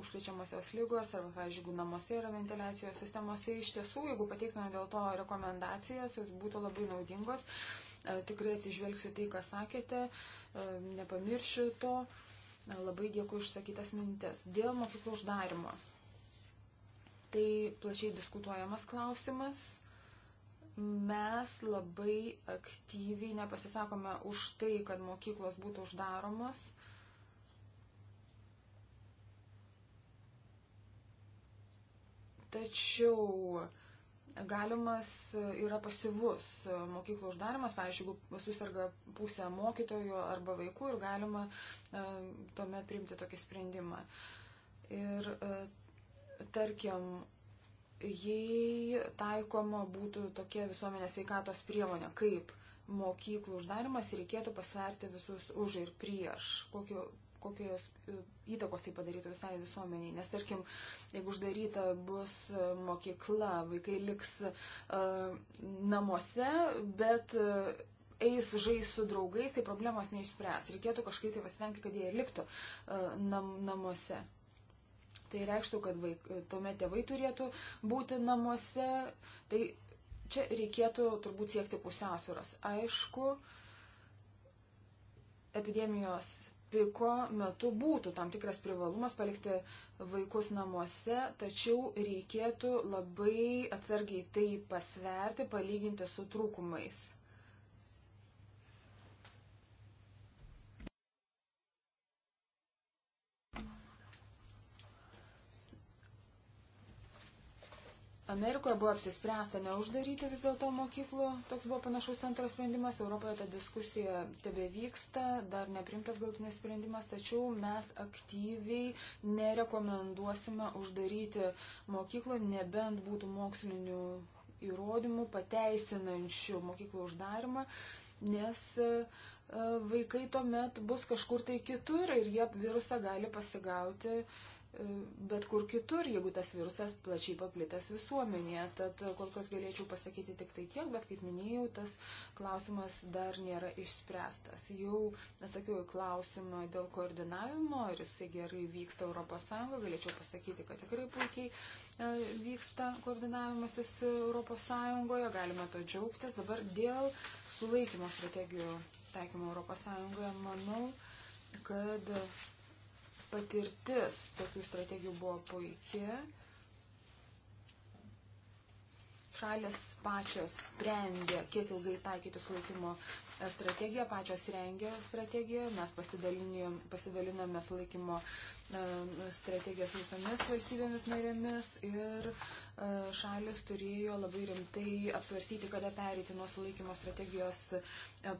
Speaker 3: užkrečiamosios lygos, arba, pavyzdžiui, jeigu namuose yra ventiliacijos sistemos, tai iš tiesų, jeigu pateiktume dėl to rekomendacijas, jos būtų labai naudingos. E, tikrai atsižvelgsiu tai, ką sakėte, e, nepamiršiu to. E, labai dėkui užsakytas mintis. Dėl mokyklų uždarimo. Tai plačiai diskutuojamas klausimas mes labai aktyviai nepasisakome už tai, kad mokyklos būtų uždaromos. Tačiau galimas yra pasyvus mokyklų uždarimas, pavyzdžiui, jeigu susirga pusė mokytojų arba vaikų ir galima e, tuomet priimti tokį sprendimą. Ir e, tarkim, jei taikoma būtų tokia visuomenės veikatos priemonė, kaip mokyklų uždarimas, reikėtų pasverti visus už ir prieš, kokio, kokios e, įtakos tai padarytų visai visuomeniai. Nes tarkim, jeigu uždaryta bus mokykla, vaikai liks uh, namuose, bet uh, eis žais su draugais, tai problemos neišspręs. Reikėtų kažkaip tai pasitengti, kad jie ir liktų uh, nam, namuose. Tai reikštų, kad vaik, tuomet tėvai turėtų būti namuose. Tai čia reikėtų turbūt siekti pusiausvėros. Aišku, epidemijos piko metu būtų tam tikras privalumas palikti vaikus namuose, tačiau reikėtų labai atsargiai tai pasverti, palyginti su trūkumais. Amerikoje buvo apsispręsta neuždaryti vis dėlto mokyklų, toks buvo panašus centro sprendimas, Europoje ta diskusija tebe vyksta, dar neprimtas galutinis sprendimas, tačiau mes aktyviai nerekomenduosime uždaryti mokyklų, nebent būtų mokslinių įrodymų pateisinančių mokyklų uždarimą, nes e, vaikai tuomet bus kažkur tai kitur ir jie virusą gali pasigauti uh, bet kur kitur, jeigu tas virusas plačiai paplitęs visuomenėje. Tad e, kol kas galėčiau pasakyti tik tai tiek, bet kaip minėjau, tas klausimas dar nėra išspręstas. Jau atsakiau į klausimą dėl koordinavimo, ar jisai gerai vyksta ES, galėčiau pasakyti, kad tikrai puikiai e, vyksta koordinavimasis ES, galime to džiaugtis. Dabar dėl sulaikymo strategijų taikymo ES, manau, kad patirtis tokių strategijų buvo puikia. Šalis pačios sprendė, kiek ilgai taikyti sulaikymo strategiją, pačios rengė strategiją, mes pasidalinome sulaikymo strategiją su visomis valstybėmis narėmis ir E, šalis turėjo labai rimtai apsvarstyti, kada pereiti nuo sulaikymo strategijos e,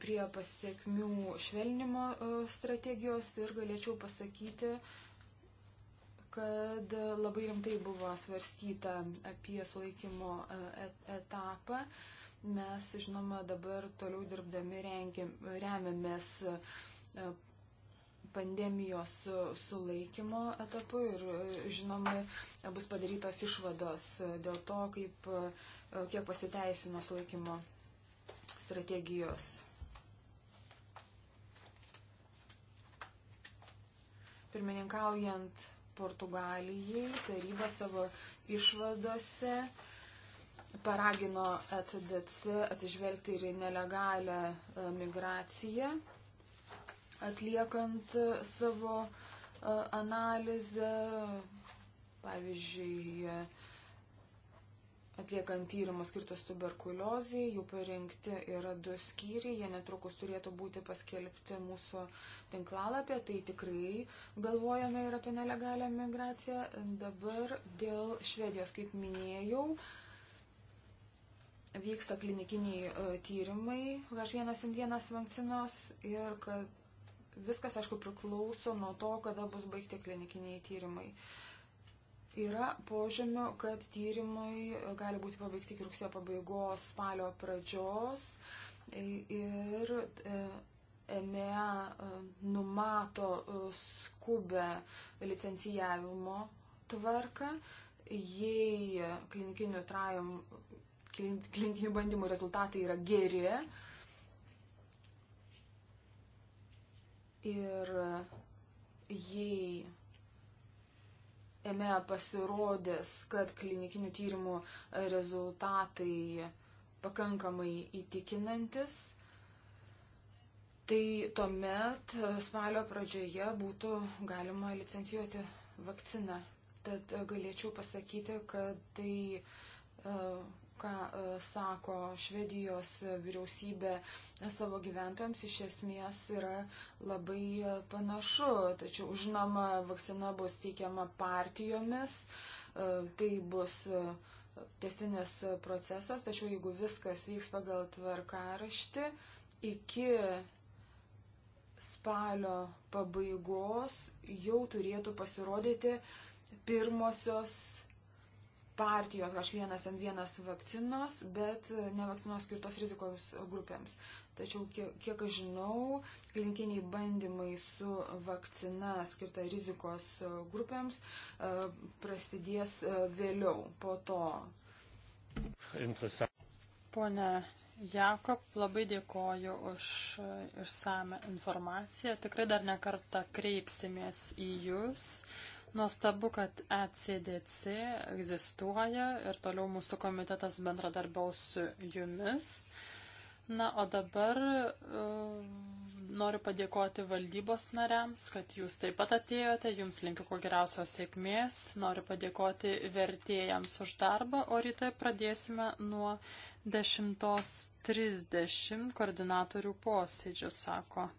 Speaker 3: prie pasiekmių švelnimo e, strategijos ir galėčiau pasakyti, kad labai rimtai buvo svarstyta apie sulaikymo etapą. Mes, žinoma, dabar toliau dirbdami remiamės pandemijos sulaikymo etapu ir e, žinoma bus padarytos išvados e, dėl to, kaip, e, kiek pasiteisino sulaikymo strategijos. Pirmininkaujant Portugalijai, taryba savo išvadose paragino ECDC atsižvelgti ir į nelegalią migraciją atliekant e, savo e, analizę, pavyzdžiui, e, atliekant tyrimus skirtus tuberkuliozijai, jų parinkti yra du skyriai, jie netrukus turėtų būti paskelbti mūsų tinklalapė, tai tikrai galvojame ir apie nelegalią migraciją. Dabar dėl Švedijos, kaip minėjau, vyksta klinikiniai tyrimai H1N1 vakcinos ir kad Viskas, aišku, priklauso nuo to, kada bus baigti klinikiniai tyrimai. Yra požymių, kad tyrimai gali būti pabaigti iki rugsėjo pabaigos, spalio pradžios. Ir EMEA e e, numato e, skubę licencijavimo tvarką, jei klinikinių, trajum, klinikinių bandymų rezultatai yra geri, Ir jei jame pasirodys, kad klinikinių tyrimų rezultatai pakankamai įtikinantis, tai tuomet spalio pradžioje būtų galima licencijuoti vakciną. Tad galėčiau pasakyti, kad tai e, ką e, sako Švedijos vyriausybė savo gyventojams, iš esmės yra labai e, panašu. Tačiau, žinoma, vakcina bus teikiama partijomis, e, tai bus testinis procesas, tačiau jeigu viskas vyks pagal tvarkaraštį, iki spalio pabaigos jau turėtų pasirodyti pirmosios partijos H1N1 vakcinos, bet e, ne vakcinos skirtos rizikos grupėms. Tačiau, kiek, kiek aš žinau, klinikiniai bandymai su vakcina skirta rizikos e, grupėms e, prasidės vėliau, po to. Interesant. Pone
Speaker 2: Jakob, labai dėkoju už išsame informaciją. Tikrai dar nekartą kreipsimės į Jūs Nuostabu, kad ECDC egzistuoja ir toliau mūsų komitetas bendradarbiaus su jumis. Na, o dabar uh, noriu padėkoti valdybos nariams, kad jūs taip pat atėjote, jums linkiu kuo geriausios sėkmės, noriu padėkoti vertėjams už darbą, o ryte pradėsime nuo 10.30 koordinatorių posėdžio, sako